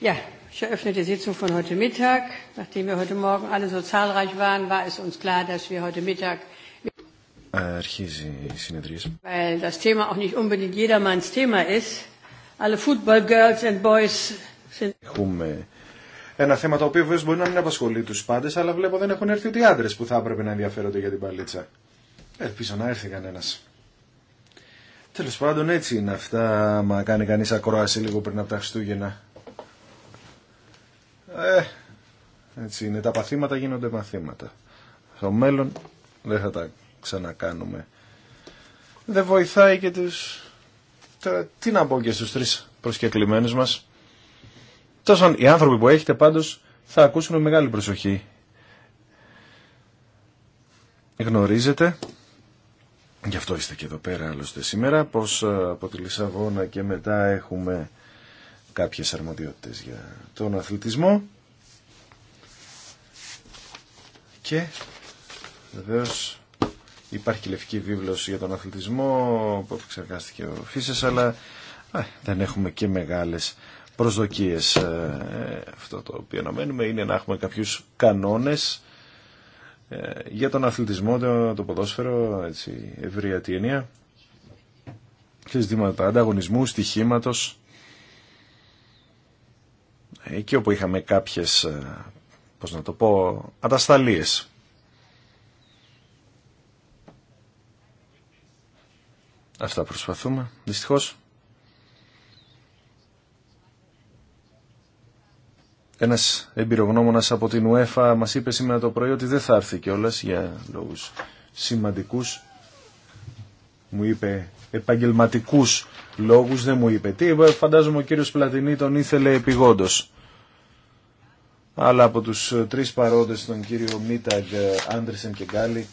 Ja, ich eröffne die Sitzung von heute Mittag. Nachdem wir heute Morgen alle so zahlreich waren, war es uns klar, dass wir heute Mittag. Αρχίζει η συνεδρίαση. Weil das Thema auch nicht unbedingt jedermanns Thema ist. Alle Football Girls and Boys sind. Έχουμε ένα θέμα το οποίο βέβαια μπορεί να μην απασχολεί του πάντε, αλλά βλέπω δεν έχουν έρθει ούτε οι άντρε που θα έπρεπε να ενδιαφέρονται για την παλίτσα. Ελπίζω να έρθει κανένα. Τέλο πάντων, έτσι είναι αυτά. Μα κάνει κανεί ακρόαση λίγο πριν από τα Χριστούγεννα. Ε, έτσι είναι. Τα παθήματα γίνονται μαθήματα. Στο μέλλον δεν θα τα ξανακάνουμε. Δεν βοηθάει και τους... τι να πω και στους τρεις προσκεκλημένους μας. Τόσο οι άνθρωποι που έχετε πάντως θα ακούσουν με μεγάλη προσοχή. Γνωρίζετε, γι' αυτό είστε και εδώ πέρα άλλωστε σήμερα, πως ε, από τη Λισαβόνα και μετά έχουμε κάποιες αρμοδιότητες για τον αθλητισμό και βεβαίω υπάρχει και λευκή βίβλος για τον αθλητισμό που εξεργάστηκε ο Φίσες αλλά δεν έχουμε και μεγάλες προσδοκίες ε, αυτό το οποίο αναμένουμε είναι να έχουμε κάποιους κανόνες ε, για τον αθλητισμό, το, το ποδόσφαιρο, έτσι, ευρία ταινία και ζητήματα ανταγωνισμού, στοιχήματος εκεί όπου είχαμε κάποιες, ε, πώς να το πω, ατασταλίες. Αυτά προσπαθούμε, δυστυχώς. Ένας εμπειρογνώμονας από την UEFA μας είπε σήμερα το πρωί ότι δεν θα έρθει κιόλας για λόγους σημαντικούς. Μου είπε Επαγγελματικού λόγους δεν μου είπε τι. Ε, φαντάζομαι ο κύριος Πλατινή τον ήθελε επιγόντω. Αλλά από τους ε, τρεις παρόντες, τον κύριο Μίταγ, ε, Άντρισεν και Γκάλικ,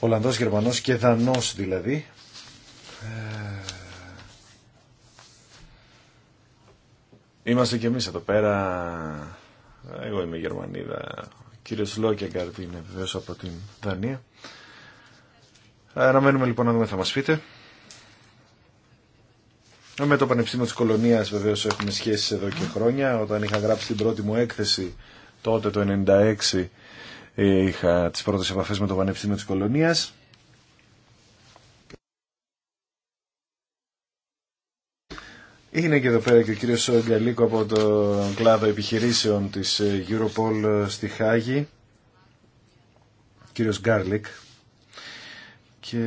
Ολλανδός, Γερμανός και Δανός δηλαδή, Είμαστε και εμείς εδώ πέρα, εγώ είμαι Γερμανίδα, ο κύριος Λόκεγκαρτ είναι βεβαίως από την Δανία. Αναμένουμε λοιπόν να δούμε θα μας πείτε. Ε, με το Πανεπιστήμιο της Κολονίας βεβαίως έχουμε σχέσεις εδώ και χρόνια. Όταν είχα γράψει την πρώτη μου έκθεση τότε το 1996 ε, είχα τις πρώτες επαφές με το Πανεπιστήμιο της Κολονίας. Είναι και εδώ πέρα και ο κύριος Γκαλίκο από το κλάδο επιχειρήσεων της Europol ε, στη Χάγη. Κύριος Γκάρλικ και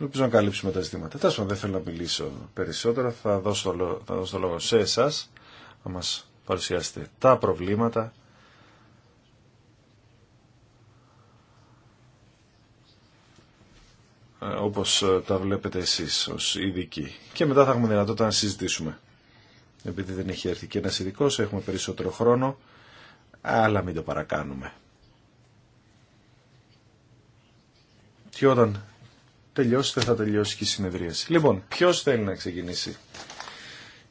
ελπίζω να καλύψουμε τα ζητήματα. πάντων, δεν θέλω να μιλήσω περισσότερα. Θα δώσω, το, λόγο σε εσά να μα παρουσιάσετε τα προβλήματα. Ε, όπως ε, τα βλέπετε εσείς ως ειδικοί. Και μετά θα έχουμε δυνατότητα να συζητήσουμε. Επειδή δεν έχει έρθει και ένας ειδικό, έχουμε περισσότερο χρόνο, αλλά μην το παρακάνουμε. Και όταν τελειώσετε θα τελειώσει και η συνεδρίαση. Λοιπόν, ποιο θέλει να ξεκινήσει.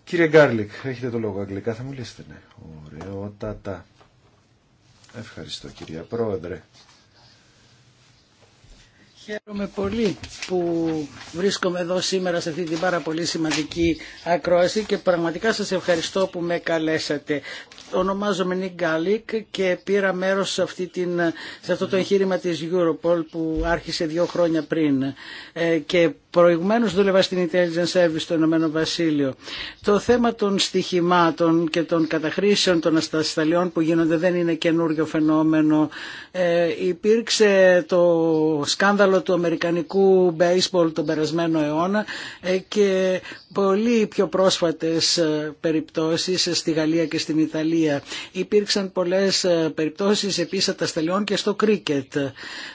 Κύριε Γκάρλικ, έχετε το λόγο. Αγγλικά θα μιλήσετε, ναι. Τα-τα. Ευχαριστώ κυρία Πρόεδρε. Χαίρομαι πολύ που βρίσκομαι εδώ σήμερα σε αυτή την πάρα πολύ σημαντική ακρόαση και πραγματικά σας ευχαριστώ που με καλέσατε. Ονομάζομαι Νίκ Γκάλικ και πήρα μέρος σε, αυτή την, σε αυτό το εγχείρημα της Europol που άρχισε δύο χρόνια πριν ε, και προηγουμένως δούλευα στην Intelligence Service στο Ηνωμένο Βασίλειο. Το θέμα των στοιχημάτων και των καταχρήσεων των αστασταλιών που γίνονται δεν είναι καινούριο φαινόμενο. Ε, υπήρξε το σκάνδαλο του Αμερικανικού baseball τον περασμένο αιώνα ε, και πολύ πιο πρόσφατες ε, περιπτώσεις στη Γαλλία και στην Ιταλία. Υπήρξαν πολλές ε, περιπτώσεις επίσης ατασταλιών και στο κρίκετ.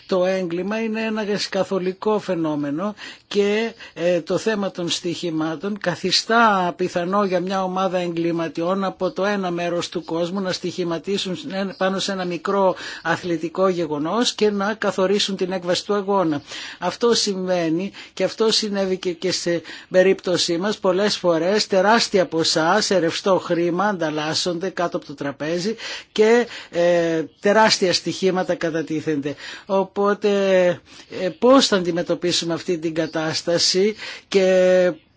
Το έγκλημα είναι ένα καθολικό φαινόμενο και ε, το θέμα των στοιχημάτων καθιστά πιθανό για μια ομάδα εγκληματιών από το ένα μέρος του κόσμου να στοιχηματίσουν πάνω σε ένα μικρό αθλητικό γεγονός και να καθορίσουν την έκβαση του αγώνα. Αυτό συμβαίνει και αυτό συνέβη και σε περίπτωση μας πολλές φορές τεράστια ποσά σε ρευστό χρήμα ανταλλάσσονται κάτω από το τραπέζι και ε, τεράστια στοιχήματα κατατίθενται. Οπότε ε, πώς θα αντιμετωπίσουμε αυτή την κατάσταση και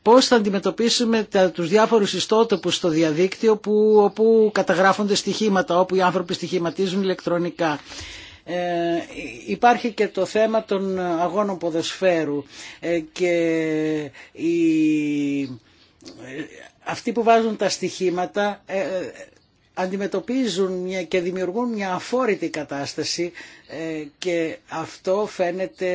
πώς θα αντιμετωπίσουμε τα, τους διάφορους ιστότοπους στο διαδίκτυο που, όπου καταγράφονται στοιχήματα, όπου οι άνθρωποι στοιχηματίζουν ηλεκτρονικά. Ε, υπάρχει και το θέμα των αγώνων ποδοσφαίρου ε, και οι ε, αυτοί που βάζουν τα στοιχήματα αντιμετωπίζουν μια και δημιουργούν μια αφόρητη κατάσταση ε, και αυτό φαίνεται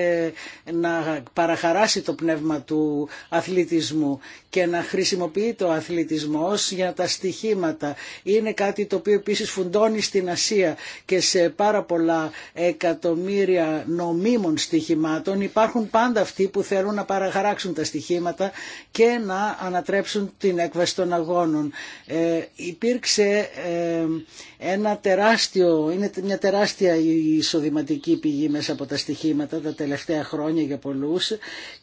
να παραχαράσει το πνεύμα του αθλητισμού και να χρησιμοποιεί το αθλητισμός για τα στοιχήματα. Είναι κάτι το οποίο επίσης φουντώνει στην Ασία και σε πάρα πολλά εκατομμύρια νομίμων στοιχημάτων υπάρχουν πάντα αυτοί που θέλουν να παραχαράξουν τα στοιχήματα και να ανατρέψουν την έκβαση των αγώνων. Ε, υπήρξε ε, ε, ένα τεράστιο, είναι μια τεράστια εισοδηματική πηγή μέσα από τα στοιχήματα τα τελευταία χρόνια για πολλούς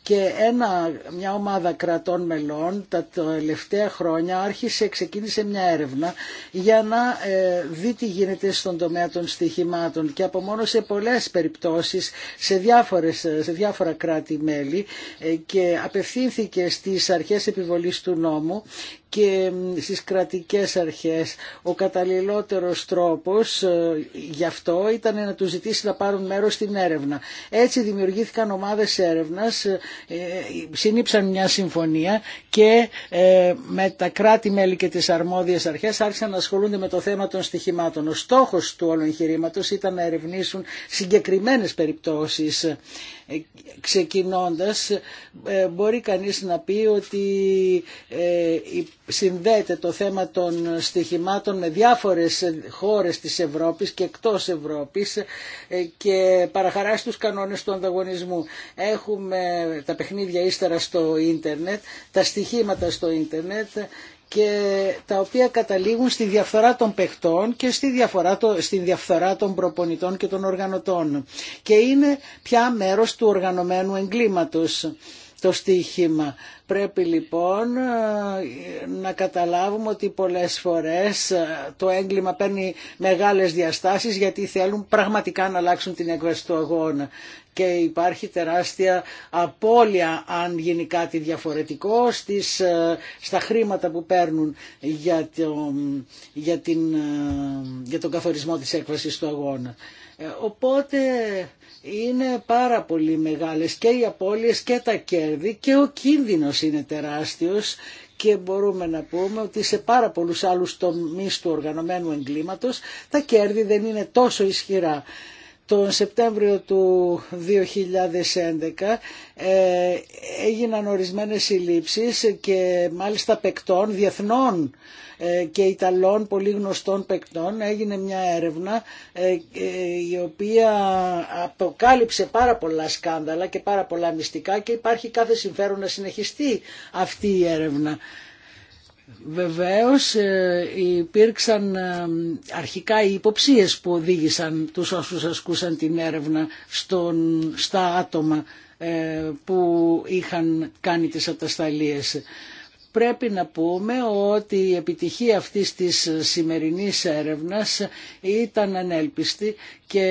και ένα, μια ομάδα κρατών μελών τα τελευταία χρόνια άρχισε, ξεκίνησε μια έρευνα για να ε, δει τι γίνεται στον τομέα των στοιχημάτων και από μόνο σε πολλές περιπτώσεις σε, διάφορες, σε διάφορα κράτη-μέλη ε, και απευθύνθηκε στις αρχές επιβολής του νόμου και στις κρατικές αρχές. Ο καταλληλότερος τρόπος ε, γι' αυτό ήταν να του ζητήσει να πάρουν μέρος στην έρευνα. Έτσι δημιουργήθηκαν ομάδες έρευνας, ε, ε, συνήψαν μια συμφωνία και με τα κράτη-μέλη και τις αρμόδιες αρχές άρχισαν να ασχολούνται με το θέμα των στοιχημάτων. Ο στόχος του όλου εγχειρήματος ήταν να ερευνήσουν συγκεκριμένες περιπτώσεις. Ξεκινώντας μπορεί κανείς να πει ότι συνδέεται το θέμα των στοιχημάτων με διάφορες χώρες της Ευρώπης και εκτός Ευρώπης ε, και παραχαράσει τους κανόνες του ανταγωνισμού. Έχουμε τα παιχνίδια ύστερα στο ίντερνετ, τα στοιχήματα στο ίντερνετ και τα οποία καταλήγουν στη διαφθορά των παιχτών και στη, διαφορά, στη διαφθορά των προπονητών και των οργανωτών. Και είναι πια μέρος του οργανωμένου εγκλήματος το στοίχημα. Πρέπει λοιπόν ε, να καταλάβουμε ότι πολλές φορές ε, το έγκλημα παίρνει μεγάλες διαστάσεις γιατί θέλουν πραγματικά να αλλάξουν την έκβαση του αγώνα και υπάρχει τεράστια απώλεια αν γίνει κάτι διαφορετικό στις, ε, στα χρήματα που παίρνουν για, για, την, για τον καθορισμό της έκβασης του αγώνα. Οπότε είναι πάρα πολύ μεγάλες και οι απώλειες και τα κέρδη και ο κίνδυνος είναι τεράστιος και μπορούμε να πούμε ότι σε πάρα πολλούς άλλους τομείς του οργανωμένου εγκλήματος τα κέρδη δεν είναι τόσο ισχυρά. Τον Σεπτέμβριο του 2011 ε, έγιναν ορισμένες συλλήψεις και μάλιστα παικτών διεθνών ε, και Ιταλών πολύ γνωστών παικτών έγινε μια έρευνα ε, η οποία αποκάλυψε πάρα πολλά σκάνδαλα και πάρα πολλά μυστικά και υπάρχει κάθε συμφέρον να συνεχιστεί αυτή η έρευνα. Βεβαίως ε, υπήρξαν ε, αρχικά οι υποψίες που οδήγησαν τους όσους ασκούσαν την έρευνα στον, στα άτομα ε, που είχαν κάνει τις ατασταλίες πρέπει να πούμε ότι η επιτυχία αυτής της σημερινής έρευνας ήταν ανέλπιστη και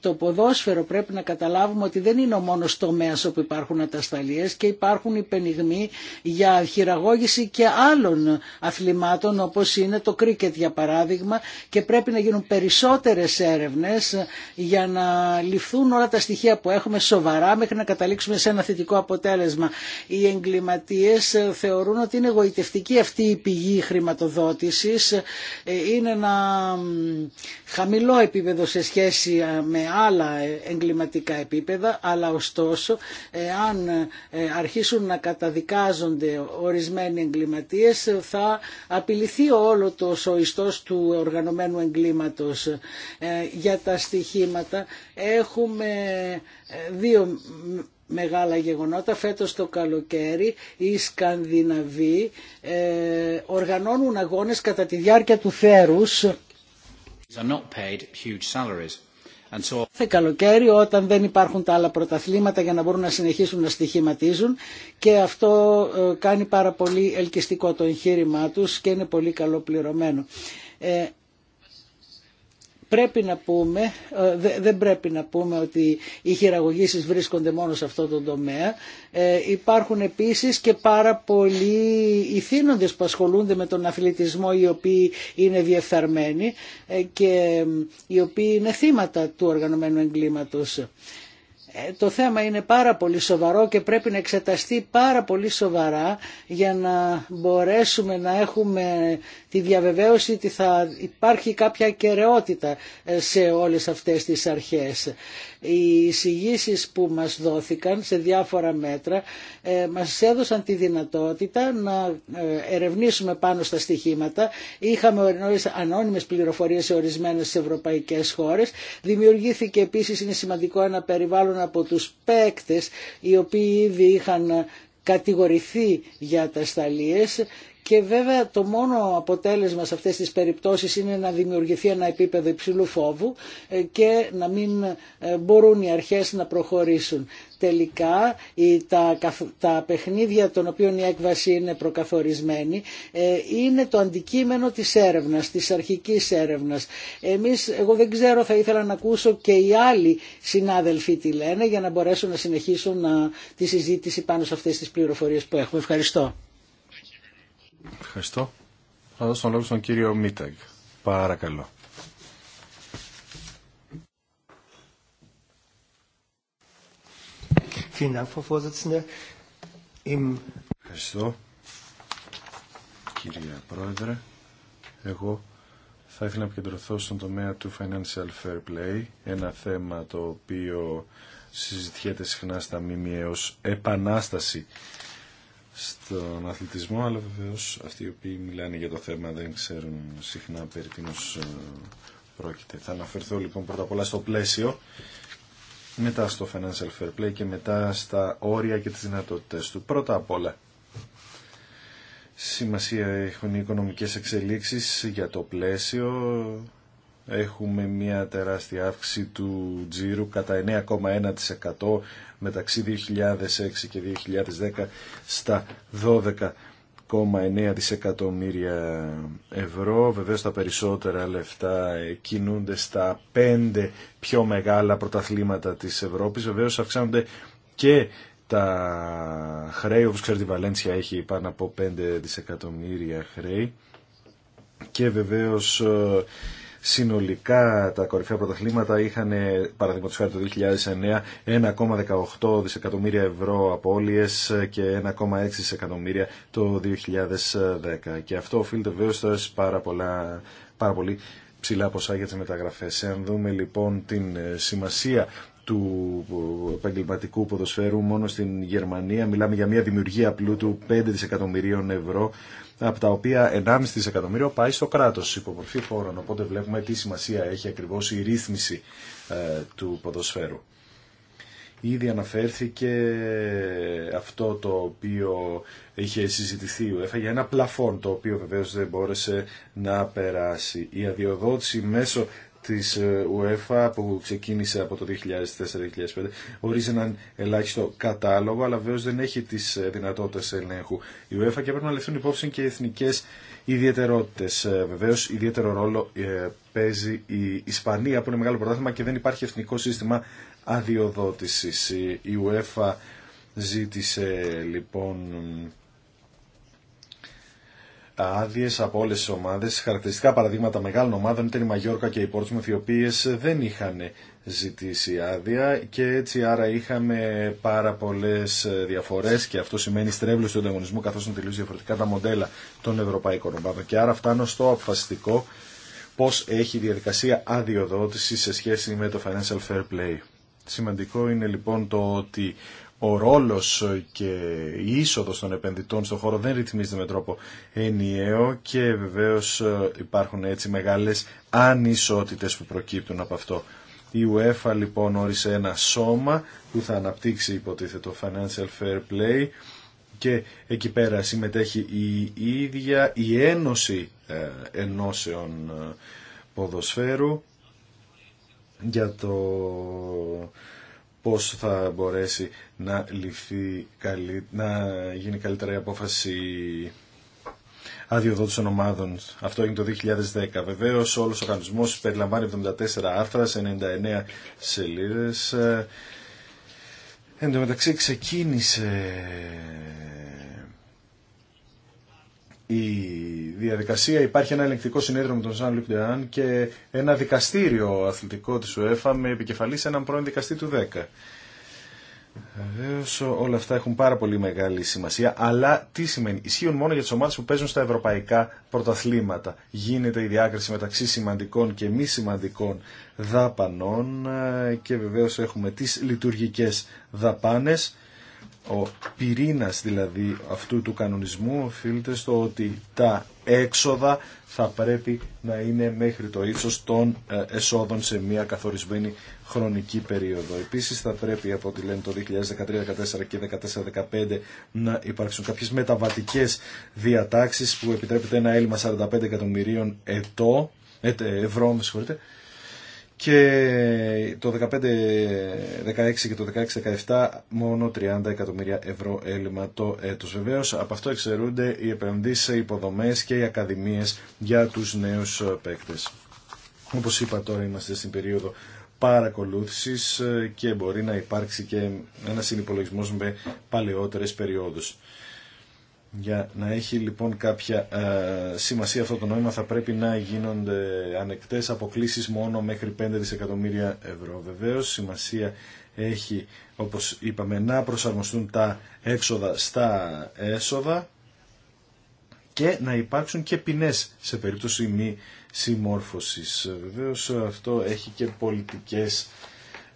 το ποδόσφαιρο πρέπει να καταλάβουμε ότι δεν είναι ο μόνος τομέας όπου υπάρχουν ατασταλίες και υπάρχουν υπενιγμοί για χειραγώγηση και άλλων αθλημάτων όπως είναι το κρίκετ για παράδειγμα και πρέπει να γίνουν περισσότερες έρευνες για να ληφθούν όλα τα στοιχεία που έχουμε σοβαρά μέχρι να καταλήξουμε σε ένα θετικό αποτέλεσμα. Οι εγκληματίες θεωρούν ότι είναι εγωιτευτική αυτή η πηγή χρηματοδότησης. Ε, είναι ένα χαμηλό επίπεδο σε σχέση ε, με άλλα ε, εγκληματικά επίπεδα, αλλά ωστόσο αν αρχίσουν να καταδικάζονται ορισμένοι εγκληματίες θα απειληθεί όλο το σωιστός του οργανωμένου εγκλήματος για τα στοιχήματα. Έχουμε δύο μεγάλα γεγονότα. Φέτος το καλοκαίρι οι Σκανδιναβοί ε, οργανώνουν αγώνες κατά τη διάρκεια του θέρους. So... καλοκαίρι όταν δεν υπάρχουν τα άλλα πρωταθλήματα για να μπορούν να συνεχίσουν να στοιχηματίζουν και αυτό ε, κάνει πάρα πολύ ελκυστικό το εγχείρημά τους και είναι πολύ καλό πληρωμένο. Ε, πρέπει να πούμε, ε, δεν πρέπει να πούμε ότι οι χειραγωγήσεις βρίσκονται μόνο σε αυτό το τομέα. Ε, υπάρχουν επίσης και πάρα πολλοί ηθήνοντες που ασχολούνται με τον αθλητισμό οι οποίοι είναι διεφθαρμένοι ε, και οι οποίοι είναι θύματα του οργανωμένου εγκλήματος. Το θέμα είναι πάρα πολύ σοβαρό και πρέπει να εξεταστεί πάρα πολύ σοβαρά για να μπορέσουμε να έχουμε τη διαβεβαίωση ότι θα υπάρχει κάποια κεραιότητα ε, σε όλες αυτές τις αρχές. Οι εισηγήσει που μας δόθηκαν σε διάφορα μέτρα ε, μας έδωσαν τη δυνατότητα να ε, ερευνήσουμε πάνω στα στοιχήματα. Είχαμε ανώνυμες πληροφορίες σε ορισμένες ευρωπαϊκές χώρες. Δημιουργήθηκε επίσης, είναι σημαντικό, ένα περιβάλλον από τους παίκτες οι οποίοι ήδη είχαν κατηγορηθεί για τα σταλίες και βέβαια το μόνο αποτέλεσμα σε αυτές τις περιπτώσεις είναι να δημιουργηθεί ένα επίπεδο υψηλού φόβου ε, και να μην ε, μπορούν οι αρχές να προχωρήσουν. Τελικά τα, παιχνίδια των οποίων η έκβαση είναι προκαθορισμένη ε, είναι το αντικείμενο της έρευνας, της αρχικής έρευνας. Εμείς, εγώ δεν ξέρω, θα ήθελα να ακούσω και οι άλλοι συνάδελφοι τι λένε για να μπορέσουν να συνεχίσουν τη συζήτηση πάνω σε αυτές τις πληροφορίες που έχουμε. Ευχαριστώ. Ευχαριστώ. Θα δώσω τον λόγο στον κύριο Μίταγκ. Παρακαλώ. Ευχαριστώ, κύριε Πρόεδρε. Εγώ θα ήθελα να επικεντρωθώ στον τομέα του Financial Fair Play, ένα θέμα το οποίο συζητιέται συχνά στα ΜΜΕ ως επανάσταση στον αθλητισμό, αλλά βεβαίως αυτοί οι οποίοι μιλάνε για το θέμα δεν ξέρουν συχνά περί τίνο ε, πρόκειται. Θα αναφερθώ λοιπόν πρώτα απ' όλα στο πλαίσιο, μετά στο financial fair play και μετά στα όρια και τις δυνατότητες του. Πρώτα απ' όλα, σημασία έχουν οι οικονομικές εξελίξεις για το πλαίσιο έχουμε μια τεράστια αύξηση του τζίρου κατά 9,1% μεταξύ 2006 και 2010 στα 12,9 δισεκατομμύρια ευρώ. Βεβαίως τα περισσότερα λεφτά κινούνται στα πέντε πιο μεγάλα πρωταθλήματα της Ευρώπης. Βεβαίως αυξάνονται και τα χρέη, όπως ξέρετε η Βαλένσια έχει πάνω από 5 δισεκατομμύρια χρέη και βεβαίως συνολικά τα κορυφαία πρωταθλήματα είχαν, παραδείγματος χάρη το 2009, 1,18 δισεκατομμύρια ευρώ απώλειες και 1,6 δισεκατομμύρια το 2010. Και αυτό οφείλεται βέβαια πάρα, πάρα πολύ ψηλά ποσά για τις μεταγραφές. Αν δούμε λοιπόν την ε, σημασία του ε, επαγγελματικού ποδοσφαίρου μόνο στην Γερμανία. Μιλάμε για μια δημιουργία πλούτου 5 δισεκατομμυρίων ευρώ από τα οποία 1,5 δισεκατομμύριο πάει στο κράτος υπομορφή φόρων. Οπότε βλέπουμε τι σημασία έχει ακριβώς η ρύθμιση ε, του ποδοσφαίρου. Ήδη αναφέρθηκε αυτό το οποίο είχε συζητηθεί η για ένα πλαφόν το οποίο βεβαίως δεν μπόρεσε να περάσει. Η αδειοδότηση μέσω της ε, UEFA που ξεκίνησε από το 2004-2005 ορίζει έναν ελάχιστο κατάλογο αλλά βέβαια δεν έχει τις ε, δυνατότητες ελέγχου η UEFA και πρέπει να λεφθούν υπόψη και οι εθνικές ιδιαιτερότητες ε, βεβαίως ιδιαίτερο ρόλο παίζει η Ισπανία που είναι μεγάλο πρωτάθλημα και δεν υπάρχει εθνικό σύστημα αδειοδότησης η UEFA ζήτησε λοιπόν άδειε από όλε τι ομάδε. Χαρακτηριστικά παραδείγματα μεγάλων ομάδων ήταν η Μαγιόρκα και η Πόρτσμουθ, οι οποίε δεν είχαν ζητήσει άδεια και έτσι άρα είχαμε πάρα πολλέ ε, διαφορέ και αυτό σημαίνει στρέβλωση του ανταγωνισμού καθώ είναι τελείω διαφορετικά τα μοντέλα των ευρωπαϊκών ομάδων. Και άρα φτάνω στο αποφασιστικό πώ έχει η διαδικασία αδειοδότηση σε σχέση με το Financial Fair Play. Σημαντικό είναι λοιπόν το ότι ο ρόλος και η είσοδος των επενδυτών στον χώρο δεν ρυθμίζεται με τρόπο ενιαίο και βεβαίως ε, υπάρχουν έτσι μεγάλες ανισότητες που προκύπτουν από αυτό. Η UEFA λοιπόν όρισε ένα σώμα που θα αναπτύξει υποτίθετο Financial Fair Play και εκεί πέρα συμμετέχει η ίδια η Ένωση ε, Ενώσεων ε, Ποδοσφαίρου για το πώς θα μπορέσει να, ληφθεί, να γίνει καλύτερα η απόφαση αδειοδότησεων ομάδων. Αυτό έγινε το 2010. Βεβαίω, όλο ο οργανισμό περιλαμβάνει 74 άρθρα σε 99 σελίδε. Ε, εν τω μεταξύ, ξεκίνησε η διαδικασία. Υπάρχει ένα ελεγκτικό συνέδριο με τον Ζαν Λουκ και ένα δικαστήριο αθλητικό της ΟΕΦΑ με επικεφαλή σε έναν πρώην δικαστή του 10. Βεβαίω όλα αυτά έχουν πάρα πολύ μεγάλη σημασία, αλλά τι σημαίνει, ισχύουν μόνο για τι ομάδε που παίζουν στα ευρωπαϊκά πρωταθλήματα. Γίνεται η διάκριση μεταξύ σημαντικών και μη σημαντικών δαπανών ε, και βεβαίω έχουμε τι λειτουργικέ δαπάνε ο πυρήνας δηλαδή αυτού του κανονισμού οφείλεται στο ότι τα έξοδα θα πρέπει να είναι μέχρι το ύψος των ε, εσόδων σε μια καθορισμένη χρονική περίοδο. Επίσης θα πρέπει από ό,τι λένε το 2013-2014 και 2014-2015 να υπάρξουν κάποιες μεταβατικές διατάξεις που επιτρέπεται ένα έλλειμμα 45 εκατομμυρίων ετώ, ε, ευρώ, με συγχωρείτε, και το 15-16 και το 16-17 μόνο 30 εκατομμύρια ευρώ έλλειμμα το έτος. Βεβαίως από αυτό εξαιρούνται οι επενδύσεις σε υποδομές και οι ακαδημίες για τους νέους παίκτες. Όπως είπα τώρα είμαστε στην περίοδο παρακολούθησης και μπορεί να υπάρξει και ένα συνυπολογισμό με παλαιότερες περιόδους. Για να έχει λοιπόν κάποια ε, σημασία αυτό το νόημα θα πρέπει να γίνονται ανεκτές αποκλήσεις μόνο μέχρι 5 δισεκατομμύρια ευρώ. Βεβαίως σημασία έχει όπως είπαμε να προσαρμοστούν τα έξοδα στα έσοδα και να υπάρξουν και ποινές σε περίπτωση μη συμμόρφωσης. Βεβαίως αυτό έχει και πολιτικές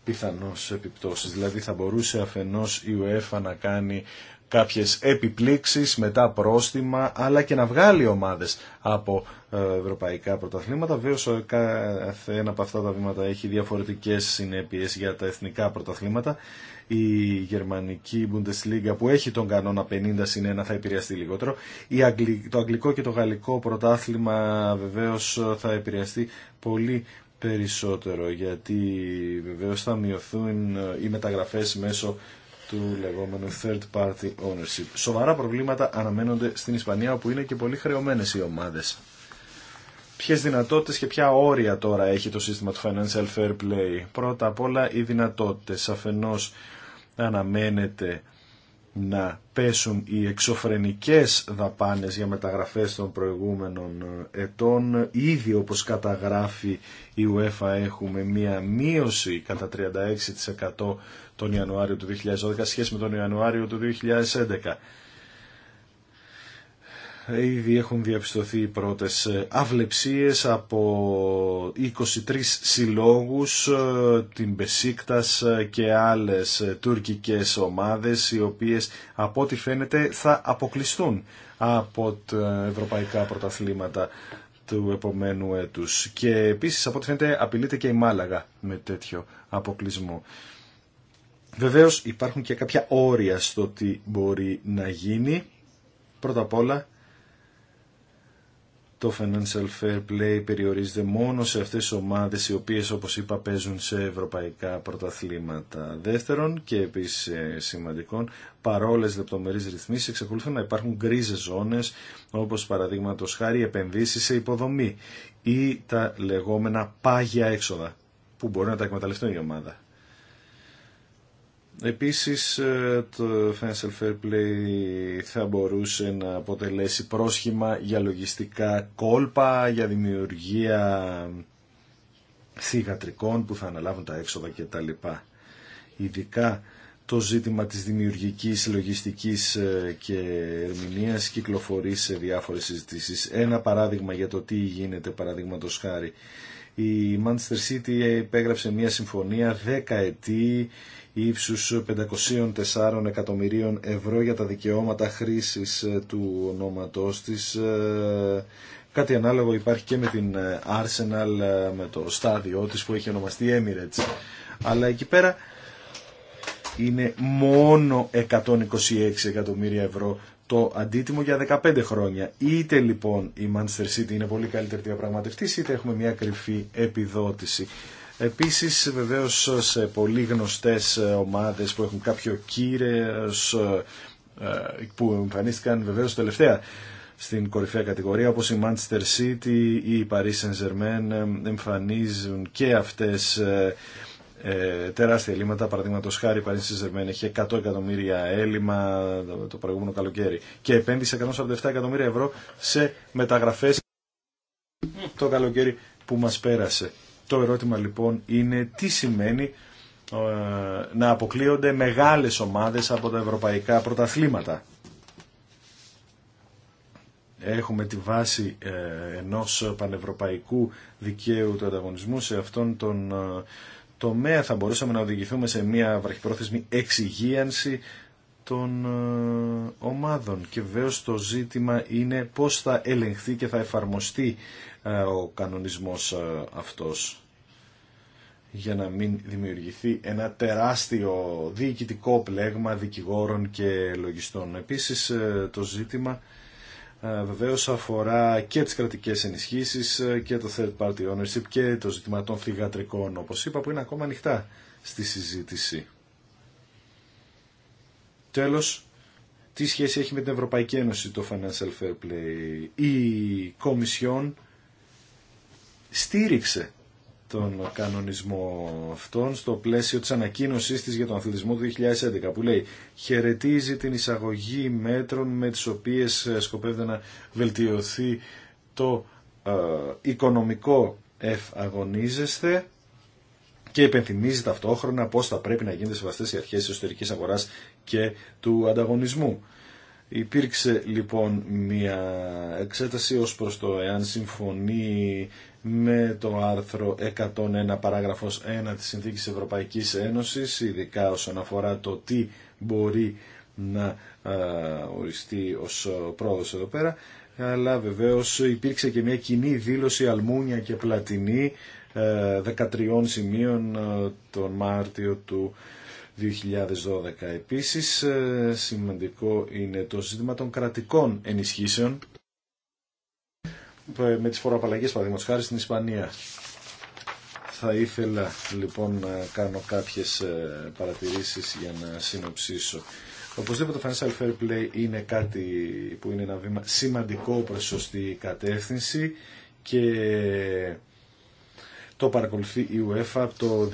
πιθανώς επιπτώσεις. Δηλαδή θα μπορούσε αφενός η UEFA να κάνει κάποιες επιπλήξεις, μετά πρόστιμα, αλλά και να βγάλει ομάδες από ε, ευρωπαϊκά πρωταθλήματα. Βέβαια, ε, κάθε ένα από αυτά τα βήματα έχει διαφορετικές συνέπειες για τα εθνικά πρωταθλήματα. Η γερμανική Bundesliga που έχει τον κανόνα 50 συν 1 θα επηρεαστεί λιγότερο. Το αγγλικό και το γαλλικό πρωτάθλημα βεβαίως θα επηρεαστεί πολύ περισσότερο γιατί βεβαίως θα μειωθούν ε, οι μεταγραφές μέσω του λεγόμενου third party ownership. Σοβαρά προβλήματα αναμένονται στην Ισπανία όπου είναι και πολύ χρεωμένες οι ομάδες. Ποιες δυνατότητες και ποια όρια τώρα έχει το σύστημα του Financial Fair Play. Πρώτα απ' όλα οι δυνατότητες. Αφενός αναμένεται να πέσουν οι εξωφρενικές δαπάνες για μεταγραφές των προηγούμενων ε, ετών. Ήδη όπως καταγράφει η UEFA έχουμε μία μείωση κατά 36% τον Ιανουάριο του 2012 σχέση με τον Ιανουάριο του 2011. Ήδη έχουν διαπιστωθεί οι πρώτες ε, αυλεψίες από 23 συλλόγους, ε, την Πεσίκτα ε, και άλλες τουρκικές ομάδες, οι οποίες από ό,τι φαίνεται θα αποκλειστούν από τα ευρωπαϊκά πρωταθλήματα του επομένου έτους. Και επίσης από ό,τι φαίνεται απειλείται και η Μάλαγα με τέτοιο αποκλεισμό. Βεβαίως υπάρχουν και κάποια όρια στο τι μπορεί να γίνει. Πρώτα απ' όλα το Financial Fair Play περιορίζεται μόνο σε αυτές τις ομάδες οι οποίες όπως είπα παίζουν σε ευρωπαϊκά πρωταθλήματα. Δεύτερον και επίσης ε, σημαντικών παρόλες λεπτομερείς ρυθμίσεις εξακολουθούν να υπάρχουν γκρίζες ζώνες όπως παραδείγματο χάρη επενδύσει σε υποδομή ή τα λεγόμενα πάγια έξοδα που μπορεί να τα εκμεταλλευτούν η ομάδα. Επίσης ε, το Financial Fair Play θα μπορούσε να αποτελέσει πρόσχημα για λογιστικά κόλπα, για δημιουργία θηγατρικών που θα αναλάβουν τα έξοδα κτλ. Ειδικά το ζήτημα της δημιουργικής, λογιστικής ε, και ερμηνείας κυκλοφορεί σε διάφορες συζητήσεις. Ένα παράδειγμα για το τι γίνεται παραδείγματος χάρη. Η Manchester City υπέγραψε μια συμφωνία 10 ετή ύψους 504 εκατομμυρίων ευρώ για τα δικαιώματα χρήσης ε, του ονόματός της. Ε, κάτι ανάλογο υπάρχει και με την ε, Arsenal, με το στάδιο της που έχει ονομαστεί Emirates. Αλλά εκεί πέρα είναι μόνο 126 εκατομμύρια ευρώ το αντίτιμο για 15 χρόνια. Είτε λοιπόν η Manchester City είναι πολύ καλύτερη διαπραγματευτής, είτε έχουμε μια κρυφή επιδότηση. Επίσης βεβαίως σε πολύ γνωστές ομάδες που έχουν κάποιο κύριο, ε, που εμφανίστηκαν βεβαίως τελευταία στην κορυφαία κατηγορία όπως η Manchester City ή η Paris Saint Germain ε, εμφανίζουν και αυτές ε, τεράστια ελλείμματα. Παραδείγματο χάρη, η Paris saint είχε 100 εκατομμύρια έλλειμμα το προηγούμενο καλοκαίρι και επένδυσε 147 εκατομμύρια ευρώ σε μεταγραφές το καλοκαίρι που μας πέρασε. Το ερώτημα λοιπόν είναι τι σημαίνει ε, να αποκλείονται μεγάλες ομάδες από τα ευρωπαϊκά πρωταθλήματα. Έχουμε τη βάση ε, ενός πανευρωπαϊκού δικαίου του ανταγωνισμού σε αυτόν τον ε, τομέα θα μπορούσαμε να οδηγηθούμε σε μια βραχυπρόθεσμη εξυγίανση των ομάδων και βεβαίω το ζήτημα είναι πώς θα ελεγχθεί και θα εφαρμοστεί ε, ο κανονισμός ε, αυτός για να μην δημιουργηθεί ένα τεράστιο διοικητικό πλέγμα δικηγόρων και λογιστών. Επίσης ε, το ζήτημα βεβαίως αφορά και τις κρατικές ενισχύσεις και το third party ownership και το ζήτημα των θυγατρικών όπως είπα που είναι ακόμα ανοιχτά στη συζήτηση. Τέλος, τι σχέση έχει με την Ευρωπαϊκή Ένωση το Financial Fair Play. Η Κομισιόν στήριξε τον κανονισμό αυτόν στο πλαίσιο της ανακοίνωσής της για τον αθλητισμό του 2011 που λέει χαιρετίζει την εισαγωγή μέτρων με τις οποίες ε, σκοπεύεται να βελτιωθεί το ε, οικονομικό εφαγωνίζεσθε και επενθυμίζει ταυτόχρονα πώς θα πρέπει να γίνονται σεβαστές οι αρχές της εσωτερικής αγοράς και του ανταγωνισμού. Υπήρξε λοιπόν μια εξέταση ως προς το εάν συμφωνεί με το άρθρο 101 παράγραφος 1 της Συνθήκης Ευρωπαϊκής Ένωσης, ειδικά όσον αφορά το τι μπορεί να οριστεί ως πρόοδος εδώ πέρα, αλλά βεβαίως υπήρξε και μια κοινή δήλωση Αλμούνια και Πλατινή 13 ε, σημείων ε, τον Μάρτιο του 2012. Επίσης ε, σημαντικό είναι το ζήτημα των κρατικών ενισχύσεων με τις φοροαπαλλαγές παραδείγματος χάρη στην Ισπανία. Θα ήθελα λοιπόν να κάνω κάποιες ε, παρατηρήσεις για να συνοψίσω. Οπωσδήποτε το Financial Fair Play είναι κάτι που είναι ένα βήμα σημαντικό προς σωστή κατεύθυνση και το παρακολουθεί η UEFA από το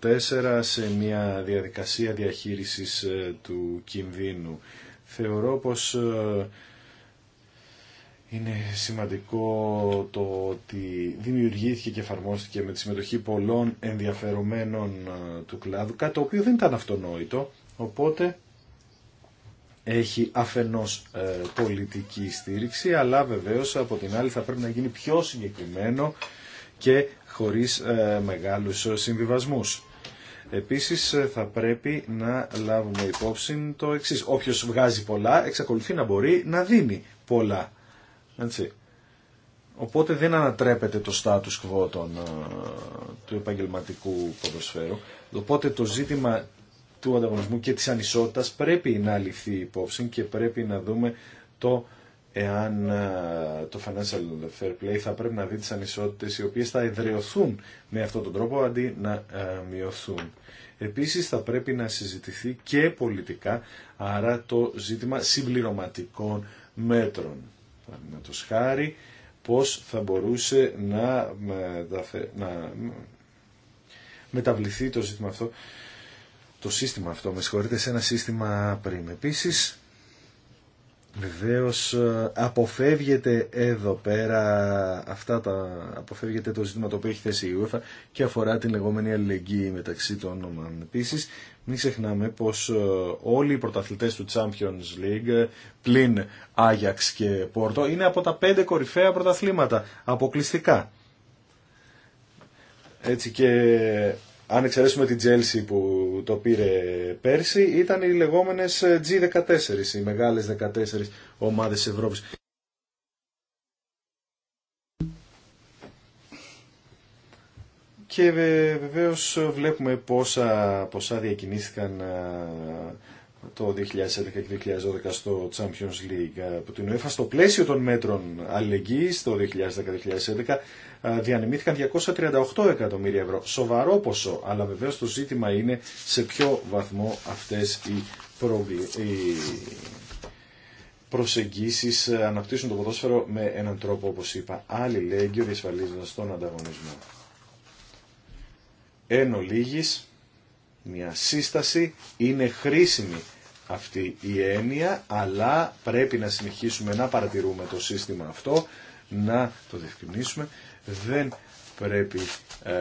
2004 σε μια διαδικασία διαχείρισης ε, του κινδύνου. Θεωρώ πως ε, είναι σημαντικό το ότι δημιουργήθηκε και εφαρμόστηκε με τη συμμετοχή πολλών ενδιαφερομένων ε, του κλάδου, κάτι το οποίο δεν ήταν αυτονόητο, οπότε έχει αφενός πολιτική στήριξη, αλλά βεβαίως από την άλλη θα πρέπει να γίνει πιο συγκεκριμένο και χωρίς ε, μεγάλους συμβιβασμούς. Επίσης ε, θα πρέπει να λάβουμε υπόψη το εξής. Όποιος βγάζει πολλά εξακολουθεί να μπορεί να δίνει πολλά. Έτσι. Οπότε δεν ανατρέπεται το status quo των, ε, του επαγγελματικού ποδοσφαίρου. Οπότε το ζήτημα του ανταγωνισμού και της ανισότητας πρέπει να ληφθεί υπόψη και πρέπει να δούμε το εάν ε, το financial fair play θα πρέπει να δει τις ανισότητες οι οποίες θα εδραιωθούν με αυτόν τον τρόπο αντί να ε, μειωθούν. Επίσης θα πρέπει να συζητηθεί και πολιτικά, άρα το ζήτημα συμπληρωματικών μέτρων. το χάρη, πώς θα μπορούσε να, μεταβληθεί το ζήτημα αυτό, το σύστημα αυτό, με συγχωρείτε, σε ένα σύστημα πριν. Επίσης, Βεβαίω, ε, αποφεύγεται εδώ πέρα αυτά τα, αποφεύγεται το ζήτημα το οποίο έχει θέσει η UEFA και αφορά την λεγόμενη αλληλεγγύη μεταξύ των ομάδων. Επίση, μην ξεχνάμε πως ε, όλοι οι πρωταθλητέ του Champions League ε, πλην άγιαξ και Πόρτο είναι από τα πέντε κορυφαία πρωταθλήματα αποκλειστικά. Έτσι και αν εξαιρέσουμε την Τζέλσι που το πήρε πέρσι, ήταν οι λεγόμενες ε, G14, οι μεγάλες 14 ομάδες της Ευρώπης. Και βεβαίως βλέπουμε πόσα, πόσα διακινήθηκαν ε, το 2011 και 2012 στο Champions League ε, από την UEFA στο πλαίσιο των μέτρων αλληλεγγύης το 2010-2011 διανεμήθηκαν 238 εκατομμύρια ευρώ. Σοβαρό ποσό, αλλά βεβαίω το ζήτημα είναι σε ποιο βαθμό αυτές οι, προβλη... οι προσεγγίσεις αναπτύσσουν το ποδόσφαιρο με έναν τρόπο, όπως είπα, αλληλέγγυο διασφαλίζοντας τον ανταγωνισμό. Εν ολίγης, μια σύσταση είναι χρήσιμη αυτή η έννοια, αλλά πρέπει να συνεχίσουμε να παρατηρούμε το σύστημα αυτό, να το διευκρινίσουμε δεν πρέπει ε,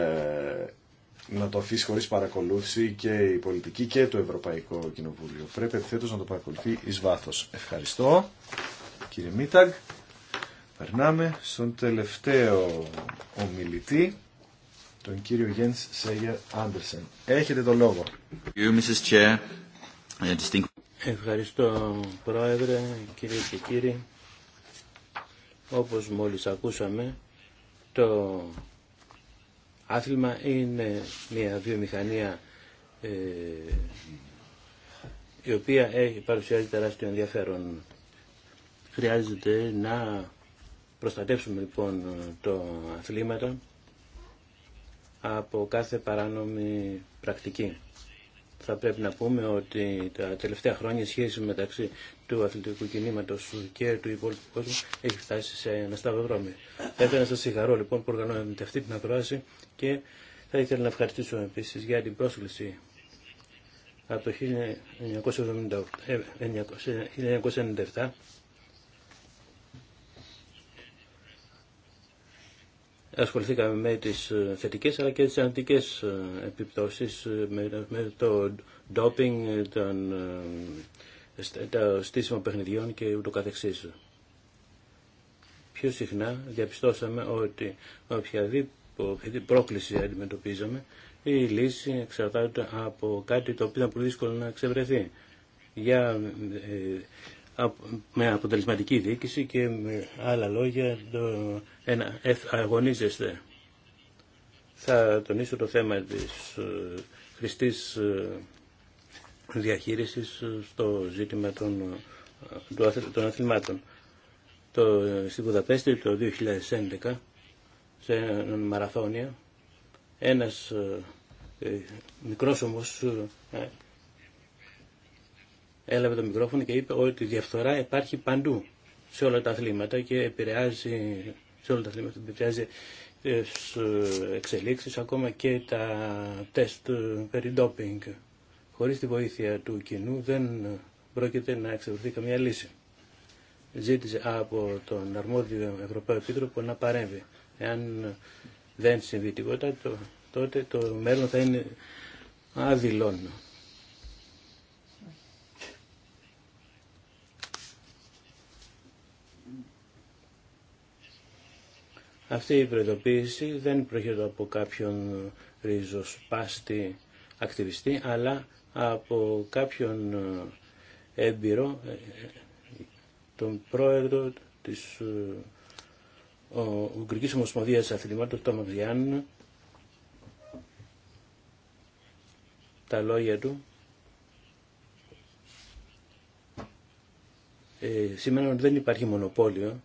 να το αφήσει χωρίς παρακολούθηση και η πολιτική και το Ευρωπαϊκό Κοινοβούλιο. Πρέπει επιθέτως να το παρακολουθεί εις βάθος. Ευχαριστώ κύριε Μίταγ. Περνάμε στον τελευταίο ομιλητή, τον κύριο Γιέντς Σέγερ Άντερσεν. Έχετε το λόγο. Ε, Ευχαριστώ Πρόεδρε, κύριε και κύριοι. Όπως μόλις ακούσαμε, το άθλημα είναι μια βιομηχανία ε, η οποία έχει παρουσιάζει τεράστιο ενδιαφέρον. Χρειάζεται να προστατεύσουμε λοιπόν το αθλήματα από κάθε παράνομη πρακτική θα πρέπει να πούμε ότι τα τελευταία χρόνια η σχέση μεταξύ του αθλητικού κινήματο και του υπόλοιπου κόσμου έχει φτάσει σε ένα σταυροδρόμι. Θα ήθελα να σα συγχαρώ λοιπόν που οργανώνετε αυτή την ακρόαση και θα ήθελα να ευχαριστήσω επίσης για την πρόσκληση από το 1997 ασχοληθήκαμε με τις ε, θετικές αλλά και τις αρνητικές ε, επιπτώσεις ε, με το ντόπινγκ, το στήσιμο παιχνιδιών και ούτω καθεξής. Πιο συχνά διαπιστώσαμε ότι οποιαδήποτε πρόκληση αντιμετωπίζαμε η λύση εξαρτάται από κάτι το οποίο ήταν πολύ δύσκολο να ξεβρεθεί. Για, με αποτελεσματική διοίκηση και με άλλα λόγια το ένα, ε, αγωνίζεστε. Θα τονίσω το θέμα της ε, χρηστής ε, διαχείρισης στο ζήτημα των, των αθλημάτων. Το, στη Βουδαπέστη το 2011, σε έναν μαραθώνιο, ένας μικρός όμως έλαβε το μικρόφωνο και είπε ότι η διαφθορά υπάρχει παντού σε όλα τα αθλήματα και επηρεάζει σε όλα τα θέματα που επηρεάζει τις ε, εξελίξεις, ακόμα και τα τεστ ε, περί ντόπινγκ. Χωρίς τη βοήθεια του κοινού δεν πρόκειται να εξευρεθεί καμία λύση. Ζήτησε από τον αρμόδιο Ευρωπαϊκό Επίτροπο να παρέμβει. Εάν δεν συμβεί τίποτα, τότε το μέλλον θα είναι άδειλον. Αυτή η προειδοποίηση δεν προέρχεται από κάποιον ριζοσπάστη ακτιβιστή, αλλά από κάποιον ε, έμπειρο, ε, ε, τον πρόεδρο της Ουγγρικής Ομοσπονδίας Αθλημάτων, τον Μαυριάν, τα λόγια του ε, ότι δεν υπάρχει μονοπόλιο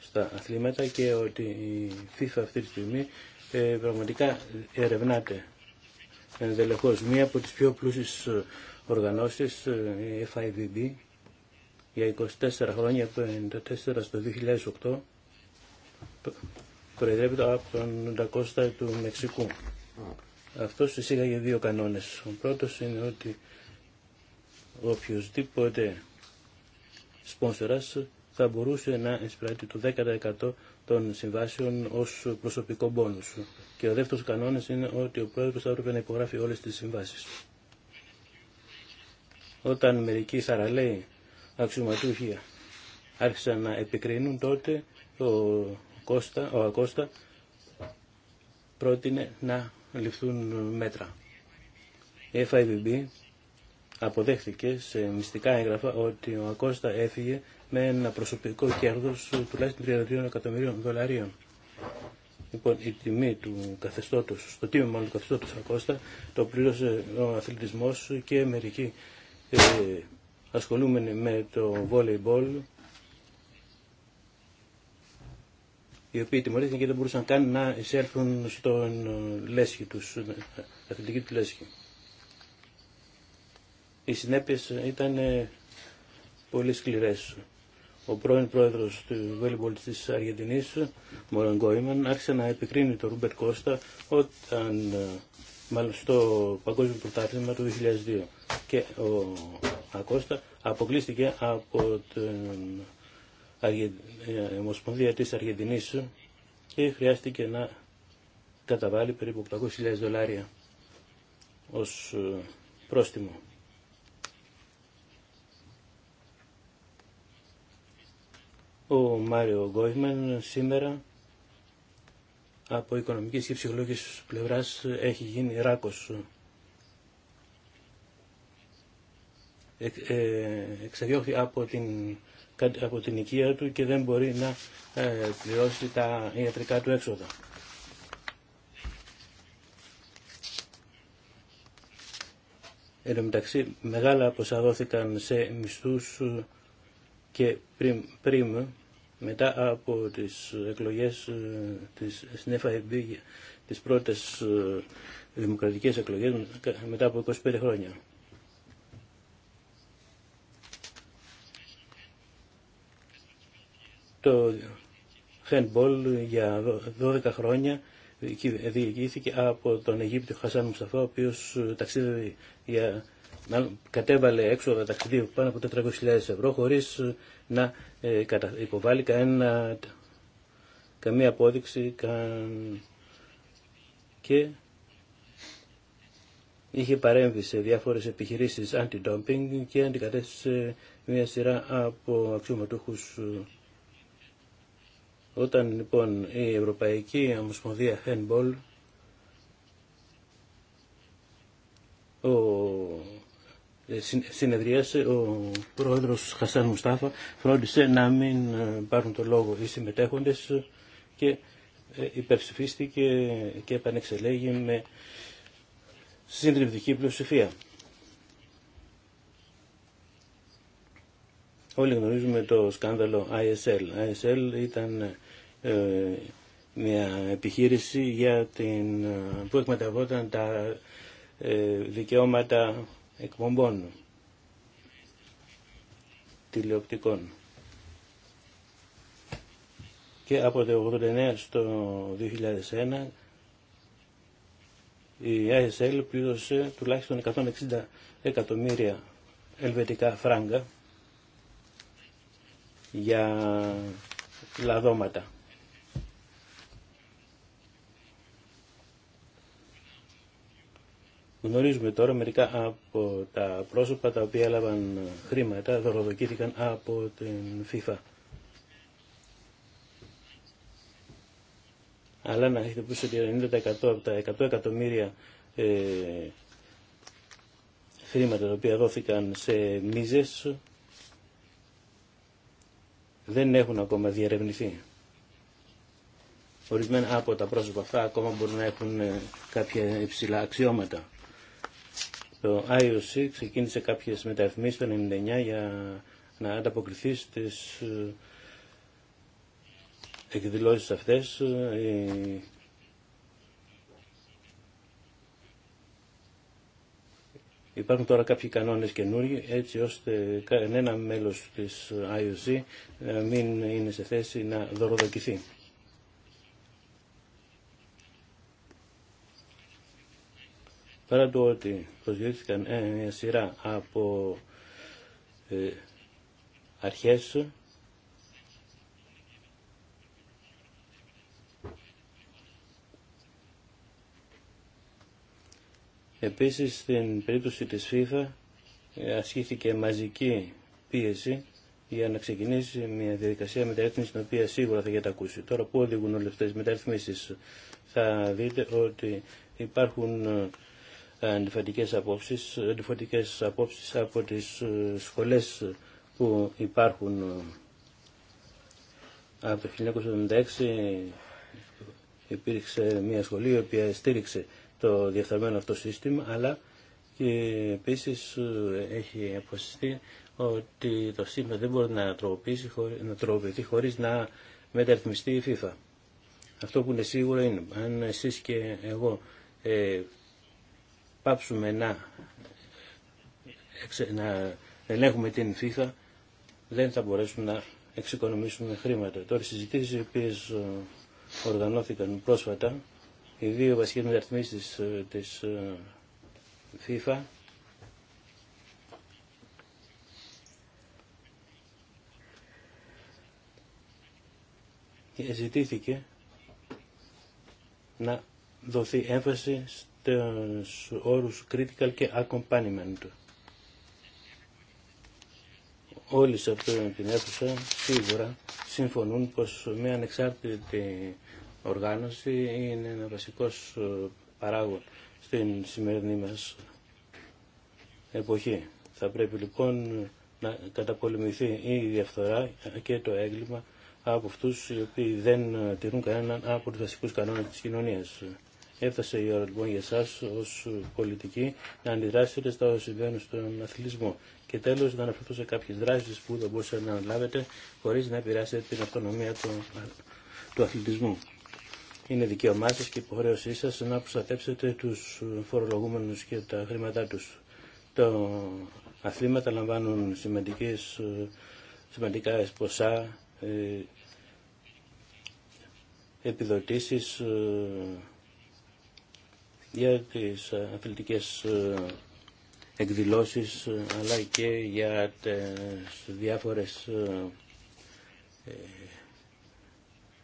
στα αθλήματα και ότι η FIFA αυτή τη στιγμή ε, πραγματικά ερευνάται ενδελεχώς. Μία από τις πιο πλούσιες οργανώσεις, ε, η FIVB, για 24 χρόνια, από το 1994 στο 2008, προεδρεύεται από τον Ντακώστα του Μεξικού. Αυτό εισήγαγε δύο κανόνες. Ο πρώτος είναι ότι οποιοδήποτε σπόνσερας θα μπορούσε να εισπράττει το 10% των συμβάσεων ως προσωπικό μπόνους. Και ο δεύτερο κανόνα είναι ότι ο πρόεδρος θα έπρεπε να υπογράφει όλες τις συμβάσει. Όταν μερικοί θαραλέοι αξιωματούχοι άρχισαν να επικρίνουν τότε ο, Κώστα, ο Ακώστα πρότεινε να ληφθούν μέτρα. Η FIVB αποδέχθηκε σε μυστικά έγγραφα ότι ο Ακώστα έφυγε με ένα προσωπικό κέρδος τουλάχιστον 32 εκατομμυρίων δολαρίων. Λοιπόν, η τιμή του καθεστώτος, το τίμημα του καθεστώτος Ακώστα, το πλήρωσε ο αθλητισμός και μερικοί ε, ασχολούμενοι με το βόλεϊμπολ, οι οποίοι τιμωρήθηκαν και δεν μπορούσαν καν να εισέλθουν στον λέσχη τους, αθλητική του λέσχη. Οι συνέπειες ήταν ε, πολύ σκληρές ο πρώην πρόεδρος του Βέλμπολ τη Αργεντινή, Μόραν Γκόιμαν, άρχισε να επικρίνει τον Ρούμπερ Κώστα όταν, ε, μάλλον στο Παγκόσμιο Πρωτάθλημα του 2002. Και ο Ακώστα αποκλείστηκε από την ε, Ομοσπονδία της Αργεντινή και χρειάστηκε να καταβάλει περίπου 800.000 δολάρια ως ε, πρόστιμο. ο Μάριο Γκόιμεν σήμερα από οικονομικής και ψυχολογικής πλευράς έχει γίνει ράκος. Ε, εξεδιώχθη από την, από την οικία του και δεν μπορεί να ε, πληρώσει τα ιατρικά του έξοδα. Εν τω μεταξύ μεγάλα ποσά σε μισθούς ε, και πριν μετά από τις εκλογές ε, της, στην τι τις πρώτες ε, δημοκρατικές εκλογές μετά από 25 χρόνια. Το handball για 12 χρόνια διοικήθηκε από τον Αιγύπτιο Χασάν Μουσταφά, ο οποίος ε, ταξίδευε για, κατέβαλε έξοδα ταξιδίου πάνω από 400.000 ευρώ χωρίς να ε, υποβάλει κανένα, καμία απόδειξη καν... και είχε παρέμβει σε διάφορες επιχειρήσεις anti-dumping και αντικατέστησε μια σειρά από αξιωματούχους όταν λοιπόν η Ευρωπαϊκή Ομοσπονδία Handball ο ε, συνεδρίασε ο πρόεδρος Χασάν Μουστάφα φρόντισε να μην ε, πάρουν το λόγο οι συμμετέχοντες και ε, υπερψηφίστηκε και επανεξελέγει με συντριπτική πλειοψηφία. Όλοι γνωρίζουμε το σκάνδαλο ISL. ISL ήταν μια επιχείρηση για την, που εκμεταλλευόταν τα δικαιώματα εκπομπών τηλεοπτικών. Και από το 89 στο 2001 η ISL πλήρωσε τουλάχιστον 160 εκατομμύρια ελβετικά φράγκα για λαδώματα. Γνωρίζουμε τώρα μερικά από τα πρόσωπα τα οποία έλαβαν χρήματα, δωροδοκήθηκαν από την FIFA. Αλλά να έχετε πει ότι 90% από τα 100 εκατομμύρια ε, χρήματα τα οποία δόθηκαν σε μίζες δεν έχουν ακόμα διερευνηθεί. Ορισμένα από τα πρόσωπα αυτά ακόμα μπορούν να έχουν ε, κάποια υψηλά αξιώματα. Το IOC ξεκίνησε κάποιες μεταρρυθμίσεις το 1999 για να ανταποκριθεί στις ε, εκδηλώσεις αυτές. Ε, υπάρχουν τώρα κάποιοι κανόνες καινούργοι έτσι ώστε κανένα μέλος της IOC μην είναι σε θέση να δωροδοκηθεί. Παρά το ότι ε, μια σειρά από ε, αρχές Επίσης στην περίπτωση της FIFA ε, ασχήθηκε μαζική πίεση για να ξεκινήσει μια διαδικασία μεταρρύθμισης την οποία σίγουρα θα έχετε ακούσει. Τώρα που οδηγούν όλες αυτές τις μεταρρυθμίσεις θα δείτε ότι υπάρχουν ε, αντιφατικές απόψεις, αντιφατικές απόψεις από τις ε, σχολές που υπάρχουν ε, από το 1976 υπήρξε μια σχολή η οποία στήριξε το διεφθαρμένο αυτό σύστημα αλλά και επίσης ε, έχει αποφασιστεί ότι το σύστημα δεν μπορεί να, να τροποποιηθεί χωρίς να μεταρρυθμιστεί η FIFA. Αυτό που είναι σίγουρο είναι αν εσείς και εγώ ε, πάψουμε να, να ελέγχουμε την FIFA δεν θα μπορέσουμε να εξοικονομήσουμε χρήματα. Τώρα οι συζητήσεις οι οποίε ε, οργανώθηκαν πρόσφατα, οι δύο βασικές μεταρρυθμίσεις ε, της ε, FIFA ζητήθηκε να δοθεί έμφαση τους όρους critical και accompaniment. Όλοι σε αυτό την αίθουσα σίγουρα συμφωνούν πως μια ανεξάρτητη οργάνωση είναι ένα βασικός παράγον στην σημερινή μας εποχή. Θα πρέπει λοιπόν να καταπολεμηθεί η διαφθορά και το έγκλημα από αυτούς οι οποίοι δεν τηρούν κανέναν από τους βασικούς κανόνες της κοινωνίας έφτασε η ώρα λοιπόν για εσά ω πολιτική να αντιδράσετε στα όσα συμβαίνουν στον αθλητισμό. Και τέλο, να αναφερθώ σε κάποιε δράσει που δεν μπορούσατε να αναλάβετε χωρί να επηρεάσετε την αυτονομία του, του αθλητισμού. Είναι δικαίωμά σα και υποχρέωσή σα να προστατέψετε του φορολογούμενου και τα χρήματά του. Τα αθλήματα λαμβάνουν σημαντικές, σημαντικά ποσά, ε, επιδοτήσεις ε, για τις ε, αθλητικές ε, εκδηλώσεις ε, αλλά και για τις διάφορες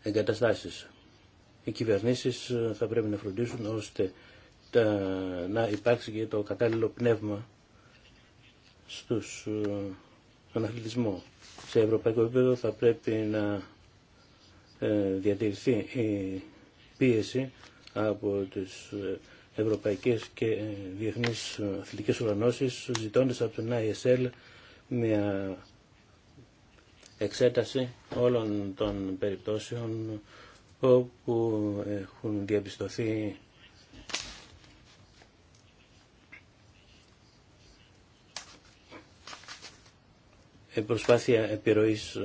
εγκαταστάσεις. Οι κυβερνήσεις θα πρέπει να φροντίσουν ώστε να υπάρξει και το κατάλληλο πνεύμα στους, στον αθλητισμό. Σε ευρωπαϊκό επίπεδο θα πρέπει να διατηρηθεί η πίεση από τις Ευρωπαϊκέ και ε, διεθνεί ε, αθλητικές οργανώσει, ζητώντα από τον ISL μια εξέταση όλων των περιπτώσεων όπου έχουν διαπιστωθεί ε, προσπάθεια επιρροής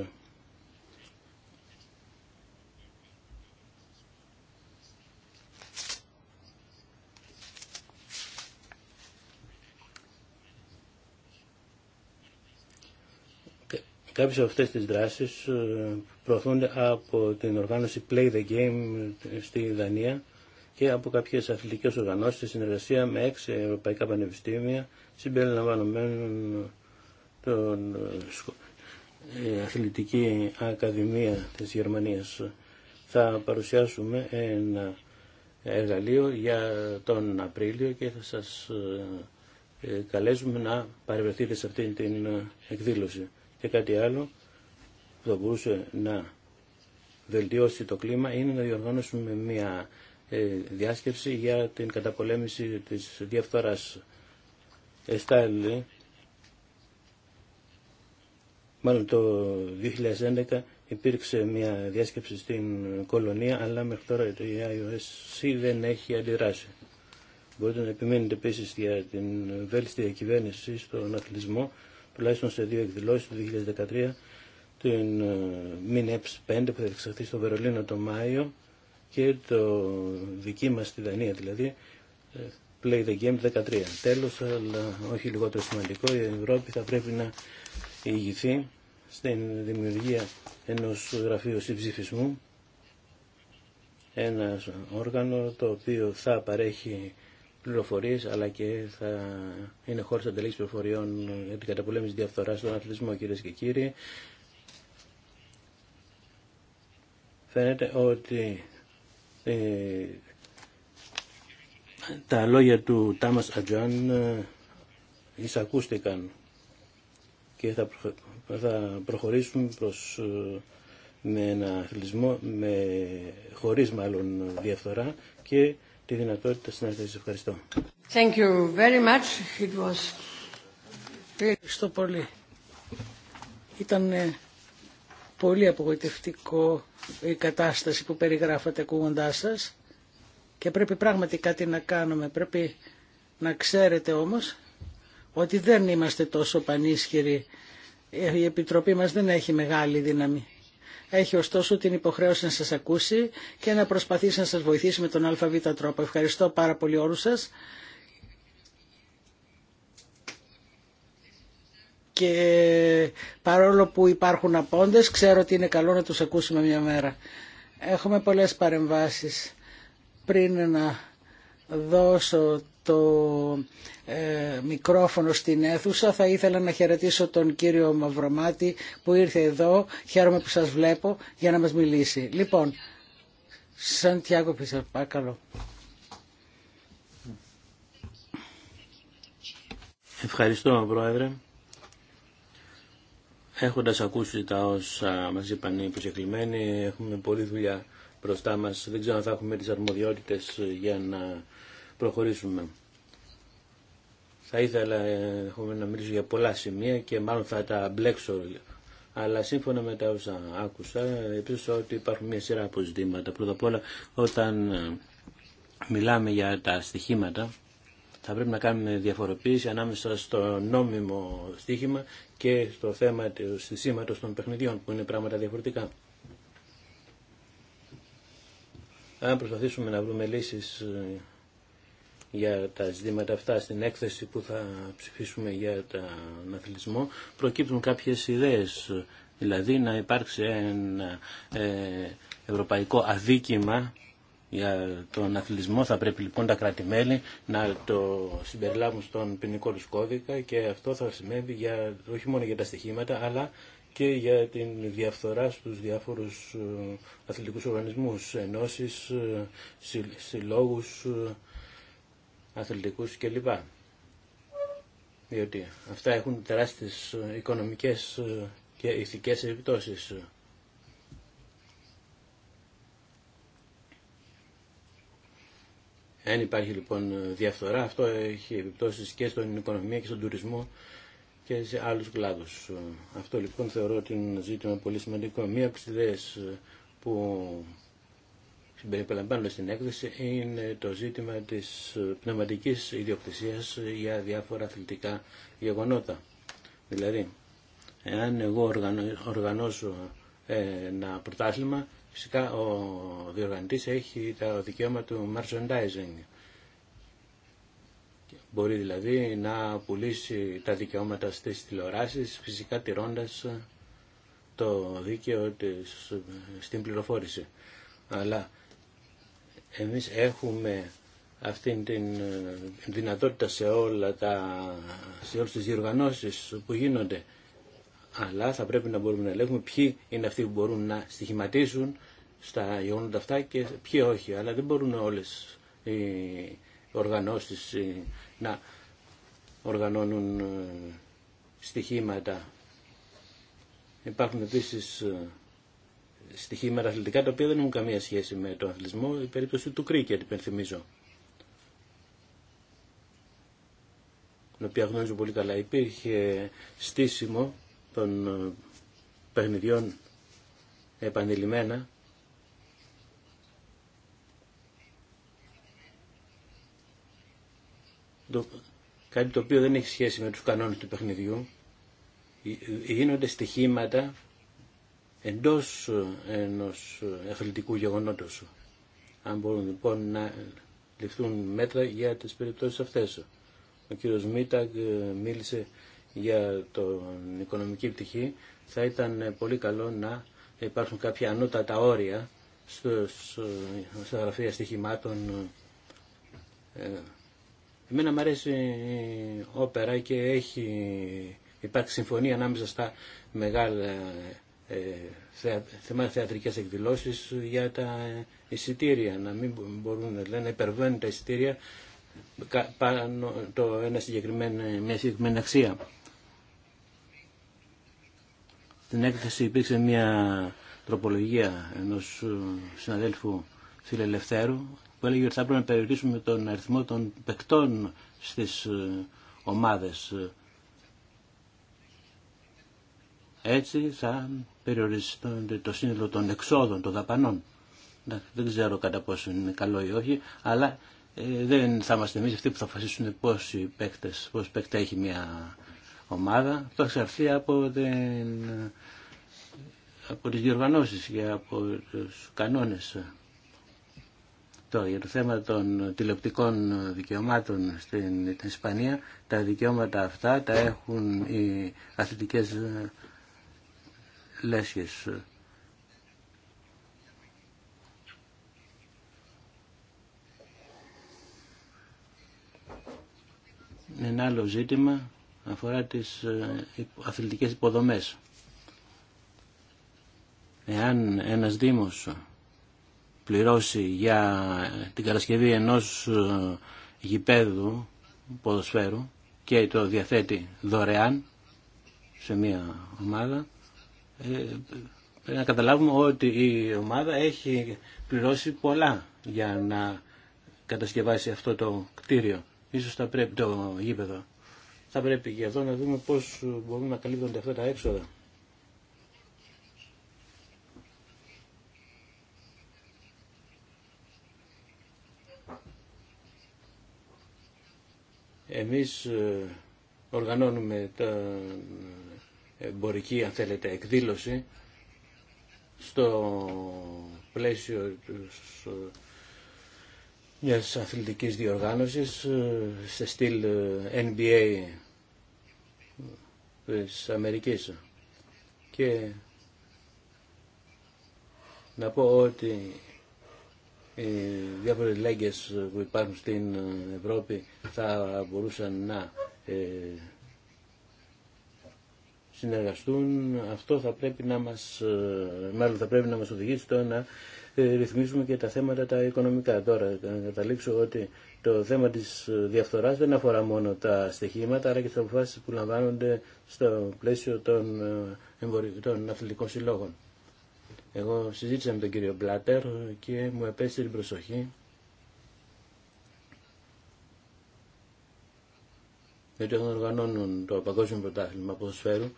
Κάποιες από αυτές τις δράσεις ε, προωθούνται από την οργάνωση Play the Game στη Δανία και από κάποιες αθλητικές οργανώσεις σε συνεργασία με έξι ευρωπαϊκά πανεπιστήμια συμπεριλαμβανομένων των ε, ε, Αθλητική Ακαδημία της Γερμανίας. Θα παρουσιάσουμε ένα εργαλείο για τον Απρίλιο και θα σας καλέσουμε να παρευρεθείτε σε αυτή την εκδήλωση. Και κάτι άλλο που θα μπορούσε να βελτιώσει το κλίμα είναι να διοργανώσουμε μια ε, διάσκεψη για την καταπολέμηση της διαφθοράς. Εστάλλη. μάλλον το 2011 υπήρξε μια διάσκεψη στην κολονία, αλλά μέχρι τώρα η IOSC δεν έχει αντιδράσει. Μπορείτε να επιμείνετε επίση για την βέλτιστη διακυβέρνηση στον αθλητισμό τουλάχιστον σε δύο εκδηλώσεις του 2013, την ε, ΜΙΝΕΠΣ 5 που θα εξαρθεί στο Βερολίνο τον Μάιο και το δική μας στη Δανία δηλαδή, ε, Play the Game 13. Τέλος, αλλά όχι λιγότερο σημαντικό, η Ευρώπη θα πρέπει να ηγηθεί στην δημιουργία ενός γραφείου συμψηφισμού, ένα όργανο το οποίο θα παρέχει αλλά και θα είναι χώρο ανταλλαγής πληροφοριών για την καταπολέμηση διαφθοράς στον αθλητισμό κυρίε και κύριοι. Φαίνεται ότι ε, τα λόγια του Τάμας Ατζάν ε, εισακούστηκαν και θα, θα προχωρήσουν προς ε, με ένα αθλητισμό με, χωρίς μάλλον διαφθορά και τη δυνατότητα συνεργασίας. Ευχαριστώ. Thank you very much. It was... Ευχαριστώ πολύ. Ήταν ε, πολύ απογοητευτικό η κατάσταση που περιγράφατε ακούγοντά σα και πρέπει πράγματι κάτι να κάνουμε. Πρέπει να ξέρετε όμως ότι δεν είμαστε τόσο πανίσχυροι. Η Επιτροπή μας δεν έχει μεγάλη δύναμη. Έχει ωστόσο την υποχρέωση να σας ακούσει και να προσπαθήσει να σας βοηθήσει με τον ΑΒ τρόπο. Ευχαριστώ πάρα πολύ όλους σας. Και παρόλο που υπάρχουν απόντες, ξέρω ότι είναι καλό να τους ακούσουμε μια μέρα. Έχουμε πολλές παρεμβάσεις πριν να δώσω το ε, μικρόφωνο στην αίθουσα θα ήθελα να χαιρετήσω τον κύριο Μαυρομάτη που ήρθε εδώ χαίρομαι που σας βλέπω για να μας μιλήσει λοιπόν Σαντιάκο Πίσερ παρακαλώ Ευχαριστώ Πρόεδρε Έχοντας ακούσει τα όσα μας είπαν οι προσεκλημένοι έχουμε πολλή δουλειά μπροστά μας δεν ξέρω αν θα έχουμε τις αρμοδιότητες για να προχωρήσουμε. Θα ήθελα ε, έχουμε να μιλήσω για πολλά σημεία και μάλλον θα τα μπλέξω. Αλλά σύμφωνα με τα όσα άκουσα, επίσης ότι υπάρχουν μια σειρά από ζητήματα. Πρώτα απ' όλα, όταν ε, μιλάμε για τα στοιχήματα, θα πρέπει να κάνουμε διαφοροποίηση ανάμεσα στο νόμιμο στοίχημα και στο θέμα του σήματος των παιχνιδιών, που είναι πράγματα διαφορετικά. Αν προσπαθήσουμε να βρούμε λύσεις ε, για τα ζητήματα αυτά στην έκθεση που θα ψηφίσουμε για τον αθλητισμό προκύπτουν κάποιες ιδέες δηλαδή να υπάρξει ένα ε, ευρωπαϊκό αδίκημα για τον αθλητισμό θα πρέπει λοιπόν τα κράτη-μέλη να το συμπεριλάβουν στον ποινικό του κώδικα και αυτό θα σημαίνει για, όχι μόνο για τα στοιχήματα αλλά και για την διαφθορά στους διάφορους ε, αθλητικούς οργανισμούς, ενώσεις, ε, συλλόγους, αθλητικούς κλπ. Διότι αυτά έχουν τεράστιες ε, οικονομικές ε, και ηθικές επιπτώσεις. Αν υπάρχει λοιπόν διαφθορά, αυτό έχει επιπτώσεις και στον οικονομία και στον τουρισμό και σε άλλους κλάδους. Ε, αυτό λοιπόν θεωρώ ότι είναι ζήτημα πολύ σημαντικό. Μία από τις ιδέες που συμπεριπελαμβάνονται στην έκθεση είναι το ζήτημα της πνευματικής ιδιοκτησίας για διάφορα αθλητικά γεγονότα. Δηλαδή, εάν εγώ οργανώσω ε, ένα πρωτάθλημα, φυσικά ο διοργανητής έχει το δικαίωμα του merchandising. Μπορεί δηλαδή να πουλήσει τα δικαιώματα στις τηλεοράσεις, φυσικά τηρώντας το δίκαιο της, στην πληροφόρηση. Αλλά εμείς έχουμε αυτήν την ε, δυνατότητα σε, όλα τα, σε όλες τις διοργανώσεις που γίνονται. Αλλά θα πρέπει να μπορούμε να ελέγχουμε ποιοι είναι αυτοί που μπορούν να στοιχηματίζουν στα γεγονότα αυτά και ποιοι όχι. Αλλά δεν μπορούν όλες οι οργανώσεις ε, να οργανώνουν ε, στοιχήματα. Υπάρχουν επίσης στοιχήματα αθλητικά τα οποία δεν έχουν καμία σχέση με τον αθλητισμό, η περίπτωση του κρίκετ υπενθυμίζω. Την οποία γνωρίζω πολύ καλά. Υπήρχε στήσιμο των ε, παιχνιδιών επανειλημμένα το, κάτι το οποίο δεν έχει σχέση με τους κανόνες του παιχνιδιού ε, ε, γίνονται στοιχήματα εντός ε, ενός ε, αθλητικού γεγονότος. Αν μπορούν λοιπόν να ληφθούν μέτρα για τις περιπτώσεις αυτές. Ο κύριος Μίταγ ε, μίλησε για την οικονομική πτυχή. Θα ήταν πολύ καλό να υπάρχουν κάποια ανώτατα όρια στα γραφεία στοιχημάτων. Εμένα μου αρέσει η όπερα και έχει υπάρξει συμφωνία ανάμεσα στα μεγάλα ε, θέμα θεατρικές εκδηλώσεις για τα εισιτήρια, να μην μπορούν να λένε υπερβαίνουν τα εισιτήρια πάνω το ένα μια συγκεκριμένη αξία. Στην έκθεση υπήρξε μια τροπολογία ενός συναδέλφου φιλελευθέρου που έλεγε ότι θα πρέπει να περιορίσουμε τον αριθμό των παικτών στις ομάδες έτσι θα περιοριστούν το σύνολο των εξόδων, των δαπανών. Ναι, δεν ξέρω κατά πόσο είναι καλό ή όχι, αλλά ε, δεν θα είμαστε εμεί αυτοί που θα αποφασίσουν πόσοι παίκτες, πόσοι έχει μια ομάδα. Αυτό εξαρθεί από, την, από τις και από τους κανόνες. για το θέμα των τηλεοπτικών δικαιωμάτων στην, Ισπανία, τα δικαιώματα αυτά τα έχουν οι αθλητικές λέσχες. Ένα άλλο ζήτημα αφορά τις ε, αθλητικές υποδομές. Εάν ένας Δήμος πληρώσει για την κατασκευή ενός ε, γηπέδου ποδοσφαίρου και το διαθέτει δωρεάν σε μια ομάδα, ε, πρέπει να καταλάβουμε ότι η ομάδα έχει πληρώσει πολλά για να κατασκευάσει αυτό το κτίριο. Ίσως θα πρέπει το γήπεδο. Θα πρέπει και αυτό να δούμε πώς μπορούμε να καλύπτονται αυτά τα έξοδα. Εμείς ε, οργανώνουμε τα εμπορική αν θέλετε εκδήλωση στο πλαίσιο ε, μιας αθλητικής διοργάνωσης ε, σε στυλ ε, NBA της Αμερικής και να πω ότι οι διάφορες λέγγες που υπάρχουν στην Ευρώπη θα μπορούσαν να συνεργαστούν, αυτό θα πρέπει να μας, ε, μάλλον θα πρέπει να μας οδηγήσει στο να ε, ρυθμίσουμε και τα θέματα τα οικονομικά. Τώρα, ε, να καταλήξω ότι το θέμα της διαφθοράς δεν αφορά μόνο τα στοιχήματα, αλλά και τις αποφάσεις που λαμβάνονται στο πλαίσιο των, των αθλητικών συλλόγων. Εγώ συζήτησα με τον κύριο Μπλάτερ και μου επέστησε την προσοχή γιατί όταν οργανώνουν το Παγκόσμιο Πρωτάθλημα Ποδοσφαίρου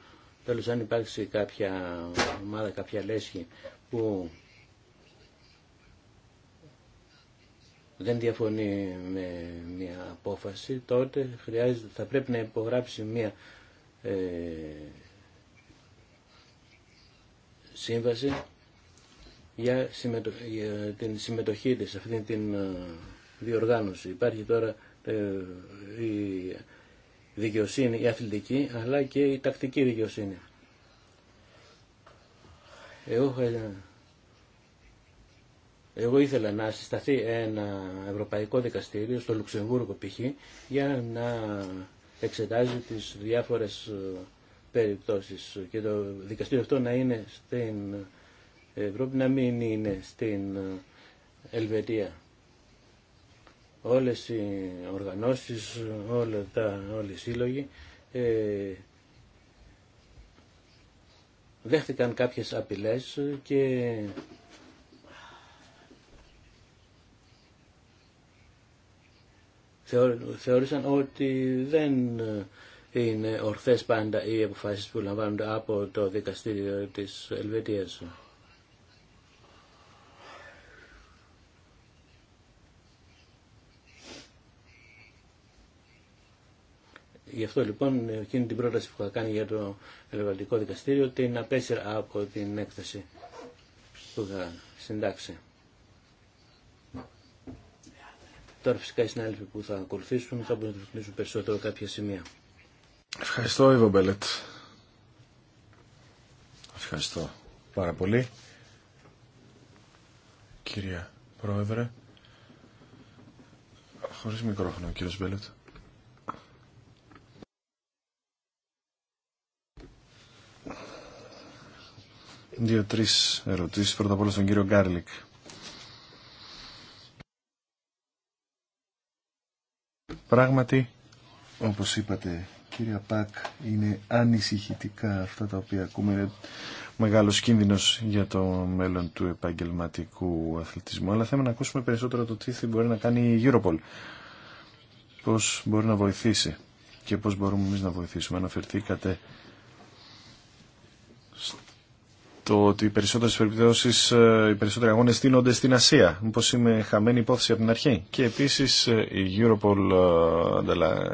Τέλος, αν υπάρξει κάποια ομάδα, κάποια λέσχη που δεν διαφωνεί με μια απόφαση, τότε χρειάζεται, θα πρέπει να υπογράψει μια ε, σύμβαση για, συμμετω... την συμμετοχή της σε αυτήν την ε, διοργάνωση. Υπάρχει τώρα ε, η δικαιοσύνη, η αθλητική, αλλά και η τακτική δικαιοσύνη. Ε, εγώ, ήθελα να συσταθεί ένα ευρωπαϊκό δικαστήριο στο Λουξεμβούργο π.χ. για να εξετάζει τις διάφορες ε, περιπτώσεις και το δικαστήριο αυτό να είναι στην Ευρώπη, να μην είναι στην ε, Ελβετία όλες οι οργανώσεις, όλα τα, όλοι οι σύλλογοι ε, δέχτηκαν κάποιες απειλές και θεώρησαν ότι δεν είναι ορθές πάντα οι αποφάσεις που λαμβάνονται από το δικαστήριο της Ελβετίας. Γι' αυτό λοιπόν εκείνη την πρόταση που είχα κάνει για το ελευθερικό Δικαστήριο την απέσυρα από την έκθεση που είχα συντάξει. Τώρα φυσικά οι συνάδελφοι που θα ακολουθήσουν θα μπορούν να περισσότερο κάποια σημεία. Ευχαριστώ Ιβο Μπέλετ. Ευχαριστώ πάρα πολύ. Κυρία Πρόεδρε, χωρίς μικρόφωνο ο κύριος Μπέλετ. δυο τρει ερωτήσει. Πρώτα απ' όλα στον κύριο Γκάρλικ. Πράγματι, όπως είπατε κύριε Πακ, είναι ανησυχητικά αυτά τα οποία ακούμε. Είναι μεγάλος κίνδυνος για το μέλλον του επαγγελματικού αθλητισμού. Αλλά θέλουμε να ακούσουμε περισσότερο το τι μπορεί να κάνει η Europol. Πώς μπορεί να βοηθήσει και πώς μπορούμε εμείς να βοηθήσουμε. Αναφερθήκατε το ότι οι περισσότερε περιπτώσεις, ε, οι περισσότεροι αγώνες στείνονται στην Ασία. Μήπω είμαι χαμένη υπόθεση από την αρχή. Και επίση ε, η Europol ε, ανταλα...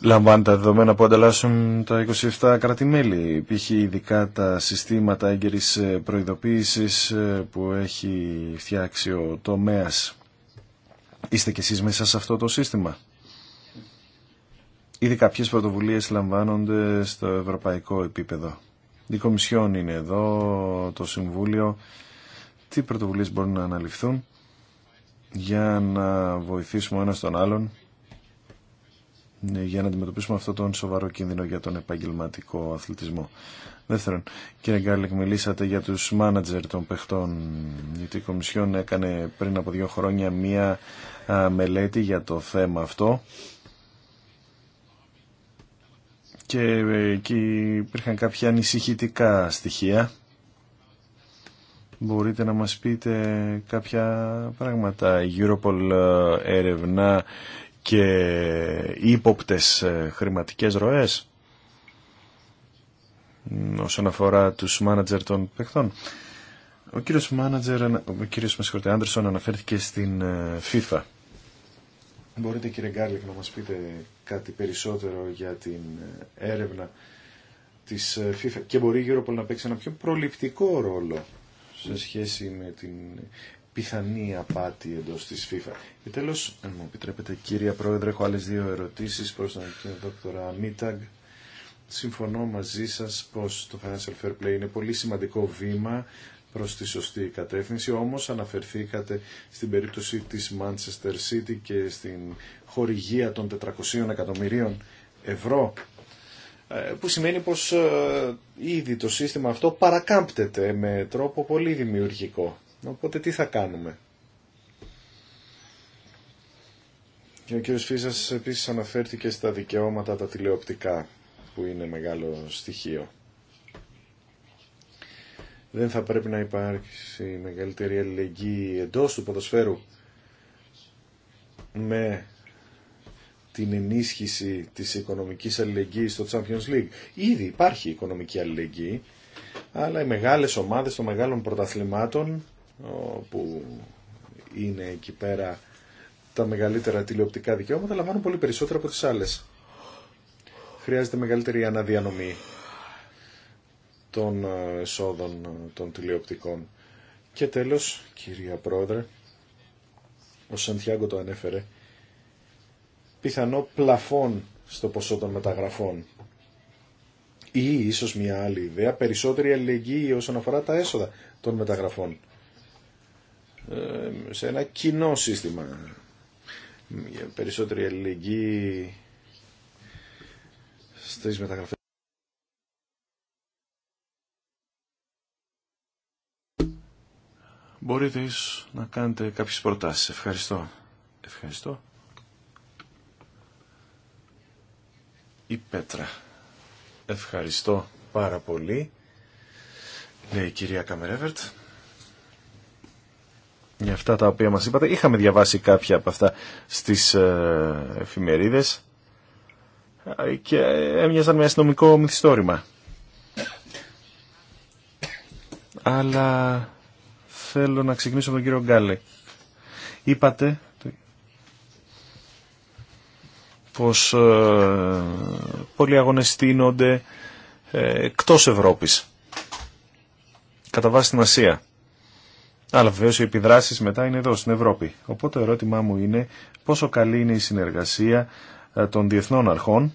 λαμβάνει τα δεδομένα που ανταλλάσσουν τα 27 κρατημέλη. Υπήρχε ειδικά τα συστήματα έγκαιρη προειδοποίηση που έχει φτιάξει ο τομέα. Είστε κι εσεί μέσα σε αυτό το σύστημα. Ήδη κάποιες πρωτοβουλίες λαμβάνονται στο ευρωπαϊκό επίπεδο. Η Κομισιόν είναι εδώ, το Συμβούλιο. Τι πρωτοβουλίες μπορούν να αναλυφθούν για να βοηθήσουμε ένα τον άλλον για να αντιμετωπίσουμε αυτό τον σοβαρό κίνδυνο για τον επαγγελματικό αθλητισμό. Δεύτερον, κύριε Γκάλεκ, μιλήσατε για τους μάνατζερ των παιχτών, γιατί η Κομισιόν έκανε πριν από δύο χρόνια μία μελέτη για το θέμα αυτό και ε, εκεί υπήρχαν κάποια ανησυχητικά στοιχεία. Μπορείτε να μας πείτε κάποια πράγματα. Η Europol ε, έρευνα και ύποπτες ε, χρηματικές ροές όσον αφορά τους μάνατζερ των παιχτών. Ο κύριος μάνατζερ, ο κύριος Άντερσον αναφέρθηκε στην FIFA. Μπορείτε κύριε Γκάρλικ να μας πείτε κάτι περισσότερο για την έρευνα της FIFA και μπορεί η Europol να παίξει ένα πιο προληπτικό ρόλο σε σχέση με την πιθανή απάτη εντός της FIFA. Και τέλος, αν μου επιτρέπετε κύριε Πρόεδρε, έχω άλλες δύο ερωτήσεις προς τον κύριο Δόκτωρα Μίταγκ. Συμφωνώ μαζί σας πως το Financial Fair Play είναι πολύ σημαντικό βήμα προς τη σωστή κατεύθυνση, όμως αναφερθήκατε στην περίπτωση της Manchester City και στην χορηγία των 400 εκατομμυρίων ευρώ, ε, που σημαίνει πως ε, ήδη το σύστημα αυτό παρακάμπτεται με τρόπο πολύ δημιουργικό. Οπότε τι θα κάνουμε. Και ο κ. Φίσας επίσης αναφέρθηκε στα δικαιώματα τα τηλεοπτικά, που είναι μεγάλο στοιχείο δεν θα πρέπει να υπάρξει μεγαλύτερη αλληλεγγύη εντός του ποδοσφαίρου με την ενίσχυση της οικονομικής αλληλεγγύης στο Champions League. Ήδη υπάρχει οικονομική αλληλεγγύη, αλλά οι μεγάλες ομάδες των μεγάλων πρωταθλημάτων που είναι εκεί πέρα τα μεγαλύτερα τηλεοπτικά δικαιώματα λαμβάνουν πολύ περισσότερα από τις άλλες. Χρειάζεται μεγαλύτερη αναδιανομή των ε, εσόδων ε, των τηλεοπτικών. Και τέλος, κυρία Πρόεδρε, ο Σαντιάγκο το ανέφερε, πιθανό πλαφόν στο ποσό των μεταγραφών. Ή ίσως μια άλλη ιδέα, περισσότερη αλληλεγγύη όσον αφορά τα έσοδα των μεταγραφών. Ε, σε ένα κοινό σύστημα. περισσότερη αλληλεγγύη στις μεταγραφές. μπορείτε ίσως να κάνετε κάποιες προτάσεις. Ευχαριστώ. Ευχαριστώ. Η Πέτρα. Ευχαριστώ πάρα πολύ. Λέει η κυρία Καμερέβερτ. Για αυτά τα οποία μας είπατε. Είχαμε διαβάσει κάποια από αυτά στις ε, εφημερίδες ε, και έμοιαζαν με αστυνομικό μυθιστόρημα. Αλλά θέλω να ξεκινήσω με τον κύριο Γκάλε. Είπατε πως ε, πολλοί αγώνες στείνονται ε, εκτός Ευρώπης, κατά βάση στην Ασία. Αλλά βεβαίω οι επιδράσεις μετά είναι εδώ στην Ευρώπη. Οπότε το ερώτημά μου είναι πόσο καλή είναι η συνεργασία ε, των διεθνών αρχών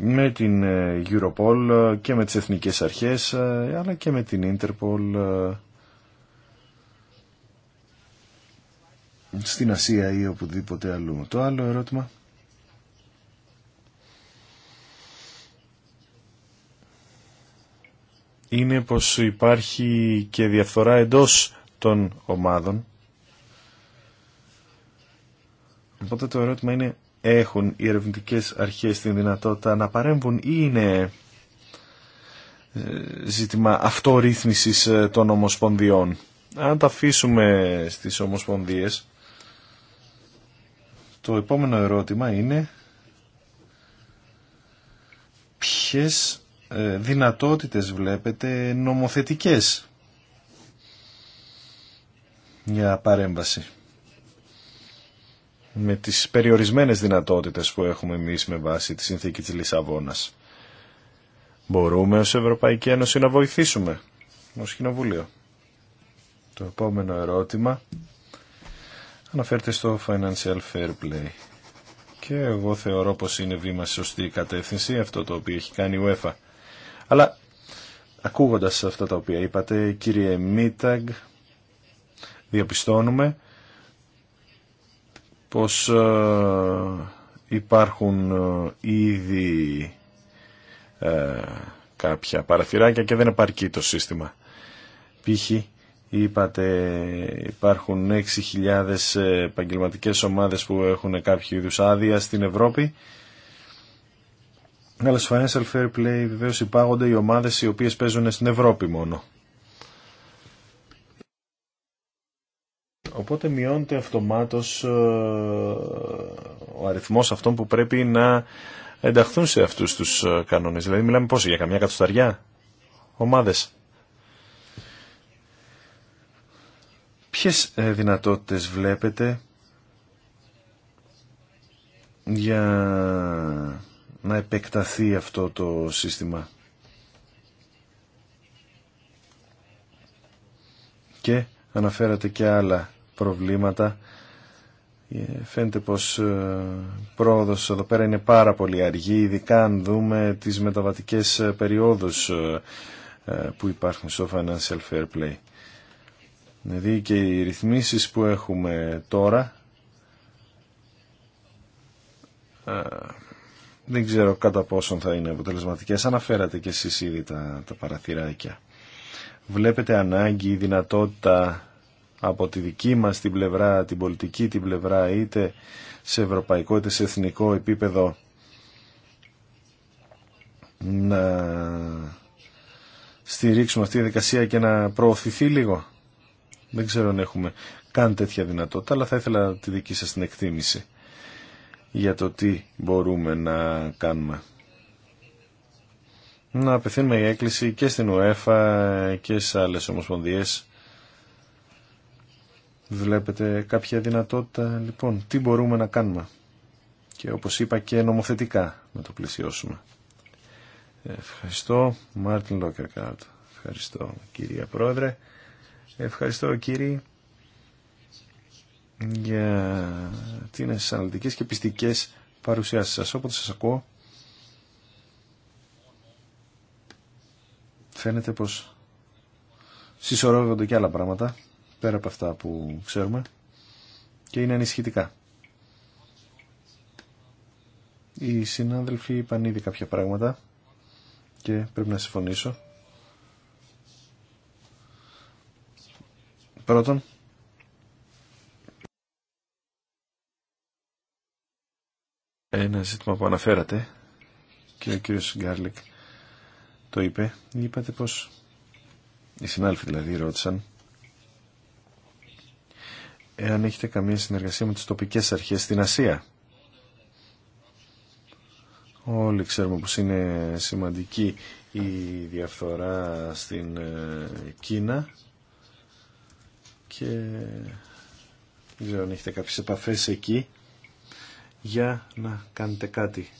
με την ε, Europol ε, και με τις εθνικές αρχές ε, αλλά και με την Interpol στην Ασία ή οπουδήποτε αλλού. Το άλλο ερώτημα. είναι πως υπάρχει και διαφθορά εντός των ομάδων. Οπότε το ερώτημα είναι έχουν οι ερευνητικές αρχές την δυνατότητα να παρέμβουν ή είναι ε, ζήτημα αυτορύθμισης ε, των ομοσπονδιών. Αν τα αφήσουμε στις ομοσπονδίες, το επόμενο ερώτημα είναι ποιες ε, δυνατότητες βλέπετε νομοθετικές για παρέμβαση με τις περιορισμένες δυνατότητες που έχουμε εμείς με βάση τη συνθήκη της Λισαβόνας. Μπορούμε ως Ευρωπαϊκή Ένωση να βοηθήσουμε ως Κοινοβούλιο. Το επόμενο ερώτημα αναφέρεται στο Financial Fair Play. Και εγώ θεωρώ πως είναι βήμα σε σωστή κατεύθυνση αυτό το οποίο έχει κάνει η UEFA. Αλλά ακούγοντας αυτά τα οποία είπατε, κύριε Μίταγκ, διαπιστώνουμε πως ε, υπάρχουν ε, ήδη ε, κάποια παραθυράκια και δεν επαρκεί το σύστημα. Π.χ. είπατε υπάρχουν 6.000 επαγγελματικέ ομάδες που έχουν κάποιο είδου άδεια στην Ευρώπη. Αλλά στο Financial Fair Play βεβαίω υπάγονται οι ομάδες οι οποίες παίζουν στην Ευρώπη μόνο. Οπότε μειώνεται αυτομάτως ε, ο αριθμός αυτών που πρέπει να ενταχθούν σε αυτούς τους ε, κανόνες. Δηλαδή μιλάμε πόσο για καμιά κατοσταριά ομάδες. Ποιες ε, δυνατότητες βλέπετε για να επεκταθεί αυτό το σύστημα. Και αναφέρατε και άλλα προβλήματα. Ε, φαίνεται πως ε, πρόοδος εδώ πέρα είναι πάρα πολύ αργή, ειδικά αν δούμε τις μεταβατικές ε, περιόδους που υπάρχουν στο Financial Fair Play. Δηλαδή και οι ρυθμίσεις που έχουμε τώρα δεν ξέρω κατά πόσον θα είναι αποτελεσματικές. Αναφέρατε και εσείς ήδη τα, τα παραθυράκια. Βλέπετε ανάγκη, δυνατότητα από τη δική μας την πλευρά, την πολιτική την πλευρά, είτε σε ευρωπαϊκό είτε σε εθνικό επίπεδο να στηρίξουμε αυτή τη δικασία και να προωθηθεί λίγο. Δεν ξέρω αν έχουμε καν τέτοια δυνατότητα, αλλά θα ήθελα τη δική σας την εκτίμηση για το τι μπορούμε να κάνουμε. Να απευθύνουμε η έκκληση και στην ΟΕΦΑ και σε άλλες ομοσπονδίες Βλέπετε κάποια δυνατότητα, λοιπόν, τι μπορούμε να κάνουμε. Και όπως είπα και νομοθετικά να το πλησιώσουμε. Ευχαριστώ, Μάρτιν Λόκερκάρτ. Ευχαριστώ, κυρία Πρόεδρε. Ευχαριστώ, κύριοι, για τις αναλυτικές και πιστικές παρουσιάσεις σας. Όποτε σας ακούω, φαίνεται πως συσσωρεύονται και άλλα πράγματα πέρα από αυτά που ξέρουμε και είναι ανησυχητικά. Οι συνάδελφοι είπαν ήδη κάποια πράγματα και πρέπει να συμφωνήσω. Πρώτον, ένα ζήτημα που αναφέρατε και ο κύριος Γκάρλικ το είπε, είπατε πως οι συνάδελφοι δηλαδή ρώτησαν εάν έχετε καμία συνεργασία με τις τοπικές αρχές στην Ασία. Όλοι ξέρουμε πως είναι σημαντική η διαφθορά στην ε, Κίνα και δεν ξέρω αν έχετε κάποιες επαφές εκεί για να κάνετε κάτι.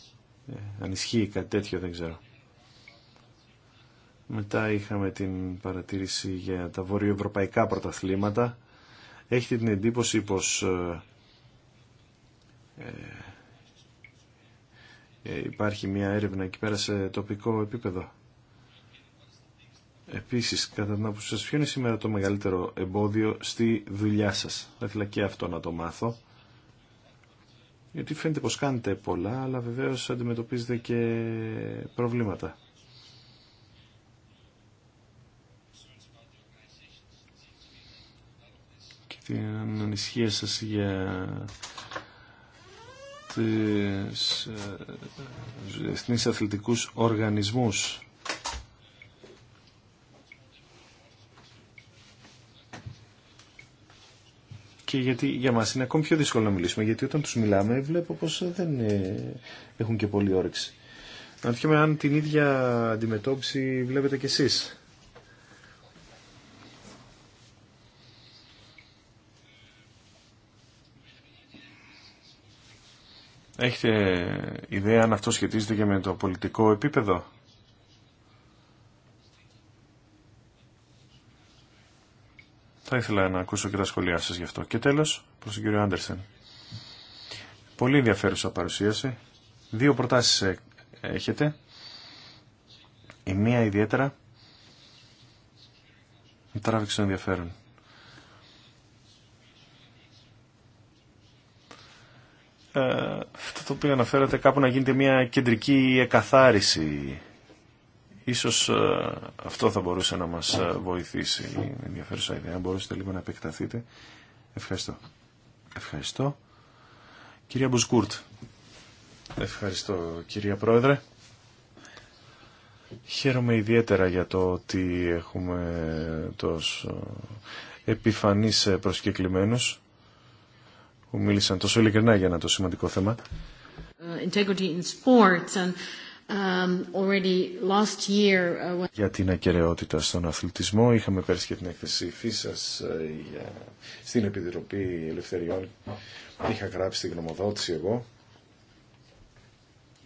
Ε, αν ισχύει κάτι τέτοιο δεν ξέρω. Μετά είχαμε την παρατήρηση για τα βορειοευρωπαϊκά πρωταθλήματα έχετε την εντύπωση πως ε, ε, ε, υπάρχει μια έρευνα εκεί πέρα σε τοπικό επίπεδο. Επίσης, κατά την άποψη σας, ποιο είναι σήμερα το μεγαλύτερο εμπόδιο στη δουλειά σας. Θα ήθελα και αυτό να το μάθω. Γιατί φαίνεται πως κάνετε πολλά, αλλά βεβαίως αντιμετωπίζετε και προβλήματα. την ανησυχία σας για τις ε, εθνείς αθλητικούς οργανισμούς. Και γιατί για μας είναι ακόμη πιο δύσκολο να μιλήσουμε, γιατί όταν τους μιλάμε βλέπω πως δεν ε, έχουν και πολύ όρεξη. Να αν την ίδια αντιμετώπιση βλέπετε κι εσείς. Έχετε ιδέα αν αυτό σχετίζεται και με το πολιτικό επίπεδο. Θα ήθελα να ακούσω και τα σχολιά σας γι' αυτό. Και τέλος, προς τον κύριο Άντερσεν. Πολύ ενδιαφέρουσα παρουσίαση. Δύο προτάσεις ε, έχετε. Η μία ιδιαίτερα τράβηξε ενδιαφέρον. Ε, αυτό το οποίο αναφέρατε κάπου να γίνεται μια κεντρική εκαθάριση. Ίσως ε, αυτό θα μπορούσε να μας ε, βοηθήσει. Είναι ενδιαφέρουσα ιδέα. Αν μπορούσατε λίγο να επεκταθείτε. Ευχαριστώ. Ευχαριστώ. Κυρία Μπουσκούρτ. Ευχαριστώ κυρία Πρόεδρε. Χαίρομαι ιδιαίτερα για το ότι έχουμε τόσο επιφανείς προσκεκλημένους που μίλησαν τόσο ειλικρινά για ένα τόσο σημαντικό θέμα. Uh, um, uh, για την ακαιρεότητα στον αθλητισμό είχαμε πέρσι και την έκθεση φύσας ε, στην Επιτροπή Ελευθεριών. Είχα γράψει τη γνωμοδότηση εγώ,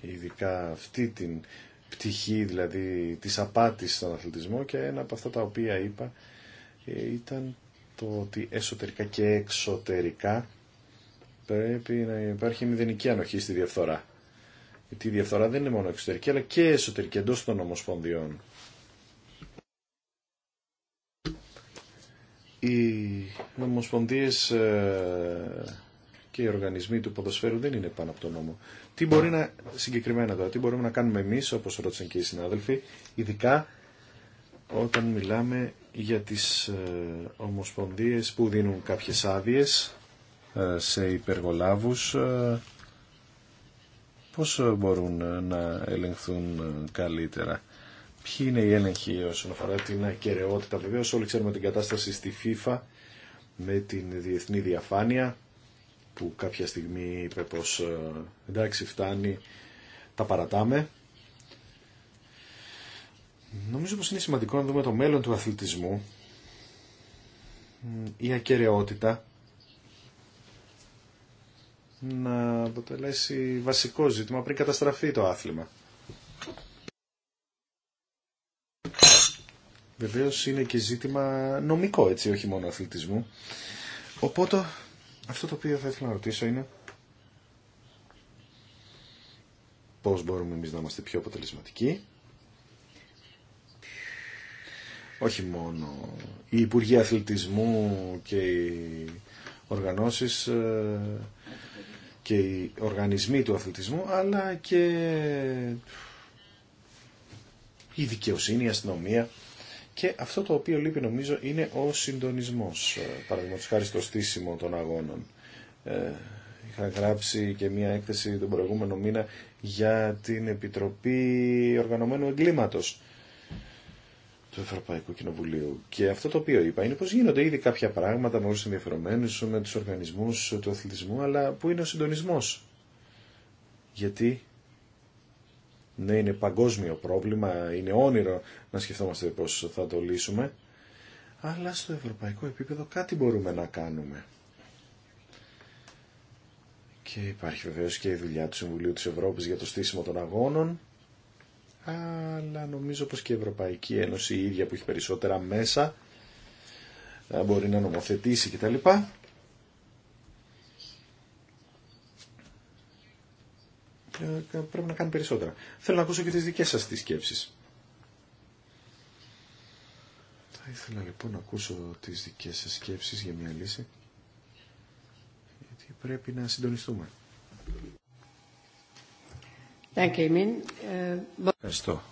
ειδικά αυτή την πτυχή δηλαδή της απάτης στον αθλητισμό και ένα από αυτά τα οποία είπα ε, ήταν το ότι εσωτερικά και εξωτερικά πρέπει να υπάρχει μηδενική ανοχή στη διαφθορά. Γιατί η διαφθορά δεν είναι μόνο εξωτερική αλλά και εσωτερική εντό των ομοσπονδιών. Οι νομοσπονδίε ε, και οι οργανισμοί του ποδοσφαίρου δεν είναι πάνω από τον νόμο. Τι μπορεί να, συγκεκριμένα τώρα, τι μπορούμε να κάνουμε εμεί, όπω ρώτησαν και οι συνάδελφοι, ειδικά όταν μιλάμε για τις ε, ομοσπονδίες που δίνουν κάποιες άδειες ε, σε υπεργολάβους ε, πώς μπορούν να ελεγχθούν ε, καλύτερα. Ποιοι είναι οι έλεγχοι όσον αφορά την ακαιρεότητα. Βεβαίως όλοι ξέρουμε την κατάσταση στη FIFA με την διεθνή διαφάνεια που κάποια στιγμή είπε πως εντάξει φτάνει τα παρατάμε. Νομίζω πως είναι σημαντικό να δούμε το μέλλον του αθλητισμού. Η ακαιρεότητα να αποτελέσει βασικό ζήτημα πριν καταστραφεί το άθλημα. Βεβαίω είναι και ζήτημα νομικό, έτσι, όχι μόνο αθλητισμού. Οπότε, αυτό το οποίο θα ήθελα να ρωτήσω είναι πώς μπορούμε εμείς να είμαστε πιο αποτελεσματικοί. Όχι μόνο η Υπουργοί Αθλητισμού και οι οργανώσεις ε, και οι οργανισμοί του αθλητισμού, αλλά και η δικαιοσύνη, η αστυνομία. Και αυτό το οποίο λείπει νομίζω είναι ο συντονισμός, παραδείγματος χάρη στο στήσιμο των αγώνων. Ε, είχα γράψει και μία έκθεση τον προηγούμενο μήνα για την Επιτροπή Οργανωμένου Εγκλήματος του Ευρωπαϊκού Κοινοβουλίου. Και αυτό το οποίο είπα είναι πως γίνονται ήδη κάποια πράγματα με του ενδιαφερομένου, με του οργανισμούς του αθλητισμού, αλλά που είναι ο συντονισμός. Γιατί ναι, είναι παγκόσμιο πρόβλημα, είναι όνειρο να σκεφτόμαστε πώ θα το λύσουμε, αλλά στο ευρωπαϊκό επίπεδο κάτι μπορούμε να κάνουμε. Και υπάρχει βεβαίως και η δουλειά του Συμβουλίου της Ευρώπης για το στήσιμο των αγώνων, αλλά νομίζω πως και η Ευρωπαϊκή Ένωση η ίδια που έχει περισσότερα μέσα ε, μπορεί να νομοθετήσει κτλ. Ε, πρέπει να κάνει περισσότερα. Θέλω να ακούσω και τις δικές σας τις σκέψεις. Θα ήθελα λοιπόν να ακούσω τις δικές σας σκέψεις για μια λύση. Γιατί πρέπει να συντονιστούμε. Uh, Ευχαριστώ.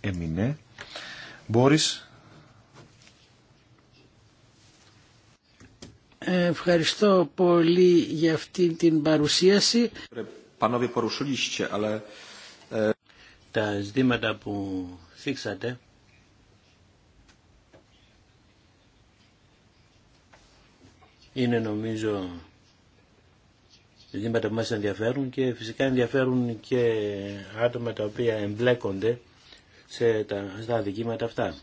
Εμινέ. Μπόρις. Ευχαριστώ πολύ για αυτή την παρουσίαση. Ε, Τα ζητήματα που θίξατε είναι νομίζω ζητήματα που μας ενδιαφέρουν και φυσικά ενδιαφέρουν και άτομα τα οποία εμπλέκονται σε τα, στα αδικήματα αυτά.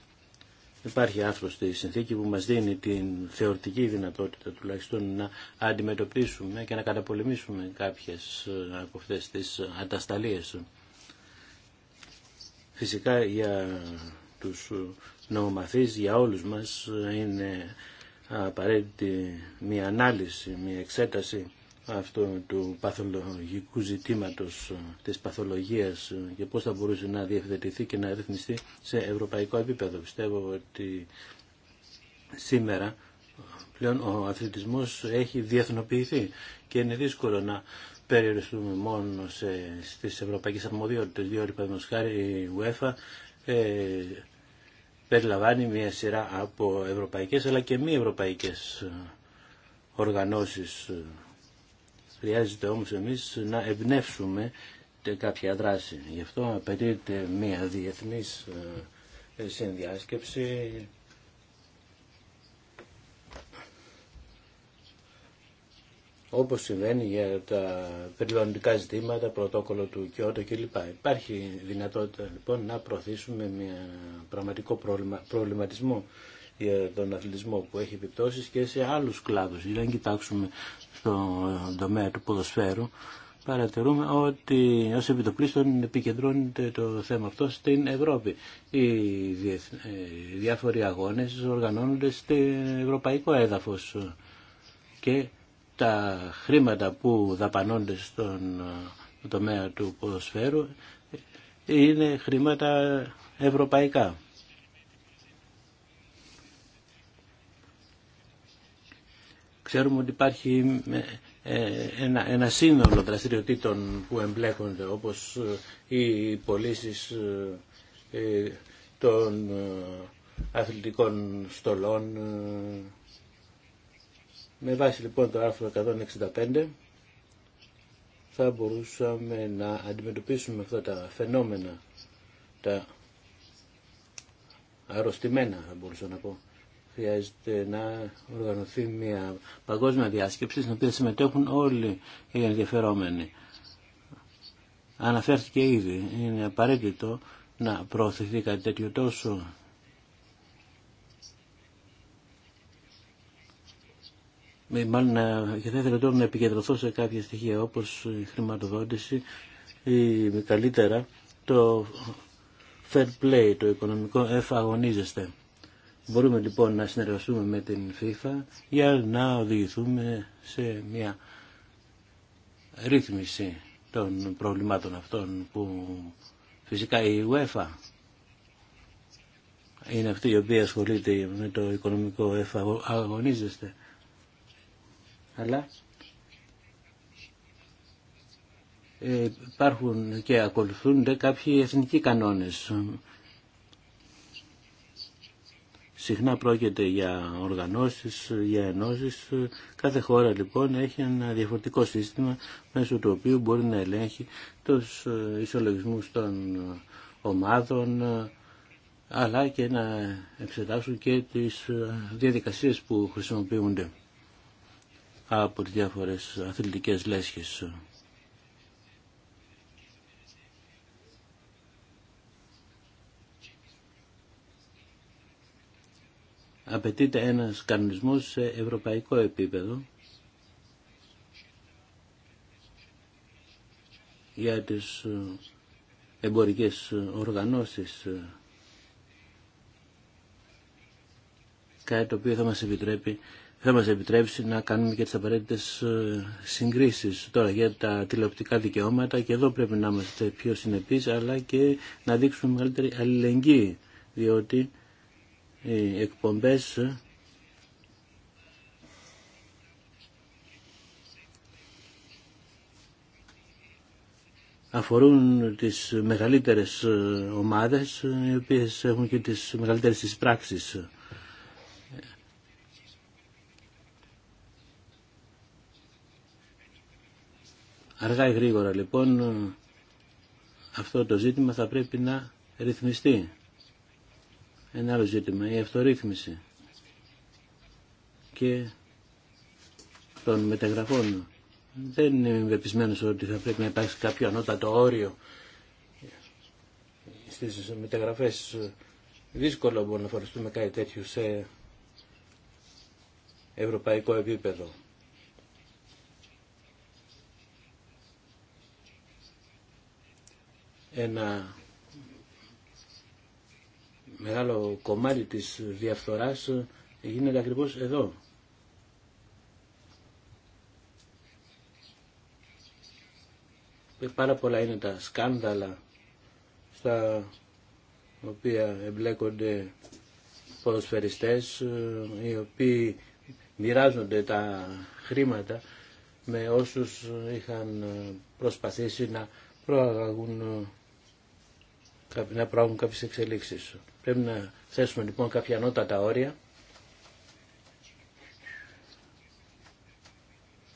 Υπάρχει άρθρο στη συνθήκη που μας δίνει την θεωρητική δυνατότητα τουλάχιστον να αντιμετωπίσουμε και να καταπολεμήσουμε κάποιες ε, από αυτές τις αντασταλίες. Φυσικά για τους νομομαθείς, για όλους μας ε, είναι απαραίτητη μια ανάλυση, μια εξέταση αυτού του παθολογικού ζητήματος ε, της παθολογίας ε, και πώς θα μπορούσε να διευθετηθεί και να ρυθμιστεί σε ευρωπαϊκό επίπεδο. Πιστεύω ότι σήμερα πλέον ο αθλητισμός έχει διεθνοποιηθεί και είναι δύσκολο να περιοριστούμε μόνο σε, στις ευρωπαϊκές αρμοδιότητες, διότι παραδείγματος χάρη η UEFA ε, περιλαμβάνει μια σειρά από ευρωπαϊκές αλλά και μη ευρωπαϊκές ε, οργανώσεις Χρειάζεται όμως εμείς να εμπνεύσουμε κάποια δράση. Γι' αυτό απαιτείται μια διεθνής ε, συνδιάσκεψη όπως συμβαίνει για τα περιβαλλοντικά ζητήματα, πρωτόκολλο του Κιώτο κλπ. Υπάρχει δυνατότητα λοιπόν να προωθήσουμε μια πραγματικό προβληματισμό για τον αθλητισμό που έχει επιπτώσεις και σε άλλους κλάδους. για να κοιτάξουμε στον τομέα του ποδοσφαίρου, παρατηρούμε ότι ως επιτοπλίστων επικεντρώνεται το θέμα αυτό στην Ευρώπη. Οι, διάφοροι αγώνες οργανώνονται στην ευρωπαϊκό έδαφος και τα χρήματα που δαπανώνται στον τομέα του ποδοσφαίρου είναι χρήματα ευρωπαϊκά. Ξέρουμε ότι υπάρχει ε, ε, ένα, ένα σύνολο δραστηριοτήτων που εμπλέκονται όπως ε, οι πωλήσει των αθλητικών στολών. Με βάση λοιπόν το άρθρο 165 θα μπορούσαμε να αντιμετωπίσουμε αυτά τα φαινόμενα, τα αρρωστημένα θα μπορούσα να πω, χρειάζεται να οργανωθεί μια παγκόσμια διάσκεψη στην οποία συμμετέχουν όλοι οι ενδιαφερόμενοι. Αναφέρθηκε ήδη, είναι απαραίτητο να προωθηθεί κάτι τέτοιο τόσο Μάλλον και θα ήθελα τώρα να επικεντρωθώ σε κάποια στοιχεία όπως η χρηματοδότηση ή καλύτερα το fair play, το οικονομικό εφαγωνίζεστε. Μπορούμε λοιπόν να συνεργαστούμε με την FIFA για να οδηγηθούμε σε μια ρύθμιση των προβλημάτων αυτών που φυσικά η UEFA είναι αυτή η οποία ασχολείται με το οικονομικό εφα, αγωνίζεστε. Αλλά ε, υπάρχουν και ακολουθούνται κάποιοι εθνικοί κανόνες Συχνά πρόκειται για οργανώσεις, για ενώσεις. Κάθε χώρα λοιπόν έχει ένα διαφορετικό σύστημα μέσω του οποίου μπορεί να ελέγχει τους ε, ισολογισμούς των ε, ομάδων ε, αλλά και να εξετάσουν και τις διαδικασίες που χρησιμοποιούνται από τις διάφορες αθλητικές λέσχες. απαιτείται ένας κανονισμός σε ευρωπαϊκό επίπεδο για τις ε, εμπορικές ε, οργανώσεις ε, κάτι το οποίο θα μας επιτρέπει θα μας επιτρέψει να κάνουμε και τις απαραίτητες συγκρίσεις τώρα για τα τηλεοπτικά δικαιώματα και εδώ πρέπει να είμαστε πιο συνεπείς αλλά και να δείξουμε μεγαλύτερη αλληλεγγύη διότι οι εκπομπές ε, αφορούν τις μεγαλύτερες ε, ομάδες ε, οι οποίες έχουν και τις μεγαλύτερες τις Αργά ή γρήγορα λοιπόν αυτό το ζήτημα θα πρέπει να ρυθμιστεί. Ένα άλλο ζήτημα, η αυτορύθμιση και των μεταγραφών. Δεν είμαι πεπισμένος ότι θα πρέπει να υπάρξει κάποιο ανώτατο όριο στις μεταγραφές. Δύσκολο μπορούμε να φορεστούμε κάτι τέτοιο σε ευρωπαϊκό επίπεδο. Ένα μεγάλο κομμάτι της διαφθοράς γίνεται ακριβώς εδώ. Ε, πάρα πολλά είναι τα σκάνδαλα στα οποία εμπλέκονται ποδοσφαιριστές ε, οι οποίοι μοιράζονται τα χρήματα με όσους είχαν ε, προσπαθήσει να προαγαγούν να προάγουν κάποιε εξελίξεις. Πρέπει να θέσουμε λοιπόν κάποια ανώτατα όρια.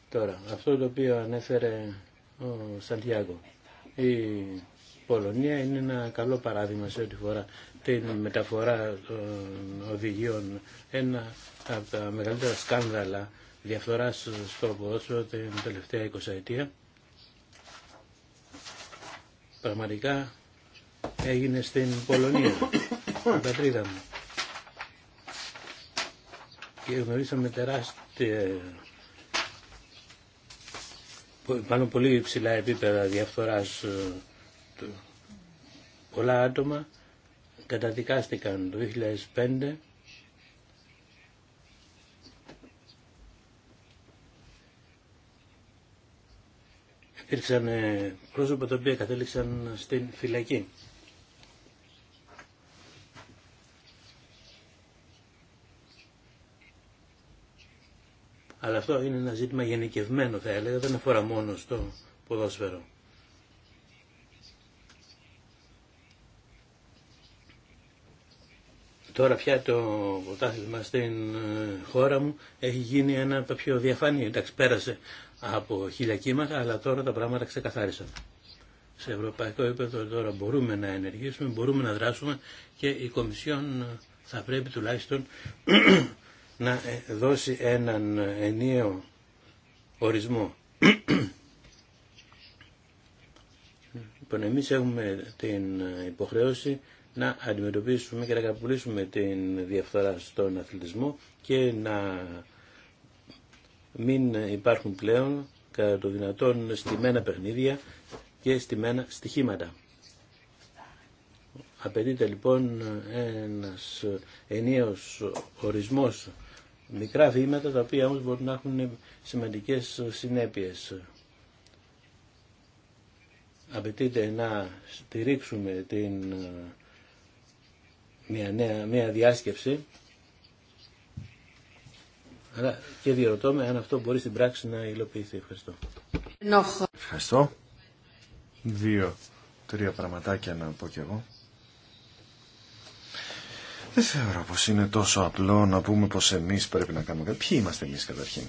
Τώρα, αυτό το οποίο ανέφερε ο Σαντιάγκο. Η Πολωνία είναι ένα καλό παράδειγμα σε ό,τι φορά την μεταφορά των οδηγίων. Ένα από τα μεγαλύτερα σκάνδαλα διαφθοράς στο ποδόσφαιρο την τελευταία 20 ετία. Πραγματικά έγινε στην Πολωνία, στην πατρίδα μου. Και γνωρίσαμε τεράστια, πάνω πολύ υψηλά επίπεδα διαφθοράς. Ε, πολλά άτομα καταδικάστηκαν το 2005 υπήρξαν ε, πρόσωπα τα οποία κατέληξαν στην φυλακή. Αλλά αυτό είναι ένα ζήτημα γενικευμένο θα έλεγα, δεν αφορά μόνο στο ποδόσφαιρο. Τώρα πια το ποτάθλημα στην ε, χώρα μου έχει γίνει ένα πιο διαφανή. Εντάξει, πέρασε από χίλια κύματα, αλλά τώρα τα πράγματα ξεκαθάρισαν. Σε ευρωπαϊκό επίπεδο τώρα μπορούμε να ενεργήσουμε, μπορούμε να δράσουμε και η Κομισιόν θα πρέπει τουλάχιστον να ε, δώσει έναν ενιο ορισμό. Λοιπόν, έχουμε την υποχρέωση να αντιμετωπίσουμε και να καταπολύσουμε την διαφθορά στον αθλητισμό και να μην υπάρχουν πλέον κατά το δυνατόν στημένα παιχνίδια και στημένα στοιχήματα. Απαιτείται λοιπόν ένας ενίος ορισμός μικρά βήματα τα οποία όμως μπορούν να έχουν σημαντικές συνέπειες. Απαιτείται να στηρίξουμε την, ε, μια, νέα, μια διάσκεψη αλλά και διερωτώ με αν αυτό μπορεί στην πράξη να υλοποιηθεί. Ευχαριστώ. Ευχαριστώ. Δύο, τρία πραγματάκια να πω κι εγώ. Δεν θεωρώ πως είναι τόσο απλό να πούμε πως εμείς πρέπει να κάνουμε κάτι. Ποιοι είμαστε εμείς καταρχήν.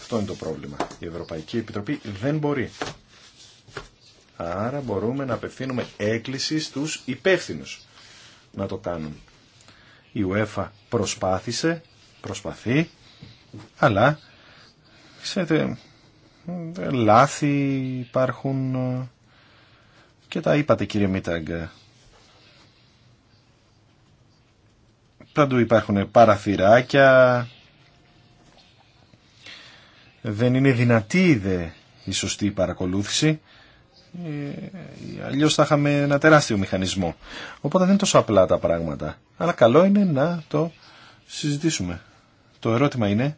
Αυτό είναι το πρόβλημα. Η Ευρωπαϊκή Επιτροπή δεν μπορεί. Άρα μπορούμε να απευθύνουμε έκκληση στους υπεύθυνου να το κάνουν. Η UEFA προσπάθησε, προσπαθεί, αλλά ξέρετε, λάθη υπάρχουν ε, και τα είπατε κύριε Μίταγκ παντού υπάρχουν παραθυράκια, δεν είναι δυνατή η σωστή παρακολούθηση, ε, αλλιώς θα είχαμε ένα τεράστιο μηχανισμό. Οπότε δεν είναι τόσο απλά τα πράγματα, αλλά καλό είναι να το συζητήσουμε. Το ερώτημα είναι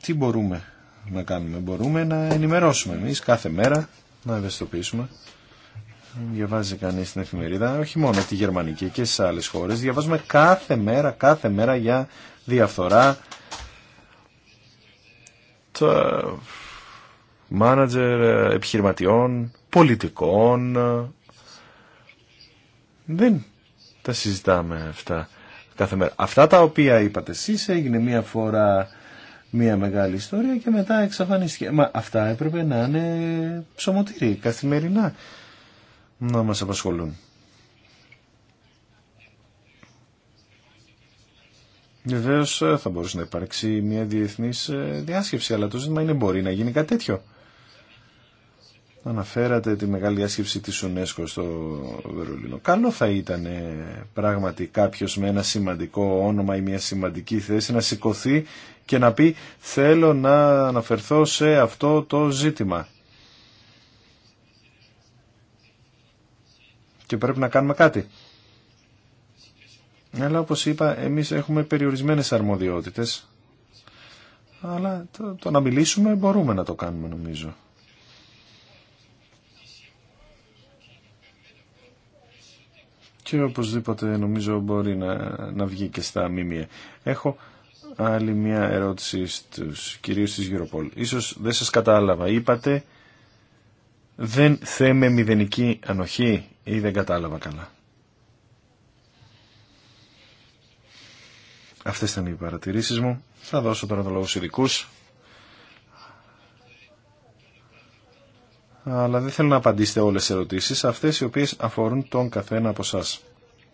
τι μπορούμε να κάνουμε. Μπορούμε να ενημερώσουμε εμείς κάθε μέρα, να ευαισθητοποιήσουμε διαβάζει κανείς την εφημερίδα, όχι μόνο τη γερμανική και σε άλλε χώρε διαβάζουμε κάθε μέρα, κάθε μέρα για διαφθορά τα μάνατζερ ε, επιχειρηματιών, πολιτικών. Δεν τα συζητάμε αυτά κάθε μέρα. Αυτά τα οποία είπατε εσείς έγινε μία φορά μία μεγάλη ιστορία και μετά εξαφανίστηκε. Μα αυτά έπρεπε να είναι ψωμοτήρι καθημερινά να μας απασχολούν. Βεβαίω ε, θα μπορούσε να υπάρξει μια διεθνή ε, διάσκεψη, αλλά το ζήτημα είναι μπορεί να γίνει κάτι τέτοιο. Αναφέρατε τη μεγάλη διάσκεψη της UNESCO στο Βερολίνο. Καλό θα ήταν ε, πράγματι κάποιος με ένα σημαντικό όνομα ή μια σημαντική θέση να σηκωθεί και να πει θέλω να αναφερθώ σε αυτό το ζήτημα. και πρέπει να κάνουμε κάτι. Αλλά όπως είπα, εμείς έχουμε περιορισμένες αρμοδιότητες. Αλλά το, να μιλήσουμε μπορούμε να το κάνουμε νομίζω. Και οπωσδήποτε νομίζω μπορεί να, να βγει και στα μήμια. Έχω άλλη μια ερώτηση στους κυρίους της Europol. Ίσως δεν σας κατάλαβα. Είπατε δεν θέμε μηδενική ανοχή ή δεν κατάλαβα καλά. Αυτές ήταν οι παρατηρήσεις μου. Θα δώσω τώρα το λόγο στους ειδικούς. Αλλά δεν θέλω να απαντήσετε όλες τις ερωτήσεις, αυτές οι οποίες αφορούν τον καθένα από εσά.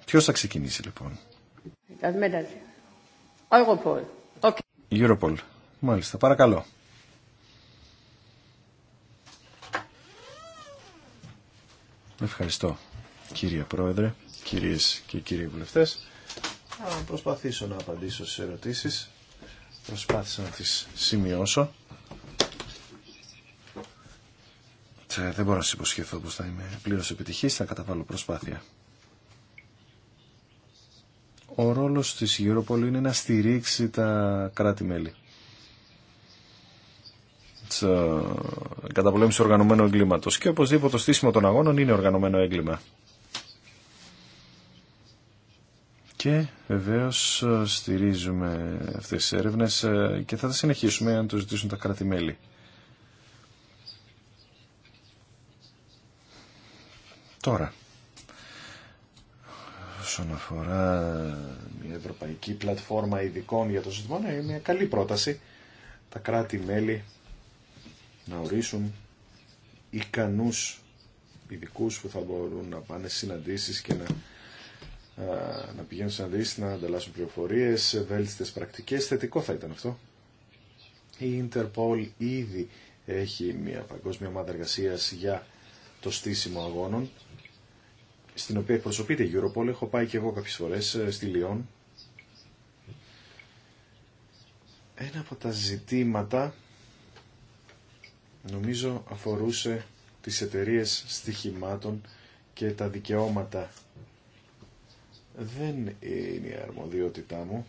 Ποιος θα ξεκινήσει λοιπόν. Europol. Okay. Europol. Μάλιστα, παρακαλώ. Ευχαριστώ κύριε Πρόεδρε, κυρίες και κύριοι βουλευτές. Θα προσπαθήσω να απαντήσω στις ερωτήσεις. Προσπάθησα να τις σημειώσω. Δεν μπορώ να σας υποσχεθώ πως θα είμαι πλήρως επιτυχής, θα καταβάλω προσπάθεια. Ο ρόλος της Europol είναι να στηρίξει τα κράτη-μέλη. Ε, καταπολέμηση οργανωμένου εγκλήματος και οπωσδήποτε το στήσιμο των αγώνων είναι οργανωμένο έγκλημα. Και βεβαίω ε, στηρίζουμε αυτές τις έρευνες ε, και θα τα συνεχίσουμε αν το ζητήσουν τα κράτη-μέλη. Τώρα, όσον αφορά μια ευρωπαϊκή πλατφόρμα ειδικών για το ζήτημα, ναι, είναι μια καλή πρόταση. Τα κράτη-μέλη να ορίσουν ικανούς ειδικού που θα μπορούν να πάνε σε συναντήσεις και να, να πηγαίνουν στις συναντήσεις, να ανταλλάσσουν πληροφορίες, βέλτιστες πρακτικές. Θετικό θα ήταν αυτό. Η Interpol ήδη έχει μια παγκόσμια ομάδα εργασία για το στήσιμο αγώνων, στην οποία εκπροσωπείται η Europol. Έχω πάει και εγώ κάποιες φορές ε, στη Λιόν. Ένα από τα ζητήματα νομίζω αφορούσε τις εταιρείε στοιχημάτων και τα δικαιώματα. Δεν είναι η αρμοδιότητά μου.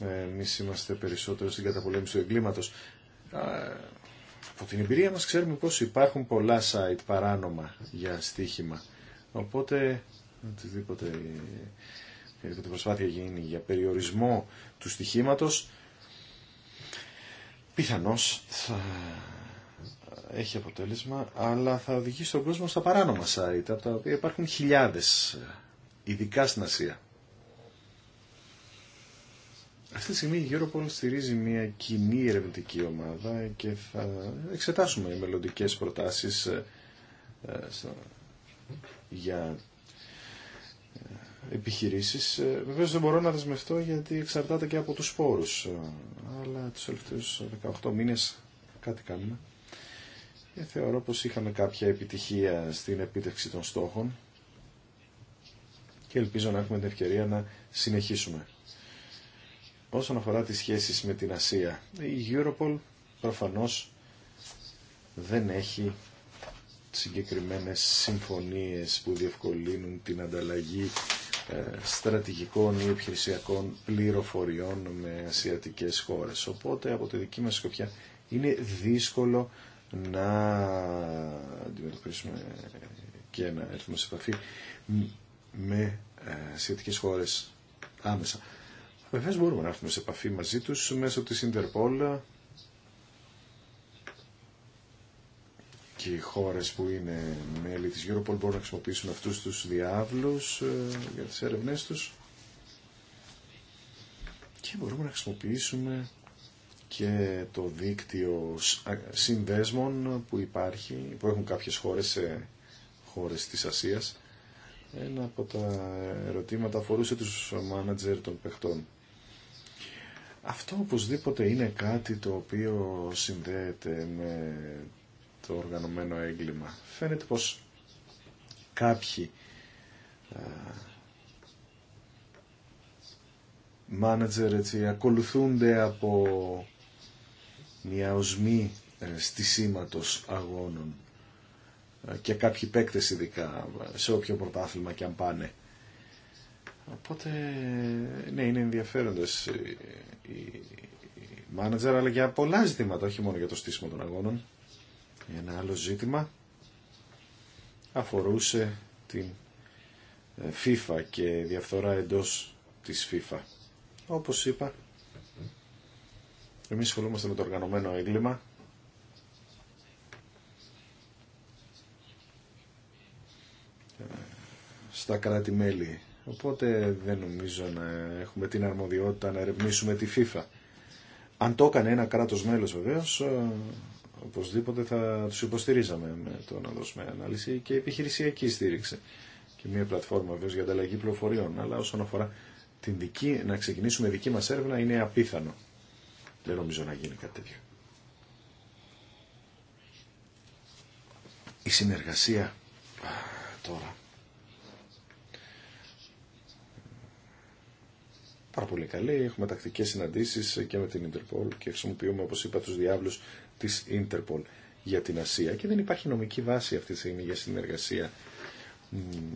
Εμεί είμαστε περισσότερο στην καταπολέμηση του εγκλήματος. Από την εμπειρία μας ξέρουμε πως υπάρχουν πολλά site παράνομα για στοίχημα. Οπότε οτιδήποτε, οτιδήποτε προσπάθεια γίνει για περιορισμό του στοιχήματος πιθανώς θα έχει αποτέλεσμα, αλλά θα οδηγήσει τον κόσμο στα παράνομα site, από τα οποία υπάρχουν χιλιάδες, ειδικά στην Ασία. Αυτή τη στιγμή η Europol στηρίζει μια κοινή ερευνητική ομάδα και θα εξετάσουμε οι μελλοντικέ προτάσεις ε, ε, για επιχειρήσεις. Ε, βεβαίως δεν μπορώ να δεσμευτώ γιατί εξαρτάται και από τους σπόρους. Ε, αλλά τους τελευταίους 18 μήνες κάτι κάνουμε. Και θεωρώ πως είχαμε κάποια επιτυχία στην επίτευξη των στόχων και ελπίζω να έχουμε την ευκαιρία να συνεχίσουμε. Όσον αφορά τις σχέσεις με την Ασία, η Europol προφανώς δεν έχει συγκεκριμένες συμφωνίες που διευκολύνουν την ανταλλαγή ε, στρατηγικών ή επιχειρησιακών πληροφοριών με ασιατικές χώρες. Οπότε από τη δική μας σκοπιά είναι δύσκολο να αντιμετωπίσουμε και να έρθουμε σε επαφή με ε, ασιατικές χώρες άμεσα. Βεβαίως μπορούμε να έρθουμε σε επαφή μαζί τους μέσω της Interpol και οι χώρες που είναι μέλη της Europol μπορούν να χρησιμοποιήσουν αυτούς τους διάβλους ε, για τις έρευνές τους και μπορούμε να χρησιμοποιήσουμε και το δίκτυο συνδέσμων που υπάρχει, που έχουν κάποιες χώρες σε χώρες της Ασίας. Ένα από τα ερωτήματα αφορούσε τους μάνατζερ των παιχτών. Αυτό οπωσδήποτε είναι κάτι το οποίο συνδέεται με το οργανωμένο έγκλημα. Φαίνεται πως κάποιοι ε, μάνατζερ έτσι ακολουθούνται από μια οσμή ε, στισίματος αγώνων ε, και κάποιοι παίκτες ειδικά σε όποιο πρωτάθλημα και αν πάνε. Οπότε, ναι, είναι ενδιαφέροντες οι μάνατζερ, αλλά για πολλά ζητήματα, όχι μόνο για το στήσιμο των αγώνων. Ένα άλλο ζήτημα αφορούσε την ε, FIFA και διαφθορά εντός της FIFA. Όπως είπα, εμείς ασχολούμαστε με το οργανωμένο έγκλημα ε, στα κράτη-μέλη. Οπότε δεν νομίζω να έχουμε την αρμοδιότητα να ερευνήσουμε τη FIFA. Αν το έκανε ένα κράτος μέλος βεβαίως, ε, οπωσδήποτε θα του υποστηρίζαμε με το να δώσουμε ανάλυση και επιχειρησιακή στήριξη και μια πλατφόρμα βέβαια για ανταλλαγή πληροφοριών. Αλλά όσον αφορά την δική, να ξεκινήσουμε δική μας έρευνα είναι απίθανο. Δεν νομίζω να γίνει κάτι τέτοιο. Η συνεργασία τώρα. Πάρα πολύ καλή. Έχουμε τακτικές συναντήσεις και με την Interpol και χρησιμοποιούμε, όπως είπα, τους διάβλους Τη Ίντερπολ για την Ασία και δεν υπάρχει νομική βάση αυτή τη στιγμή για συνεργασία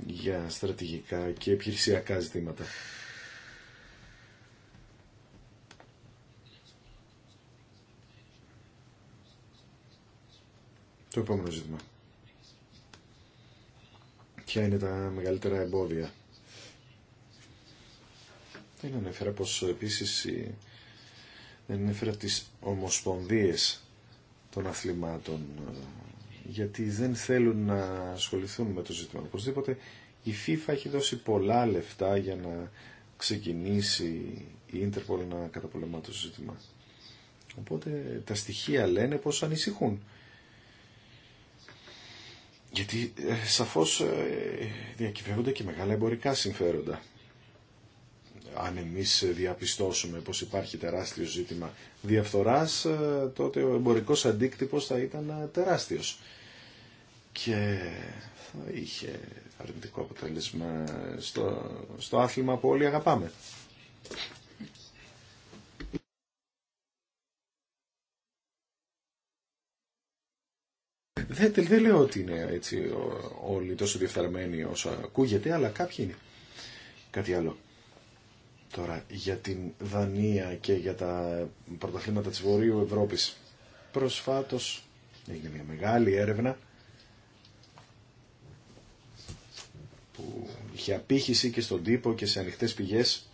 για στρατηγικά και επιχειρησιακά ζητήματα. Το επόμενο ζήτημα. Ποια είναι τα μεγαλύτερα εμπόδια. Δεν ανέφερα πως επίσης δεν ανέφερα τις ομοσπονδίες των αθλημάτων ε, γιατί δεν θέλουν να ασχοληθούν με το ζήτημα. Οπωσδήποτε η FIFA έχει δώσει πολλά λεφτά για να ξεκινήσει η Interpol να καταπολεμά το ζήτημα. Οπότε τα στοιχεία λένε πως ανησυχούν. Γιατί ε, σαφώς ε, διακυβεύονται και μεγάλα εμπορικά συμφέροντα αν εμείς διαπιστώσουμε πως υπάρχει τεράστιο ζήτημα διαφθοράς, ε, τότε ο εμπορικός αντίκτυπος θα ήταν ε, τεράστιος. Και θα είχε αρνητικό αποτέλεσμα στο, στο άθλημα που όλοι αγαπάμε. Δεν, δεν λέω ότι είναι έτσι όλοι τόσο διεφθαρμένοι όσο ακούγεται, αλλά κάποιοι είναι. Κάτι άλλο. Τώρα για την Δανία και για τα πρωταθλήματα της Βορείου Ευρώπης. Προσφάτως έγινε μια μεγάλη έρευνα που είχε απήχηση και στον τύπο και σε ανοιχτές πηγές.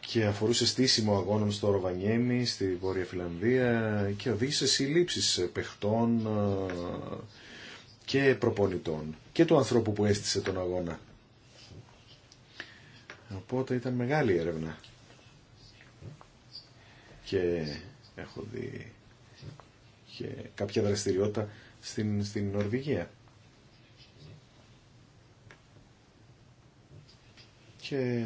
και αφορούσε στήσιμο αγώνων στο Ροβανιέμι, στη Βόρεια Φιλανδία και οδήγησε συλλήψεις παιχτών και προπονητών και του ανθρώπου που έστησε τον αγώνα. Οπότε ήταν μεγάλη έρευνα. Και έχω δει και κάποια δραστηριότητα στην, στην Νορβηγία. Και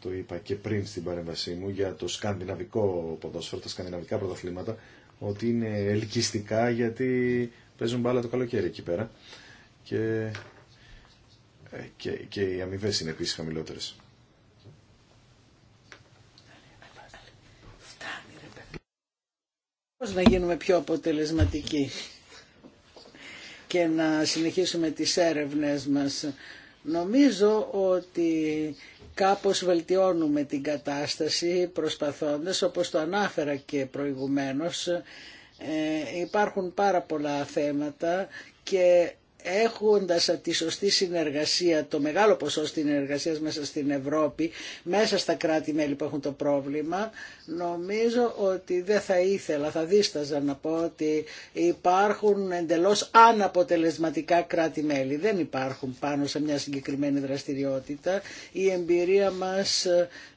το είπα και πριν στην παρέμβασή μου για το σκανδιναβικό ποδόσφαιρο, τα σκανδιναβικά πρωταθλήματα, ότι είναι ελκυστικά γιατί παίζουν μπάλα το καλοκαίρι εκεί πέρα και, ε, και, και οι αμοιβέ είναι επίσης χαμηλότερες. Πώς να γίνουμε πιο αποτελεσματικοί και να συνεχίσουμε τις έρευνες μας. Νομίζω ότι κάπως βελτιώνουμε την κατάσταση προσπαθώντας, όπως το ανάφερα και προηγουμένως, ε, υπάρχουν πάρα πολλά θέματα και έχοντας τη σωστή συνεργασία, το μεγάλο ποσό συνεργασίας μέσα στην Ευρώπη, μέσα στα κράτη-μέλη που έχουν το πρόβλημα, νομίζω ότι δεν θα ήθελα, θα δίσταζα να πω ότι υπάρχουν εντελώς αναποτελεσματικά κράτη-μέλη. Δεν υπάρχουν πάνω σε μια συγκεκριμένη δραστηριότητα. Η εμπειρία μας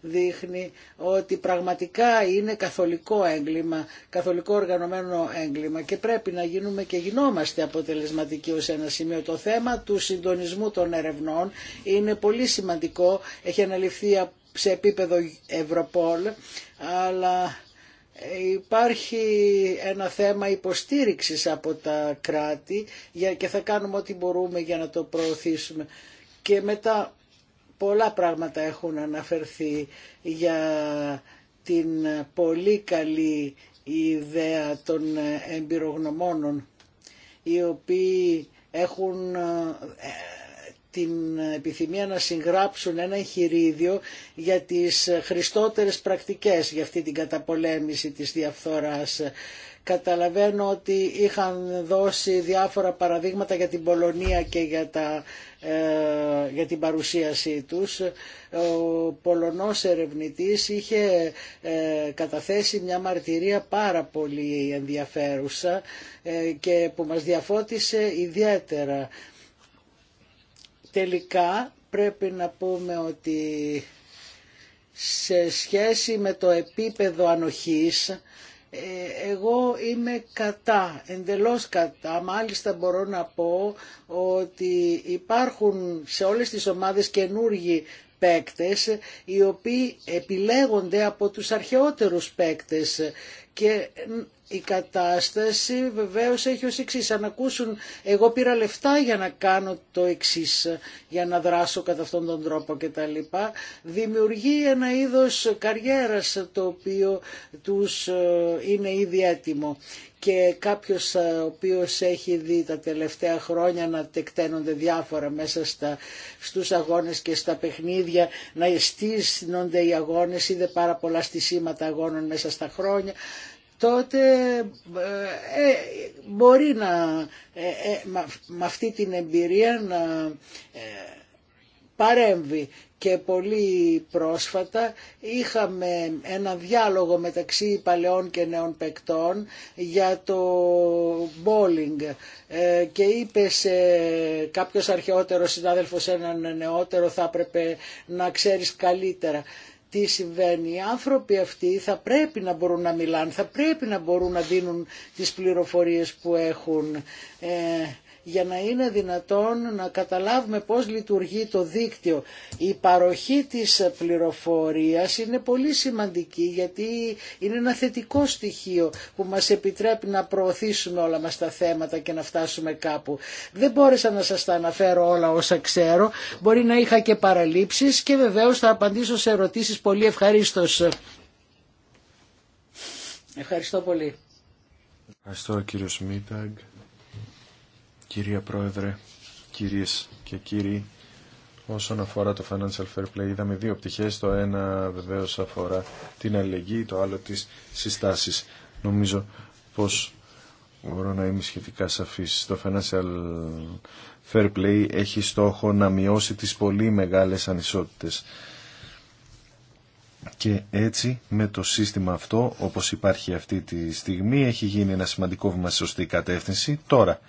δείχνει ότι πραγματικά είναι καθολικό έγκλημα, καθολικό οργανωμένο έγκλημα και πρέπει να γίνουμε και γινόμαστε αποτελεσματικοί ως σημείο. Το θέμα του συντονισμού των ερευνών είναι πολύ σημαντικό. Έχει αναλυφθεί σε επίπεδο Ευρωπόλ, αλλά υπάρχει ένα θέμα υποστήριξης από τα κράτη και θα κάνουμε ό,τι μπορούμε για να το προωθήσουμε. Και μετά πολλά πράγματα έχουν αναφερθεί για την πολύ καλή ιδέα των εμπειρογνωμόνων οι οποίοι έχουν ε, ε, την επιθυμία να συγγράψουν ένα εγχειρίδιο για τις ε, χριστότερες πρακτικές για αυτή την καταπολέμηση της διαφθοράς Καταλαβαίνω ότι είχαν δώσει διάφορα παραδείγματα για την Πολωνία και για, ε, για την παρουσίασή τους. Ο Πολωνός ερευνητής είχε ε, καταθέσει μια μαρτυρία πάρα πολύ ενδιαφέρουσα ε, και που μας διαφώτισε ιδιαίτερα. Τελικά πρέπει να πούμε ότι σε σχέση με το επίπεδο ανοχής ε, εγώ είμαι κατά, εντελώς κατά. Μάλιστα μπορώ να πω ότι υπάρχουν σε όλες τις ομάδες καινούργοι παίκτες οι οποίοι επιλέγονται από τους αρχαιότερους παίκτες και η κατάσταση βεβαίως έχει ως εξής. Αν ακούσουν, εγώ πήρα λεφτά για να κάνω το εξής, για να δράσω κατά αυτόν τον τρόπο κτλ. Δημιουργεί ένα είδος καριέρας το οποίο τους ε, είναι ήδη έτοιμο. Και κάποιος ε, ο οποίος έχει δει τα τελευταία χρόνια να τεκταίνονται διάφορα μέσα στα, στους αγώνες και στα παιχνίδια, να εστίσνονται οι αγώνες, είδε πάρα πολλά στισίματα αγώνων μέσα στα χρόνια, τότε ε, ε, μπορεί να ε, ε με αυτή την εμπειρία να ε, παρέμβει και πολύ πρόσφατα είχαμε ένα διάλογο μεταξύ παλαιών και νέων παικτών για το bowling και είπε σε κάποιος αρχαιότερος συνάδελφος έναν νεότερο θα έπρεπε να ξέρεις καλύτερα τι συμβαίνει. Οι άνθρωποι αυτοί θα πρέπει να μπορούν να μιλάνε, θα πρέπει να μπορούν να δίνουν τις πληροφορίες που έχουν. Ε, για να είναι δυνατόν να καταλάβουμε πώς λειτουργεί το δίκτυο. Η παροχή της πληροφορίας είναι πολύ σημαντική γιατί είναι ένα θετικό στοιχείο που μας επιτρέπει να προωθήσουμε όλα μας τα θέματα και να φτάσουμε κάπου. Δεν μπόρεσα να σας τα αναφέρω όλα όσα ξέρω, μπορεί να είχα και παραλήψεις και βεβαίως θα απαντήσω σε ερωτήσεις πολύ ευχαριστώ. Ευχαριστώ πολύ. Ευχαριστώ κύριο Σμίταγκ. Κυρία Πρόεδρε, κυρίες και κύριοι, όσον αφορά το financial fair play είδαμε δύο πτυχές, το ένα βεβαίως αφορά την αλληλεγγύη, το άλλο τις συστάσεις. Νομίζω πως μπορώ να είμαι σχετικά σαφής. Το financial fair play έχει στόχο να μειώσει τις πολύ μεγάλες ανισότητες. Και έτσι με το σύστημα αυτό, όπως υπάρχει αυτή τη στιγμή, έχει γίνει ένα σημαντικό βήμα σωστή κατεύθυνση. Τώρα,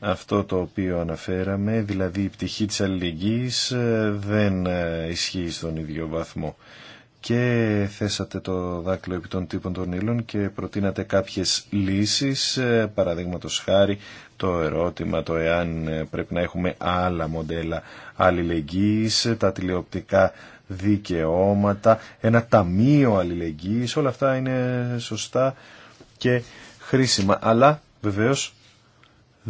αυτό το οποίο αναφέραμε, δηλαδή η πτυχή της αλληλεγγύης ε, δεν ε, ισχύει στον ίδιο βαθμό. Και θέσατε το δάκλο επί των τύπων των ύλων και προτείνατε κάποιες λύσεις, ε, παραδείγματος χάρη το ερώτημα το εάν πρέπει να έχουμε άλλα μοντέλα αλληλεγγύης, τα τηλεοπτικά δικαιώματα, ένα ταμείο αλληλεγγύης, όλα αυτά είναι σωστά και χρήσιμα. Αλλά βεβαίως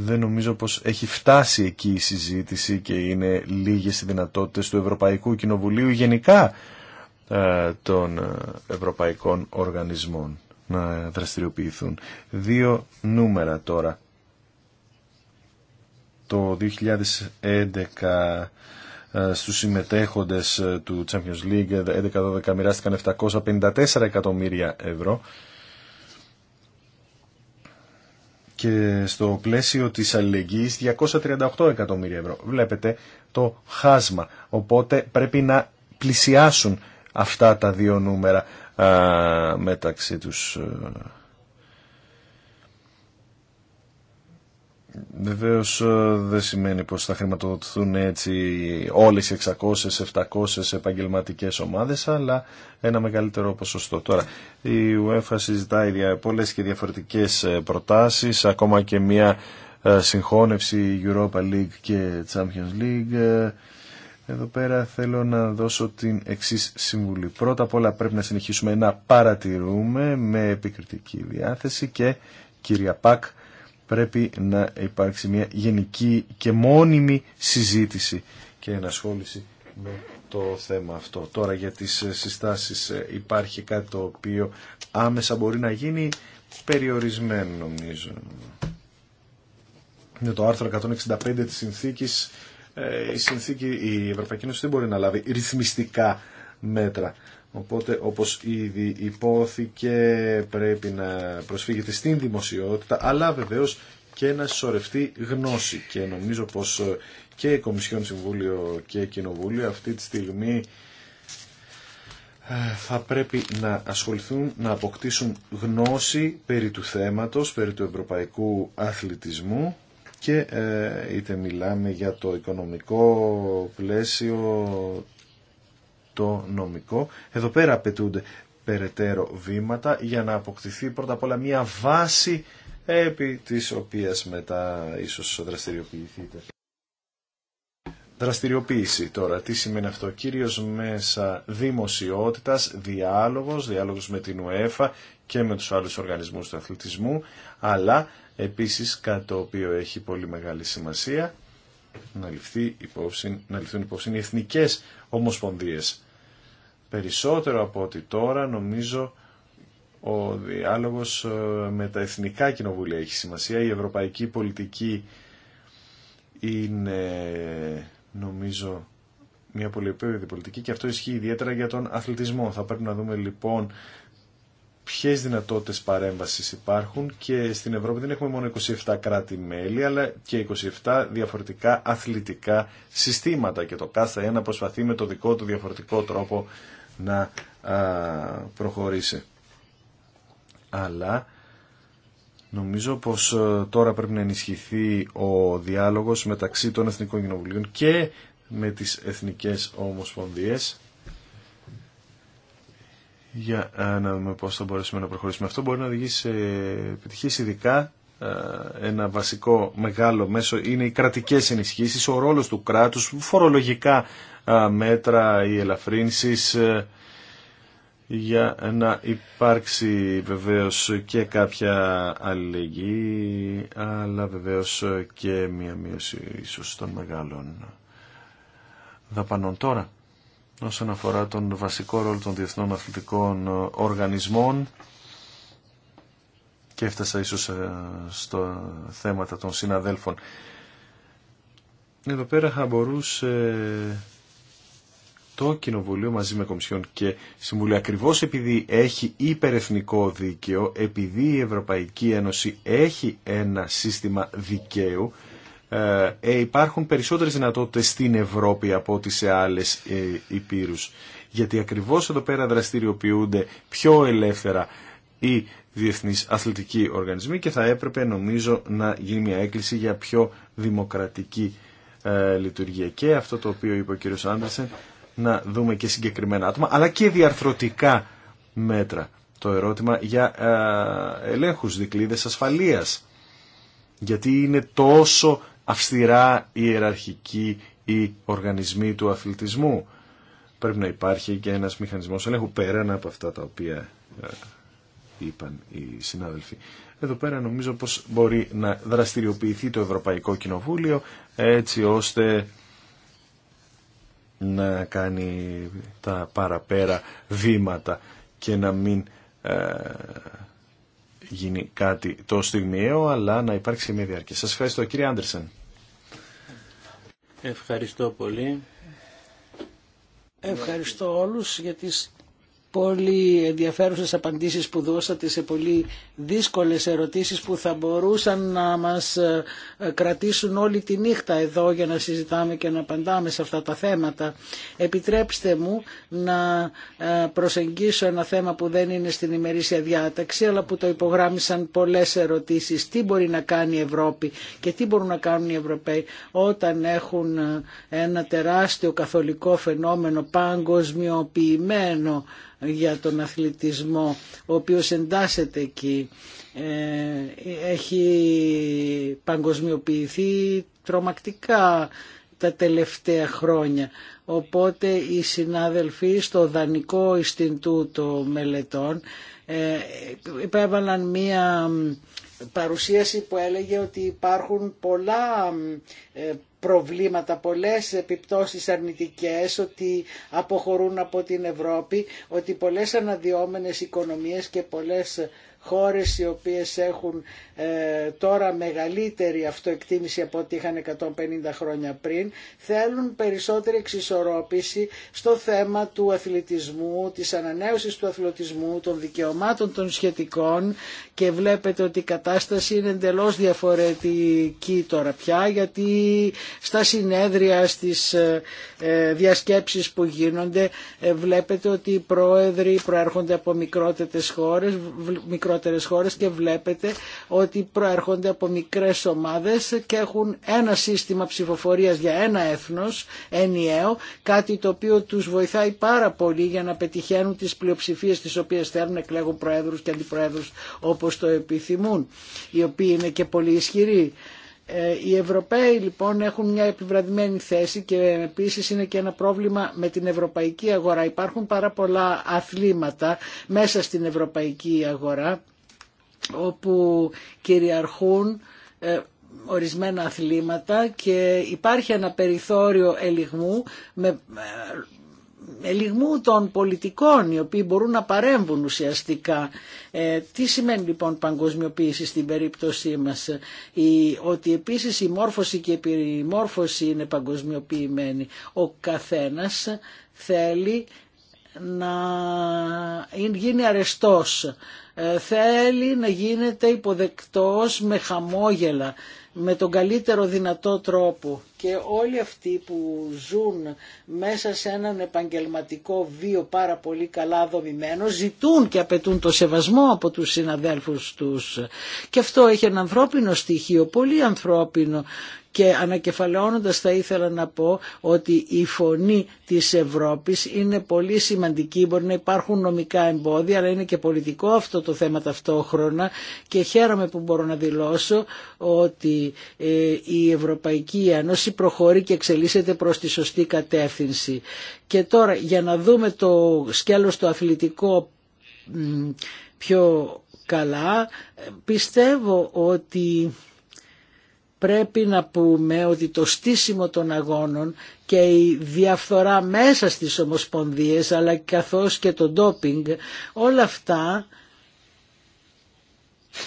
δεν νομίζω πως έχει φτάσει εκεί η συζήτηση και είναι λίγες οι δυνατότητες του Ευρωπαϊκού Κοινοβουλίου γενικά ε, των ε, ευρωπαϊκών οργανισμών να δραστηριοποιηθούν. Δύο νούμερα τώρα. Το 2011 ε, στους συμμετέχοντες του Champions League 11-12 μοιράστηκαν 754 εκατομμύρια ευρώ και στο πλαίσιο της αλληλεγγύης 238 εκατομμύρια ευρώ. Βλέπετε το χάσμα. Οπότε πρέπει να πλησιάσουν αυτά τα δύο νούμερα μεταξύ τους. Ε, Βεβαίω ε, δεν σημαίνει πως θα χρηματοδοτηθούν έτσι όλες οι 600-700 επαγγελματικές ομάδες, αλλά ένα μεγαλύτερο ποσοστό. Τώρα, η UEFA συζητάει πολλές και διαφορετικές ε, προτάσεις, ακόμα και μια ε, συγχώνευση Europa League και Champions League. Εδώ πέρα θέλω να δώσω την εξή συμβουλή. Πρώτα απ' όλα πρέπει να συνεχίσουμε να παρατηρούμε με επικριτική διάθεση και κυρία Πακ, πρέπει να υπάρξει μια γενική και μόνιμη συζήτηση και ενασχόληση με το θέμα αυτό. Τώρα για τις ε, συστάσεις ε, υπάρχει κάτι το οποίο άμεσα μπορεί να γίνει περιορισμένο νομίζω. Με το άρθρο 165 της συνθήκης ε, η, συνθήκη, η Ευρωπαϊκή Ένωση δεν μπορεί να λάβει ρυθμιστικά μέτρα Οπότε, όπως ήδη υπόθηκε, πρέπει να προσφύγεται στην δημοσιότητα, αλλά βεβαίως και να συσσωρευτεί γνώση. Και νομίζω πως ε, και η Κομισιόν Συμβούλιο και η Κοινοβούλιο αυτή τη στιγμή ε, θα πρέπει να ασχοληθούν, να αποκτήσουν γνώση περί του θέματος, περί του ευρωπαϊκού αθλητισμού και ε, είτε μιλάμε για το οικονομικό πλαίσιο, το νομικό. Εδώ πέρα απαιτούνται περαιτέρω βήματα για να αποκτηθεί πρώτα απ' όλα μια βάση επί της οποίας μετά ίσως δραστηριοποιηθείτε. Δραστηριοποίηση τώρα. Τι σημαίνει αυτό. Κύριος μέσα δημοσιότητας, διάλογος, διάλογος με την ΟΕΦΑ και με τους άλλους οργανισμούς του αθλητισμού, αλλά επίσης κάτι το οποίο έχει πολύ μεγάλη σημασία, να, υπόψη, ληφθούν υπόψη οι εθνικές ομοσπονδίες περισσότερο από ότι τώρα νομίζω ο διάλογος ε, με τα εθνικά κοινοβούλια έχει σημασία. Η ευρωπαϊκή πολιτική είναι νομίζω μια πολυεπίπεδη πολιτική και αυτό ισχύει ιδιαίτερα για τον αθλητισμό. Θα πρέπει να δούμε λοιπόν ποιες δυνατότητες παρέμβασης υπάρχουν και στην Ευρώπη δεν έχουμε μόνο 27 κράτη-μέλη αλλά και 27 διαφορετικά αθλητικά συστήματα και το κάθε ένα προσπαθεί με το δικό του διαφορετικό τρόπο να προχωρήσει. Αλλά νομίζω πως τώρα πρέπει να ενισχυθεί ο διάλογος μεταξύ των Εθνικών Κοινοβουλίων και με τις Εθνικές Ομοσπονδίες για να δούμε πώς θα μπορέσουμε να προχωρήσουμε. Αυτό μπορεί να οδηγήσει σε επιτυχίες ειδικά ένα βασικό μεγάλο μέσο είναι οι κρατικές ενισχύσεις, ο ρόλος του κράτους φορολογικά μέτρα ή ελαφρύνσεις ε, για να υπάρξει βεβαίως και κάποια αλληλεγγύη αλλά βεβαίως και μια μείωση ίσως των μεγάλων δαπανών τώρα όσον αφορά τον βασικό ρόλο των διεθνών αθλητικών οργανισμών και έφτασα ίσως ε, στο θέματα των συναδέλφων. Εδώ πέρα θα μπορούσε το Κοινοβουλίο μαζί με Κομισιόν και Συμβουλίο ακριβώς επειδή έχει υπερεθνικό δίκαιο, επειδή η Ευρωπαϊκή Ένωση έχει ένα σύστημα δικαίου, ε, ε, υπάρχουν περισσότερες δυνατότητες στην Ευρώπη από ό,τι σε άλλες ε, υπήρους. Γιατί ακριβώς εδώ πέρα δραστηριοποιούνται πιο ελεύθερα οι διεθνείς αθλητικοί οργανισμοί και θα έπρεπε νομίζω να γίνει μια έκκληση για πιο δημοκρατική ε, λειτουργία. Και αυτό το οποίο είπε ο κ να δούμε και συγκεκριμένα άτομα, αλλά και διαρθρωτικά μέτρα. Το ερώτημα για ε, ελέγχους, δικλείδες ασφαλείας. Γιατί είναι τόσο αυστηρά η ιεραρχική η οργανισμοί του αθλητισμού. Πρέπει να υπάρχει και ένας μηχανισμός ελέγχου πέραν από αυτά τα οποία ε, είπαν οι συνάδελφοι. Εδώ πέρα νομίζω πως μπορεί να δραστηριοποιηθεί το Ευρωπαϊκό Κοινοβούλιο έτσι ώστε να κάνει τα παραπέρα βήματα και να μην ε, γίνει κάτι το στιγμιαίο, αλλά να υπάρξει μια διάρκεια. Σας ευχαριστώ κύριε Άντερσεν. Ευχαριστώ πολύ. Ευχαριστώ όλους για τις πολύ ενδιαφέρουσες απαντήσεις που δώσατε σε πολύ δύσκολες ερωτήσεις που θα μπορούσαν να μας ε, ε, κρατήσουν όλη τη νύχτα εδώ για να συζητάμε και να απαντάμε σε αυτά τα θέματα. Επιτρέψτε μου να ε, προσεγγίσω ένα θέμα που δεν είναι στην ημερήσια διάταξη αλλά που το υπογράμμισαν πολλές ερωτήσεις. Τι μπορεί να κάνει η Ευρώπη και τι μπορούν να κάνουν οι Ευρωπαίοι όταν έχουν ένα τεράστιο καθολικό φαινόμενο παγκοσμιοποιημένο για τον αθλητισμό ο οποίος εντάσσεται εκεί ε, έχει παγκοσμιοποιηθεί τρομακτικά τα τελευταία χρόνια. Οπότε οι συνάδελφοι στο Δανικό Ιστιντούτο Μελετών ε, υπέβαλαν μία παρουσίαση που έλεγε ότι υπάρχουν πολλά ε, προβλήματα, πολλές επιπτώσεις αρνητικές ότι αποχωρούν από την Ευρώπη, ότι πολλές αναδυόμενες οικονομίες και πολλές χώρες οι οποίες έχουν ε, τώρα μεγαλύτερη αυτοεκτίμηση από ό,τι είχαν 150 χρόνια πριν θέλουν περισσότερη εξισορρόπηση στο θέμα του αθλητισμού, της ανανέωσης του αθλητισμού, των δικαιωμάτων των σχετικών και βλέπετε ότι η κατάσταση είναι εντελώς διαφορετική τώρα πια γιατί στα συνέδρια, στις ε, ε, διασκέψεις που γίνονται βλέπετε ότι οι πρόεδροι προέρχονται από μικρότερες χώρες, μικρότερες και βλέπετε ότι προέρχονται από μικρές ομάδες και έχουν ένα σύστημα ψηφοφορίας για ένα έθνος ενιαίο, κάτι το οποίο τους βοηθάει πάρα πολύ για να πετυχαίνουν τις πλειοψηφίες τις οποίες θέλουν, εκλέγουν προέδρους και αντιπροέδρους όπως το επιθυμούν, οι οποίοι είναι και πολύ ισχυροί. Ε, οι Ευρωπαίοι λοιπόν έχουν μια επιβραδυμένη θέση και επίσης είναι και ένα πρόβλημα με την ευρωπαϊκή αγορά. Υπάρχουν πάρα πολλά αθλήματα μέσα στην ευρωπαϊκή αγορά όπου κυριαρχούν ε, ορισμένα αθλήματα και υπάρχει ένα περιθώριο ελιγμού με ε, ελιγμού των πολιτικών οι οποίοι μπορούν να παρέμβουν ουσιαστικά. Ε, τι σημαίνει λοιπόν παγκοσμιοποίηση στην περίπτωσή μας. Η, ότι επίσης η μόρφωση και η επιμόρφωση είναι παγκοσμιοποιημένη. Ο καθένας θέλει να γίνει αρεστός. Ε, θέλει να γίνεται υποδεκτός με χαμόγελα με τον καλύτερο δυνατό τρόπο και όλοι αυτοί που ζουν μέσα σε έναν επαγγελματικό βίο πάρα πολύ καλά δομημένο ζητούν και απαιτούν το σεβασμό από τους συναδέλφους τους και αυτό έχει ένα ανθρώπινο στοιχείο, πολύ ανθρώπινο και ανακεφαλαιώνοντας θα ήθελα να πω ότι η φωνή της Ευρώπης είναι πολύ σημαντική. Μπορεί να υπάρχουν νομικά εμπόδια, αλλά είναι και πολιτικό αυτό το θέμα ταυτόχρονα και χαίρομαι που μπορώ να δηλώσω ότι ε, η Ευρωπαϊκή Ένωση προχωρεί και εξελίσσεται προς τη σωστή κατεύθυνση. Και τώρα για να δούμε το σκέλος το αθλητικό πιο καλά, πιστεύω ότι πρέπει να πούμε ότι το στήσιμο των αγώνων και η διαφθορά μέσα στις ομοσπονδίες αλλά καθώς και το ντόπινγκ όλα αυτά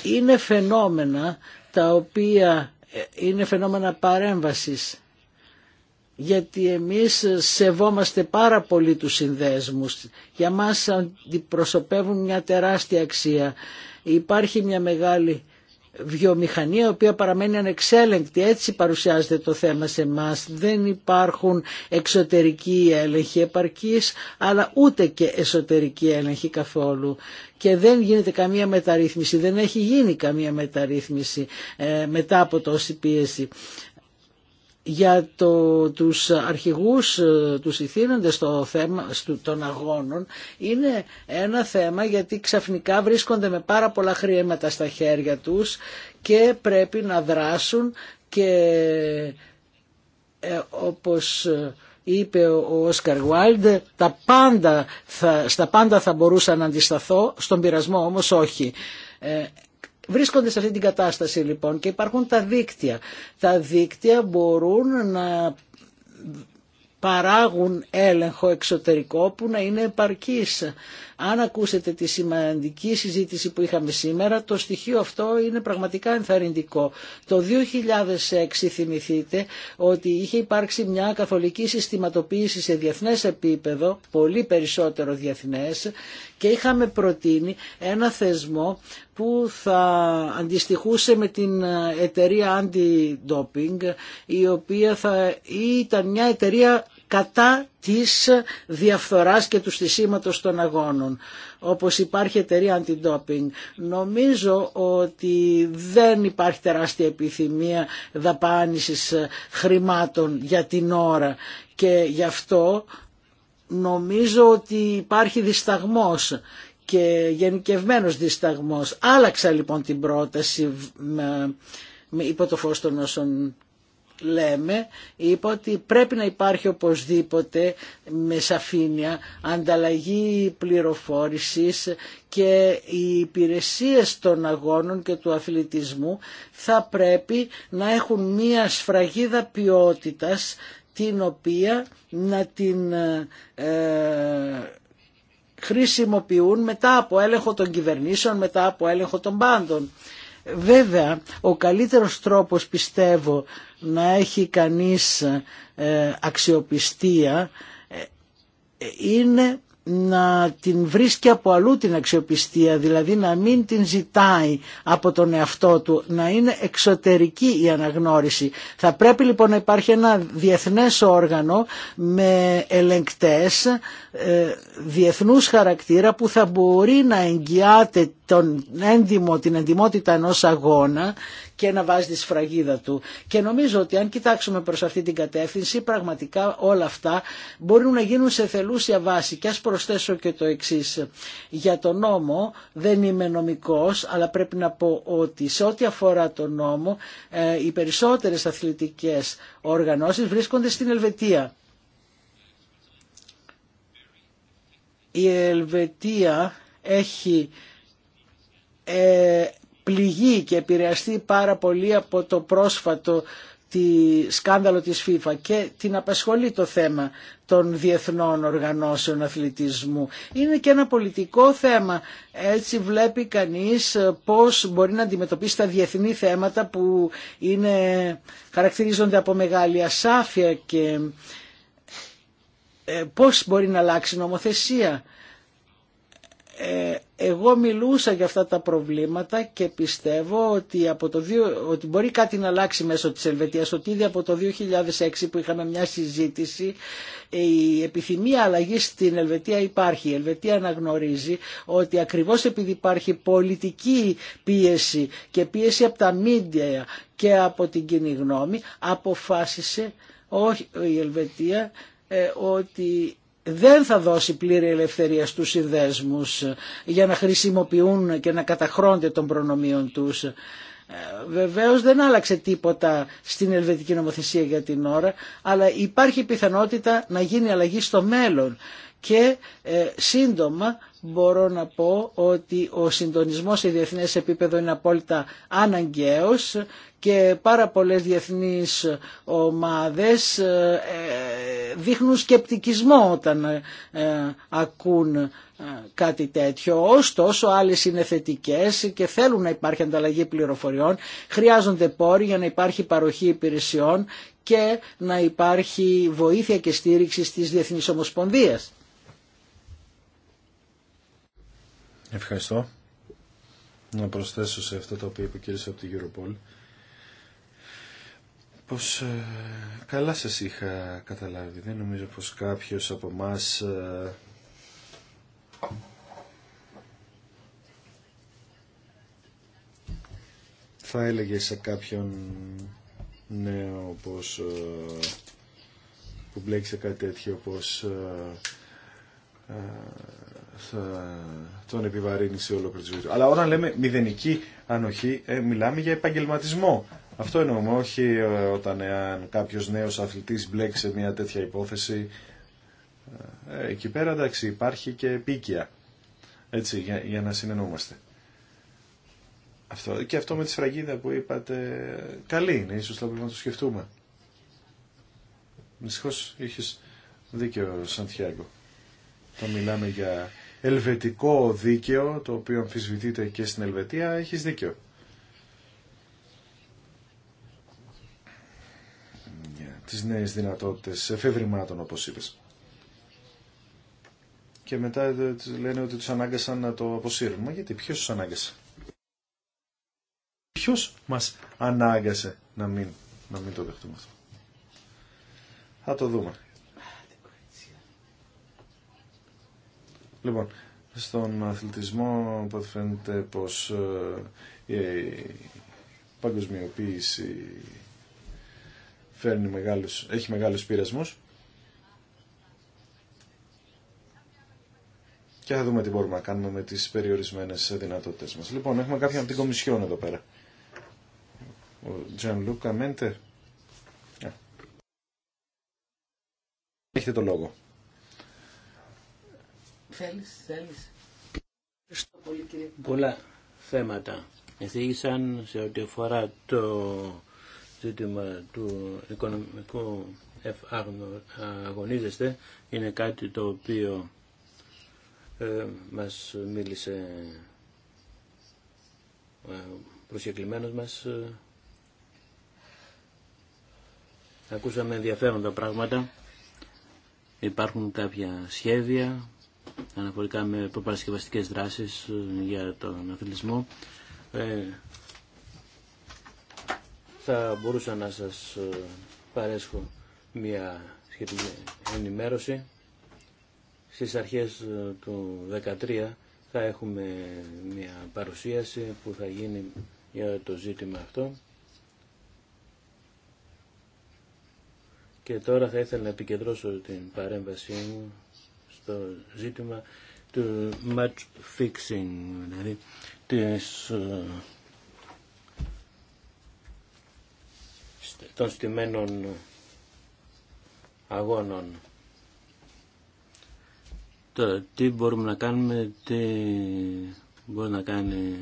είναι φαινόμενα τα οποία ε, είναι φαινόμενα παρέμβασης γιατί εμείς σεβόμαστε πάρα πολύ τους συνδέσμους. Για μας αντιπροσωπεύουν μια τεράστια αξία. Υπάρχει μια μεγάλη βιομηχανία η οποία παραμένει ανεξέλεγκτη. Έτσι παρουσιάζεται το θέμα σε εμά. Δεν υπάρχουν εξωτερικοί έλεγχοι επαρκής αλλά ούτε και εσωτερικοί έλεγχοι καθόλου. Και δεν γίνεται καμία μεταρρύθμιση, δεν έχει γίνει καμία μεταρρύθμιση ε, μετά από τόση πίεση για το, τους αρχηγούς, τους ηθήνοντες στο θέμα, των αγώνων είναι ένα θέμα γιατί ξαφνικά βρίσκονται με πάρα πολλά χρήματα στα χέρια τους και πρέπει να δράσουν και ε, όπως είπε ο Όσκαρ Γουάλντ, τα πάντα στα πάντα θα μπορούσα να αντισταθώ, στον πειρασμό όμως όχι. Ε, Βρίσκονται σε αυτή την κατάσταση λοιπόν και υπάρχουν τα δίκτυα. Τα δίκτυα μπορούν να παράγουν έλεγχο εξωτερικό που να είναι επαρκής αν ακούσετε τη σημαντική συζήτηση που είχαμε σήμερα, το στοιχείο αυτό είναι πραγματικά ενθαρρυντικό. Το 2006 θυμηθείτε ότι είχε υπάρξει μια καθολική συστηματοποίηση σε διεθνές επίπεδο, πολύ περισσότερο διεθνές, και είχαμε προτείνει ένα θεσμό που θα αντιστοιχούσε με την εταιρεία anti-doping, η οποία θα ήταν μια εταιρεία κατά της διαφθοράς και του στισίματος των αγώνων, όπως υπάρχει εταιρεία αντιντόπινγκ. Νομίζω ότι δεν υπάρχει τεράστια επιθυμία δαπάνησης χρημάτων για την ώρα και γι' αυτό νομίζω ότι υπάρχει δισταγμός και γενικευμένος δισταγμός. Άλλαξα λοιπόν την πρόταση υπό το φως των όσων λέμε είπα ότι πρέπει να υπάρχει οπωσδήποτε με σαφήνεια ανταλλαγή πληροφόρησης και οι υπηρεσίες των αγώνων και του αθλητισμού θα πρέπει να έχουν μία σφραγίδα ποιότητας την οποία να την ε, χρησιμοποιούν μετά από έλεγχο των κυβερνήσεων, μετά από έλεγχο των πάντων. Βέβαια, ο καλύτερος τρόπος πιστεύω να έχει κανείς ε, αξιοπιστία ε, είναι να την βρίσκει από αλλού την αξιοπιστία, δηλαδή να μην την ζητάει από τον εαυτό του, να είναι εξωτερική η αναγνώριση. Θα πρέπει λοιπόν να υπάρχει ένα διεθνές όργανο με ελεγκτές ε, διεθνούς χαρακτήρα που θα μπορεί να εγγυάται τον την εντιμότητα ενός αγώνα και να βάζει τη σφραγίδα του. Και νομίζω ότι αν κοιτάξουμε προς αυτή την κατεύθυνση, πραγματικά όλα αυτά μπορούν να γίνουν σε θελούσια βάση. Και ας προσθέσω και το εξή. Για τον νόμο δεν είμαι νομικός, αλλά πρέπει να πω ότι σε ό,τι αφορά τον νόμο, ε, οι περισσότερες αθλητικές οργανώσεις βρίσκονται στην Ελβετία. Η Ελβετία έχει ε, πληγεί και επηρεαστεί πάρα πολύ από το πρόσφατο τη σκάνδαλο της FIFA και την απασχολεί το θέμα των διεθνών οργανώσεων αθλητισμού. Είναι και ένα πολιτικό θέμα. Έτσι βλέπει κανείς ε, πώς μπορεί να αντιμετωπίσει τα διεθνή θέματα που είναι, χαρακτηρίζονται από μεγάλη ασάφεια και ε, πώς μπορεί να αλλάξει νομοθεσία. Ε, εγώ μιλούσα για αυτά τα προβλήματα και πιστεύω ότι, από το δύο, ότι μπορεί κάτι να αλλάξει μέσω της Ελβετίας. Ότι ήδη από το 2006 που είχαμε μια συζήτηση η επιθυμία αλλαγή στην Ελβετία υπάρχει. Η Ελβετία αναγνωρίζει ότι ακριβώς επειδή υπάρχει πολιτική πίεση και πίεση από τα μίντια και από την κοινή γνώμη αποφάσισε όχι, η Ελβετία ε, ότι δεν θα δώσει πλήρη ελευθερία στους συνδέσμους ε, για να χρησιμοποιούν και να καταχρώνται των προνομίων τους. Ε, βεβαίως δεν άλλαξε τίποτα στην ελβετική νομοθεσία για την ώρα, αλλά υπάρχει πιθανότητα να γίνει αλλαγή στο μέλλον και ε, σύντομα μπορώ να πω ότι ο συντονισμός σε διεθνές επίπεδο είναι απόλυτα αναγκαίος και πάρα πολλές διεθνείς ομάδες ε, δείχνουν σκεπτικισμό όταν ε, ακούν ε, κάτι τέτοιο. Ωστόσο άλλες είναι θετικές και θέλουν να υπάρχει ανταλλαγή πληροφοριών, χρειάζονται πόροι για να υπάρχει παροχή υπηρεσιών και να υπάρχει βοήθεια και στήριξη στις διεθνείς ομοσπονδίες. Ευχαριστώ. Να προσθέσω σε αυτό το οποίο είπε ο από την Europol πως ε, καλά σας είχα καταλάβει. Δεν νομίζω πως κάποιος από μας ε, θα έλεγε σε κάποιον νέο πως ε, που μπλέξει κάτι τέτοιο πως θα τον επιβαρύνει σε ολόκληρη τη ζωή του. Αλλά όταν λέμε μηδενική ανοχή, ε, μιλάμε για επαγγελματισμό. Αυτό εννοούμε, όχι ε, όταν κάποιο ε, κάποιος νέος αθλητής μπλέξει σε μια τέτοια υπόθεση. Ε, ε, εκεί πέρα εντάξει υπάρχει και επίκαια. Έτσι, για, να συνεννοούμαστε. Αυτό, και αυτό με τη σφραγίδα που είπατε, καλή είναι, ίσως θα πρέπει να το σκεφτούμε. Δυστυχώ είχες δίκιο, Σαντιάγκο. Το μιλάμε για ελβετικό δίκαιο, το οποίο αμφισβητείται και στην Ελβετία, έχεις δίκαιο τις νέες δυνατότητες εφευρημάτων, όπως είπες. Και μετά λένε ότι τους ανάγκασαν να το αποσύρουν. γιατί, ποιος τους ανάγκασε. Ποιος μας ανάγκασε να μην, να μην το δεχτούμε αυτό. Θα το δούμε. Λοιπόν, στον αθλητισμό που φαίνεται πως ε, η παγκοσμιοποίηση φέρνει μεγάλους, έχει μεγάλους πειρασμούς και θα δούμε τι μπορούμε να κάνουμε με τις περιορισμένες δυνατότητες μας. Λοιπόν, έχουμε κάποιον από την Κομισιόν εδώ πέρα. Ο Τζεν Λούκα Μέντε. Έχετε το λόγο. Θέλεις, θέλεις. Ευχαριστώ πολύ κύριε. Πολλά θέματα εθίγησαν σε ό,τι αφορά το ζήτημα του οικονομικού αγωνίζεστε είναι κάτι το οποίο ε, μας μίλησε ο ε, προσκεκλημένος μας ακούσαμε ενδιαφέροντα πράγματα υπάρχουν κάποια σχέδια αναφορικά με προπαρασκευαστικές δράσεις ε, για τον αθλητισμό ε, θα μπορούσα να σας ε, παρέσχω μια σχετική ενημέρωση. Στις αρχές του 2013 θα έχουμε μια παρουσίαση που θα γίνει για το ζήτημα αυτό. Και τώρα θα ήθελα να επικεντρώσω την παρέμβασή μου το ζήτημα του match fixing, δηλαδή της, ε, των στημένων αγώνων. Τώρα, τι μπορούμε να κάνουμε, τι μπορεί να κάνει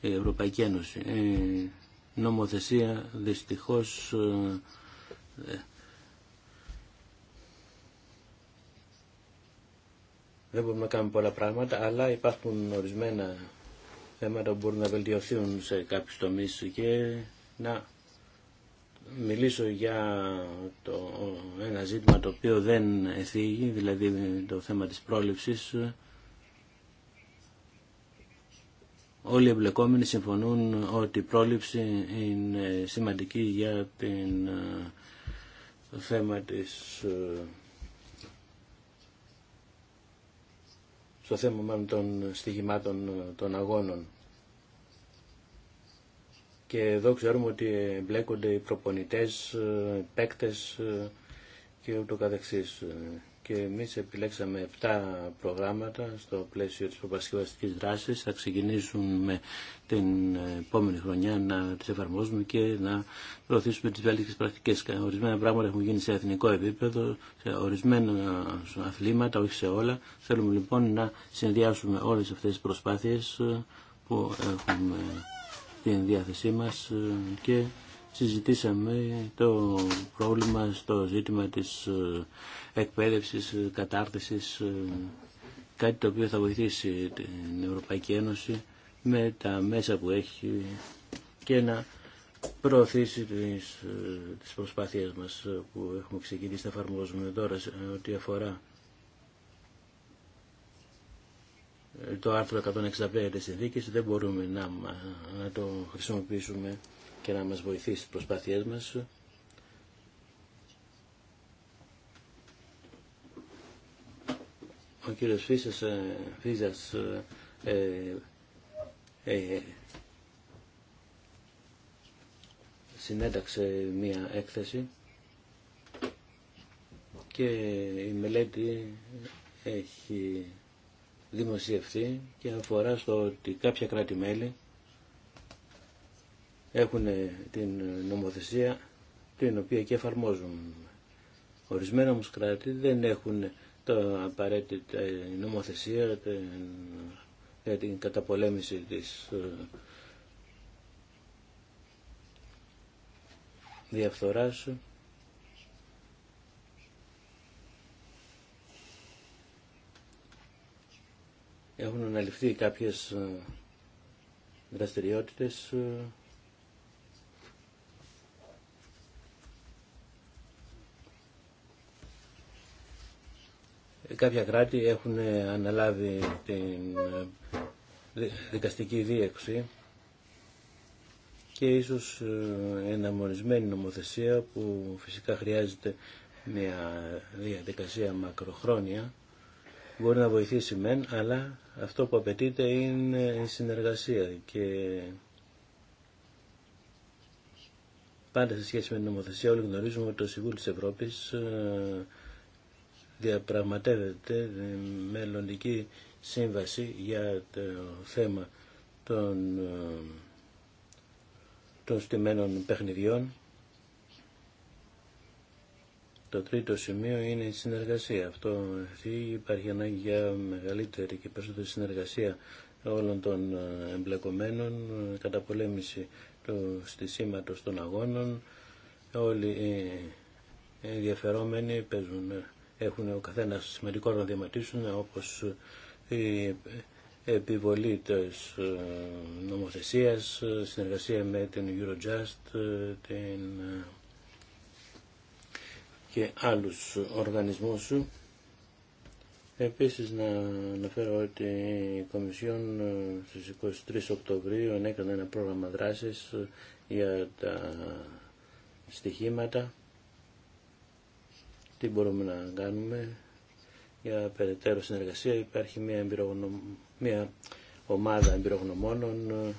η Ευρωπαϊκή Ένωση. Η νομοθεσία δυστυχώς ε, ε, Δεν μπορούμε να κάνουμε πολλά πράγματα, αλλά υπάρχουν ορισμένα θέματα που μπορούν να βελτιωθούν σε κάποιου τομεί και να μιλήσω για το, ένα ζήτημα το οποίο δεν εθίγει, δηλαδή το θέμα της πρόληψης. Όλοι οι εμπλεκόμενοι συμφωνούν ότι η πρόληψη είναι σημαντική για την, το ε, θέμα της ε, στο θέμα μάλλον των στοιχημάτων των αγώνων. Και εδώ ξέρουμε ότι εμπλέκονται οι προπονητές, ε, παίκτες ε, και ούτω καθεξής και εμείς επιλέξαμε 7 προγράμματα στο πλαίσιο της προπαρασκευαστικής δράσης. Θα ξεκινήσουμε την επόμενη χρονιά να τις εφαρμόζουμε και να προωθήσουμε τις βέλτιστες πρακτικές. Ορισμένα πράγματα έχουν γίνει σε εθνικό επίπεδο, σε ορισμένα αθλήματα, όχι σε όλα. Θέλουμε λοιπόν να συνδυάσουμε όλες αυτές τις προσπάθειες που έχουμε στην διάθεσή μας και συζητήσαμε το πρόβλημα στο ζήτημα της ε, εκπαίδευσης, ε, κατάρτισης, ε, κάτι το οποίο θα βοηθήσει την Ευρωπαϊκή Ένωση με τα μέσα που έχει και να προωθήσει τις, τις προσπάθειές μας που έχουμε ξεκινήσει να εφαρμόζουμε τώρα ό,τι αφορά το άρθρο 165 της συνθήκης δεν μπορούμε να, να το χρησιμοποιήσουμε και να μας βοηθήσει στις προσπάθειές μας. Ο κύριος Φίσας, ε, Φίζας ε, ε, ε, συνέταξε μία έκθεση και η μελέτη έχει δημοσιευτεί και αφορά στο ότι κάποια κράτη-μέλη έχουν ε, την ε, νομοθεσία την οποία και εφαρμόζουν. Ορισμένα όμως κράτη δεν έχουν το απαραίτητα ε, νομοθεσία για την καταπολέμηση της διαφθοράς έχουν αναλυφθεί κάποιες δραστηριότητες Κάποια κράτη έχουν αναλάβει την ε, δικαστική δίεξη και ίσως ε, μορισμένη νομοθεσία που φυσικά χρειάζεται μια διαδικασία μακροχρόνια μπορεί να βοηθήσει μεν, αλλά αυτό που απαιτείται είναι η συνεργασία και πάντα σε σχέση με την νομοθεσία όλοι γνωρίζουμε ότι το Συμβούλιο της Ευρώπης ε, διαπραγματεύεται μελλοντική σύμβαση για το θέμα των, ε, των στημένων παιχνιδιών. Το τρίτο σημείο είναι η συνεργασία. Αυτό υπάρχει ανάγκη για μεγαλύτερη και περισσότερη συνεργασία όλων των ε, εμπλεκομένων, καταπολέμηση του στισίματος των αγώνων. Όλοι οι ενδιαφερόμενοι παίζουν έχουν ο καθένα σημαντικό να διαματήσουν όπως η επιβολή της ε, νομοθεσίας, συνεργασία με την Eurojust ε, την... Ε, και άλλου οργανισμού. Επίσης να αναφέρω ότι η Κομισιόν στις 23 Οκτωβρίου έκανε ένα πρόγραμμα δράσης για τα στοιχήματα τι μπορούμε να κάνουμε για περαιτέρω συνεργασία. Υπάρχει μια, εμπειρογνω... μια ομάδα εμπειρογνωμόνων ε,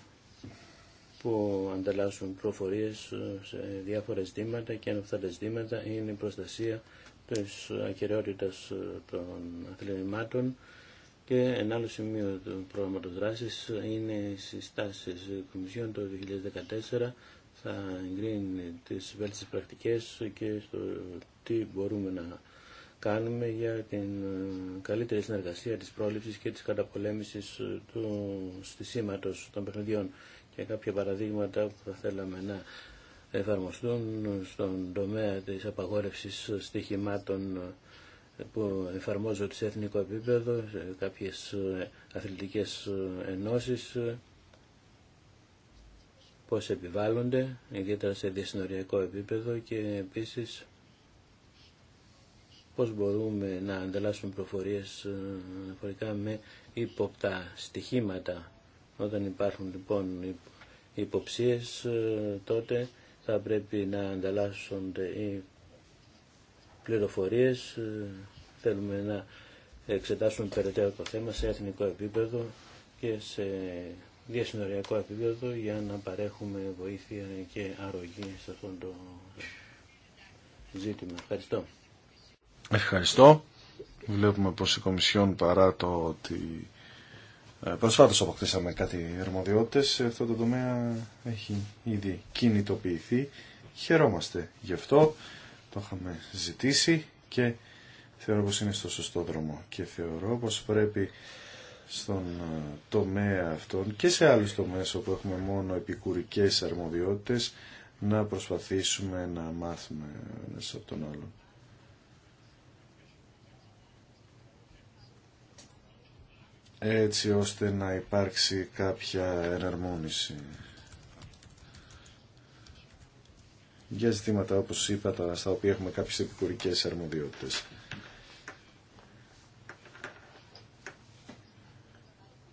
που ανταλλάσσουν προφορίες ε, σε διάφορα ζητήματα και ένα από αυτά τα ζητήματα είναι η προστασία της ακεραιότητας ε, των αθλημάτων και ένα άλλο σημείο του πρόγραμματος δράσης είναι οι συστάσεις Κομισιόν το 2014 θα εγκρίνει τις βέλτιστες πρακτικές και στο τι μπορούμε να κάνουμε για την ε, καλύτερη συνεργασία της πρόληψης και της καταπολέμησης ε, του στισίματος των παιχνιδιών και κάποια παραδείγματα που θα θέλαμε να εφαρμοστούν στον τομέα της απαγόρευσης στοιχημάτων ε, που εφαρμόζονται σε εθνικό επίπεδο, σε κάποιες αθλητικές ενώσεις, πώς επιβάλλονται, ιδιαίτερα σε διασυνοριακό επίπεδο και επίσης πώς μπορούμε να ανταλλάσσουμε προφορίες ε, αναφορικά με υποπτά στοιχήματα. Όταν υπάρχουν λοιπόν υποψίες ε, τότε θα πρέπει να ανταλλάσσονται οι πληροφορίες. Ε, θέλουμε να εξετάσουμε περαιτέρω το θέμα σε εθνικό επίπεδο και σε διασυνοριακό επίπεδο για να παρέχουμε βοήθεια και αρρωγή σε αυτό το ζήτημα. Ευχαριστώ. Ευχαριστώ. Βλέπουμε πως η Κομισιόν παρά το ότι ε, προσφάτως αποκτήσαμε κάτι αρμοδιότητε σε αυτό το τομέα έχει ήδη κινητοποιηθεί. Χαιρόμαστε γι' αυτό, το είχαμε ζητήσει και θεωρώ πως είναι στο σωστό δρόμο και θεωρώ πως πρέπει στον ε, τομέα αυτόν και σε άλλους τομέες όπου έχουμε μόνο επικουρικές αρμοδιότητες να προσπαθήσουμε να μάθουμε ένας από τον άλλον. έτσι ώστε να υπάρξει κάποια εναρμόνιση. Για ζητήματα, όπως είπα, στα οποία έχουμε κάποιες επικουρικές αρμοδιότητες.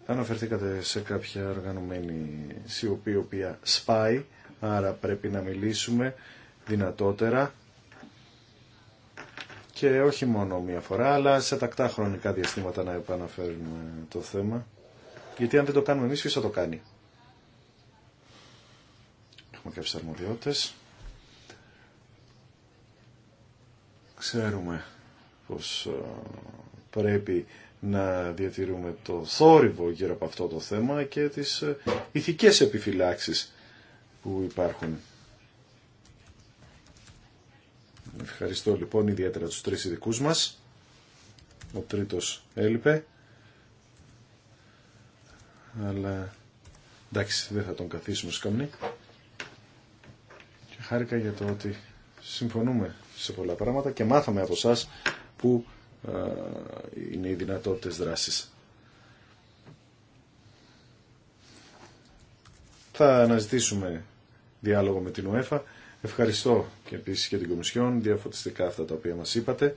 Αναφερθήκατε σε κάποια οργανωμένη σιωπή, η οποία σπάει, άρα πρέπει να μιλήσουμε δυνατότερα και όχι μόνο μία φορά, αλλά σε τακτά χρονικά διαστήματα να επαναφέρουμε το θέμα. Γιατί αν δεν το κάνουμε εμείς, ποιος θα το κάνει. Έχουμε κάποιες αρμοδιότητες. Ξέρουμε πως ε, πρέπει να διατηρούμε το θόρυβο γύρω από αυτό το θέμα και τις ε, ηθικές επιφυλάξεις που υπάρχουν. Ευχαριστώ λοιπόν ιδιαίτερα τους τρεις ειδικού μας. Ο τρίτος έλειπε. Αλλά εντάξει δεν θα τον καθίσουμε σκαμνή. Και χάρηκα για το ότι συμφωνούμε σε πολλά πράγματα και μάθαμε από εσά που ε, είναι οι δυνατότητες δράσης. Θα αναζητήσουμε διάλογο με την ΟΕΦΑ Ευχαριστώ και επίσης και την Κομισιόν, διαφωτιστικά αυτά τα οποία μας είπατε.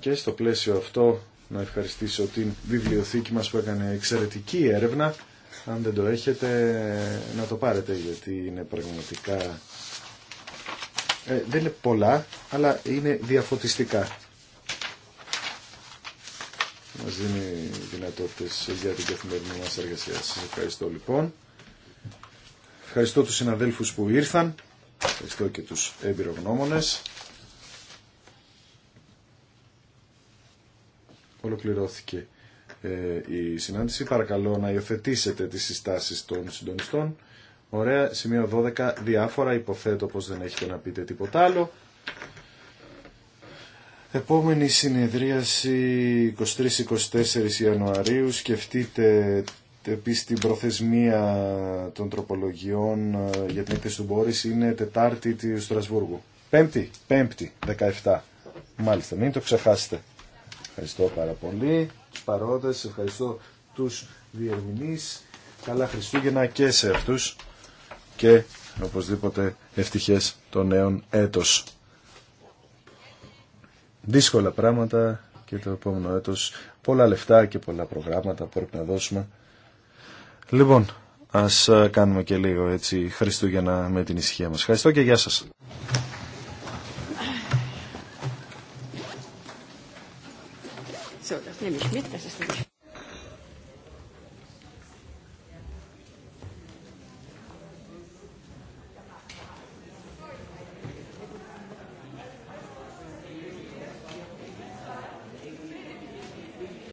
Και στο πλαίσιο αυτό να ευχαριστήσω την βιβλιοθήκη μας που έκανε εξαιρετική έρευνα. Αν δεν το έχετε, να το πάρετε γιατί είναι πραγματικά... Ε, δεν είναι πολλά, αλλά είναι διαφωτιστικά. Μας δίνει δυνατότητες για την καθημερινή μας εργασία. Σας ευχαριστώ λοιπόν. Ευχαριστώ τους συναδέλφους που ήρθαν. Ευχαριστώ και τους εμπειρογνώμονες. Ολοκληρώθηκε ε, η συνάντηση. Παρακαλώ να υιοθετήσετε τις συστάσεις των συντονιστών. Ωραία, σημείο 12, διάφορα, υποθέτω πως δεν έχετε να πείτε τίποτα άλλο. Επόμενη συνεδρίαση 23-24 Ιανουαρίου, σκεφτείτε επίση την προθεσμία των τροπολογιών ε, για την έκθεση του Μπόρις είναι Τετάρτη του Στρασβούργου. Πέμπτη, πέμπτη, 17. Μάλιστα, μην το ξεχάσετε. Ευχαριστώ πάρα πολύ τους παρόντες, ευχαριστώ τους διερμηνείς. Καλά Χριστούγεννα και σε αυτούς και οπωσδήποτε ευτυχές το νέο έτος. Δύσκολα πράγματα και το επόμενο έτος πολλά λεφτά και πολλά προγράμματα πρέπει να δώσουμε. Λοιπόν, ας ε, κάνουμε και λίγο έτσι Χριστούγεννα με την ησυχία μας. Ευχαριστώ και γεια σας.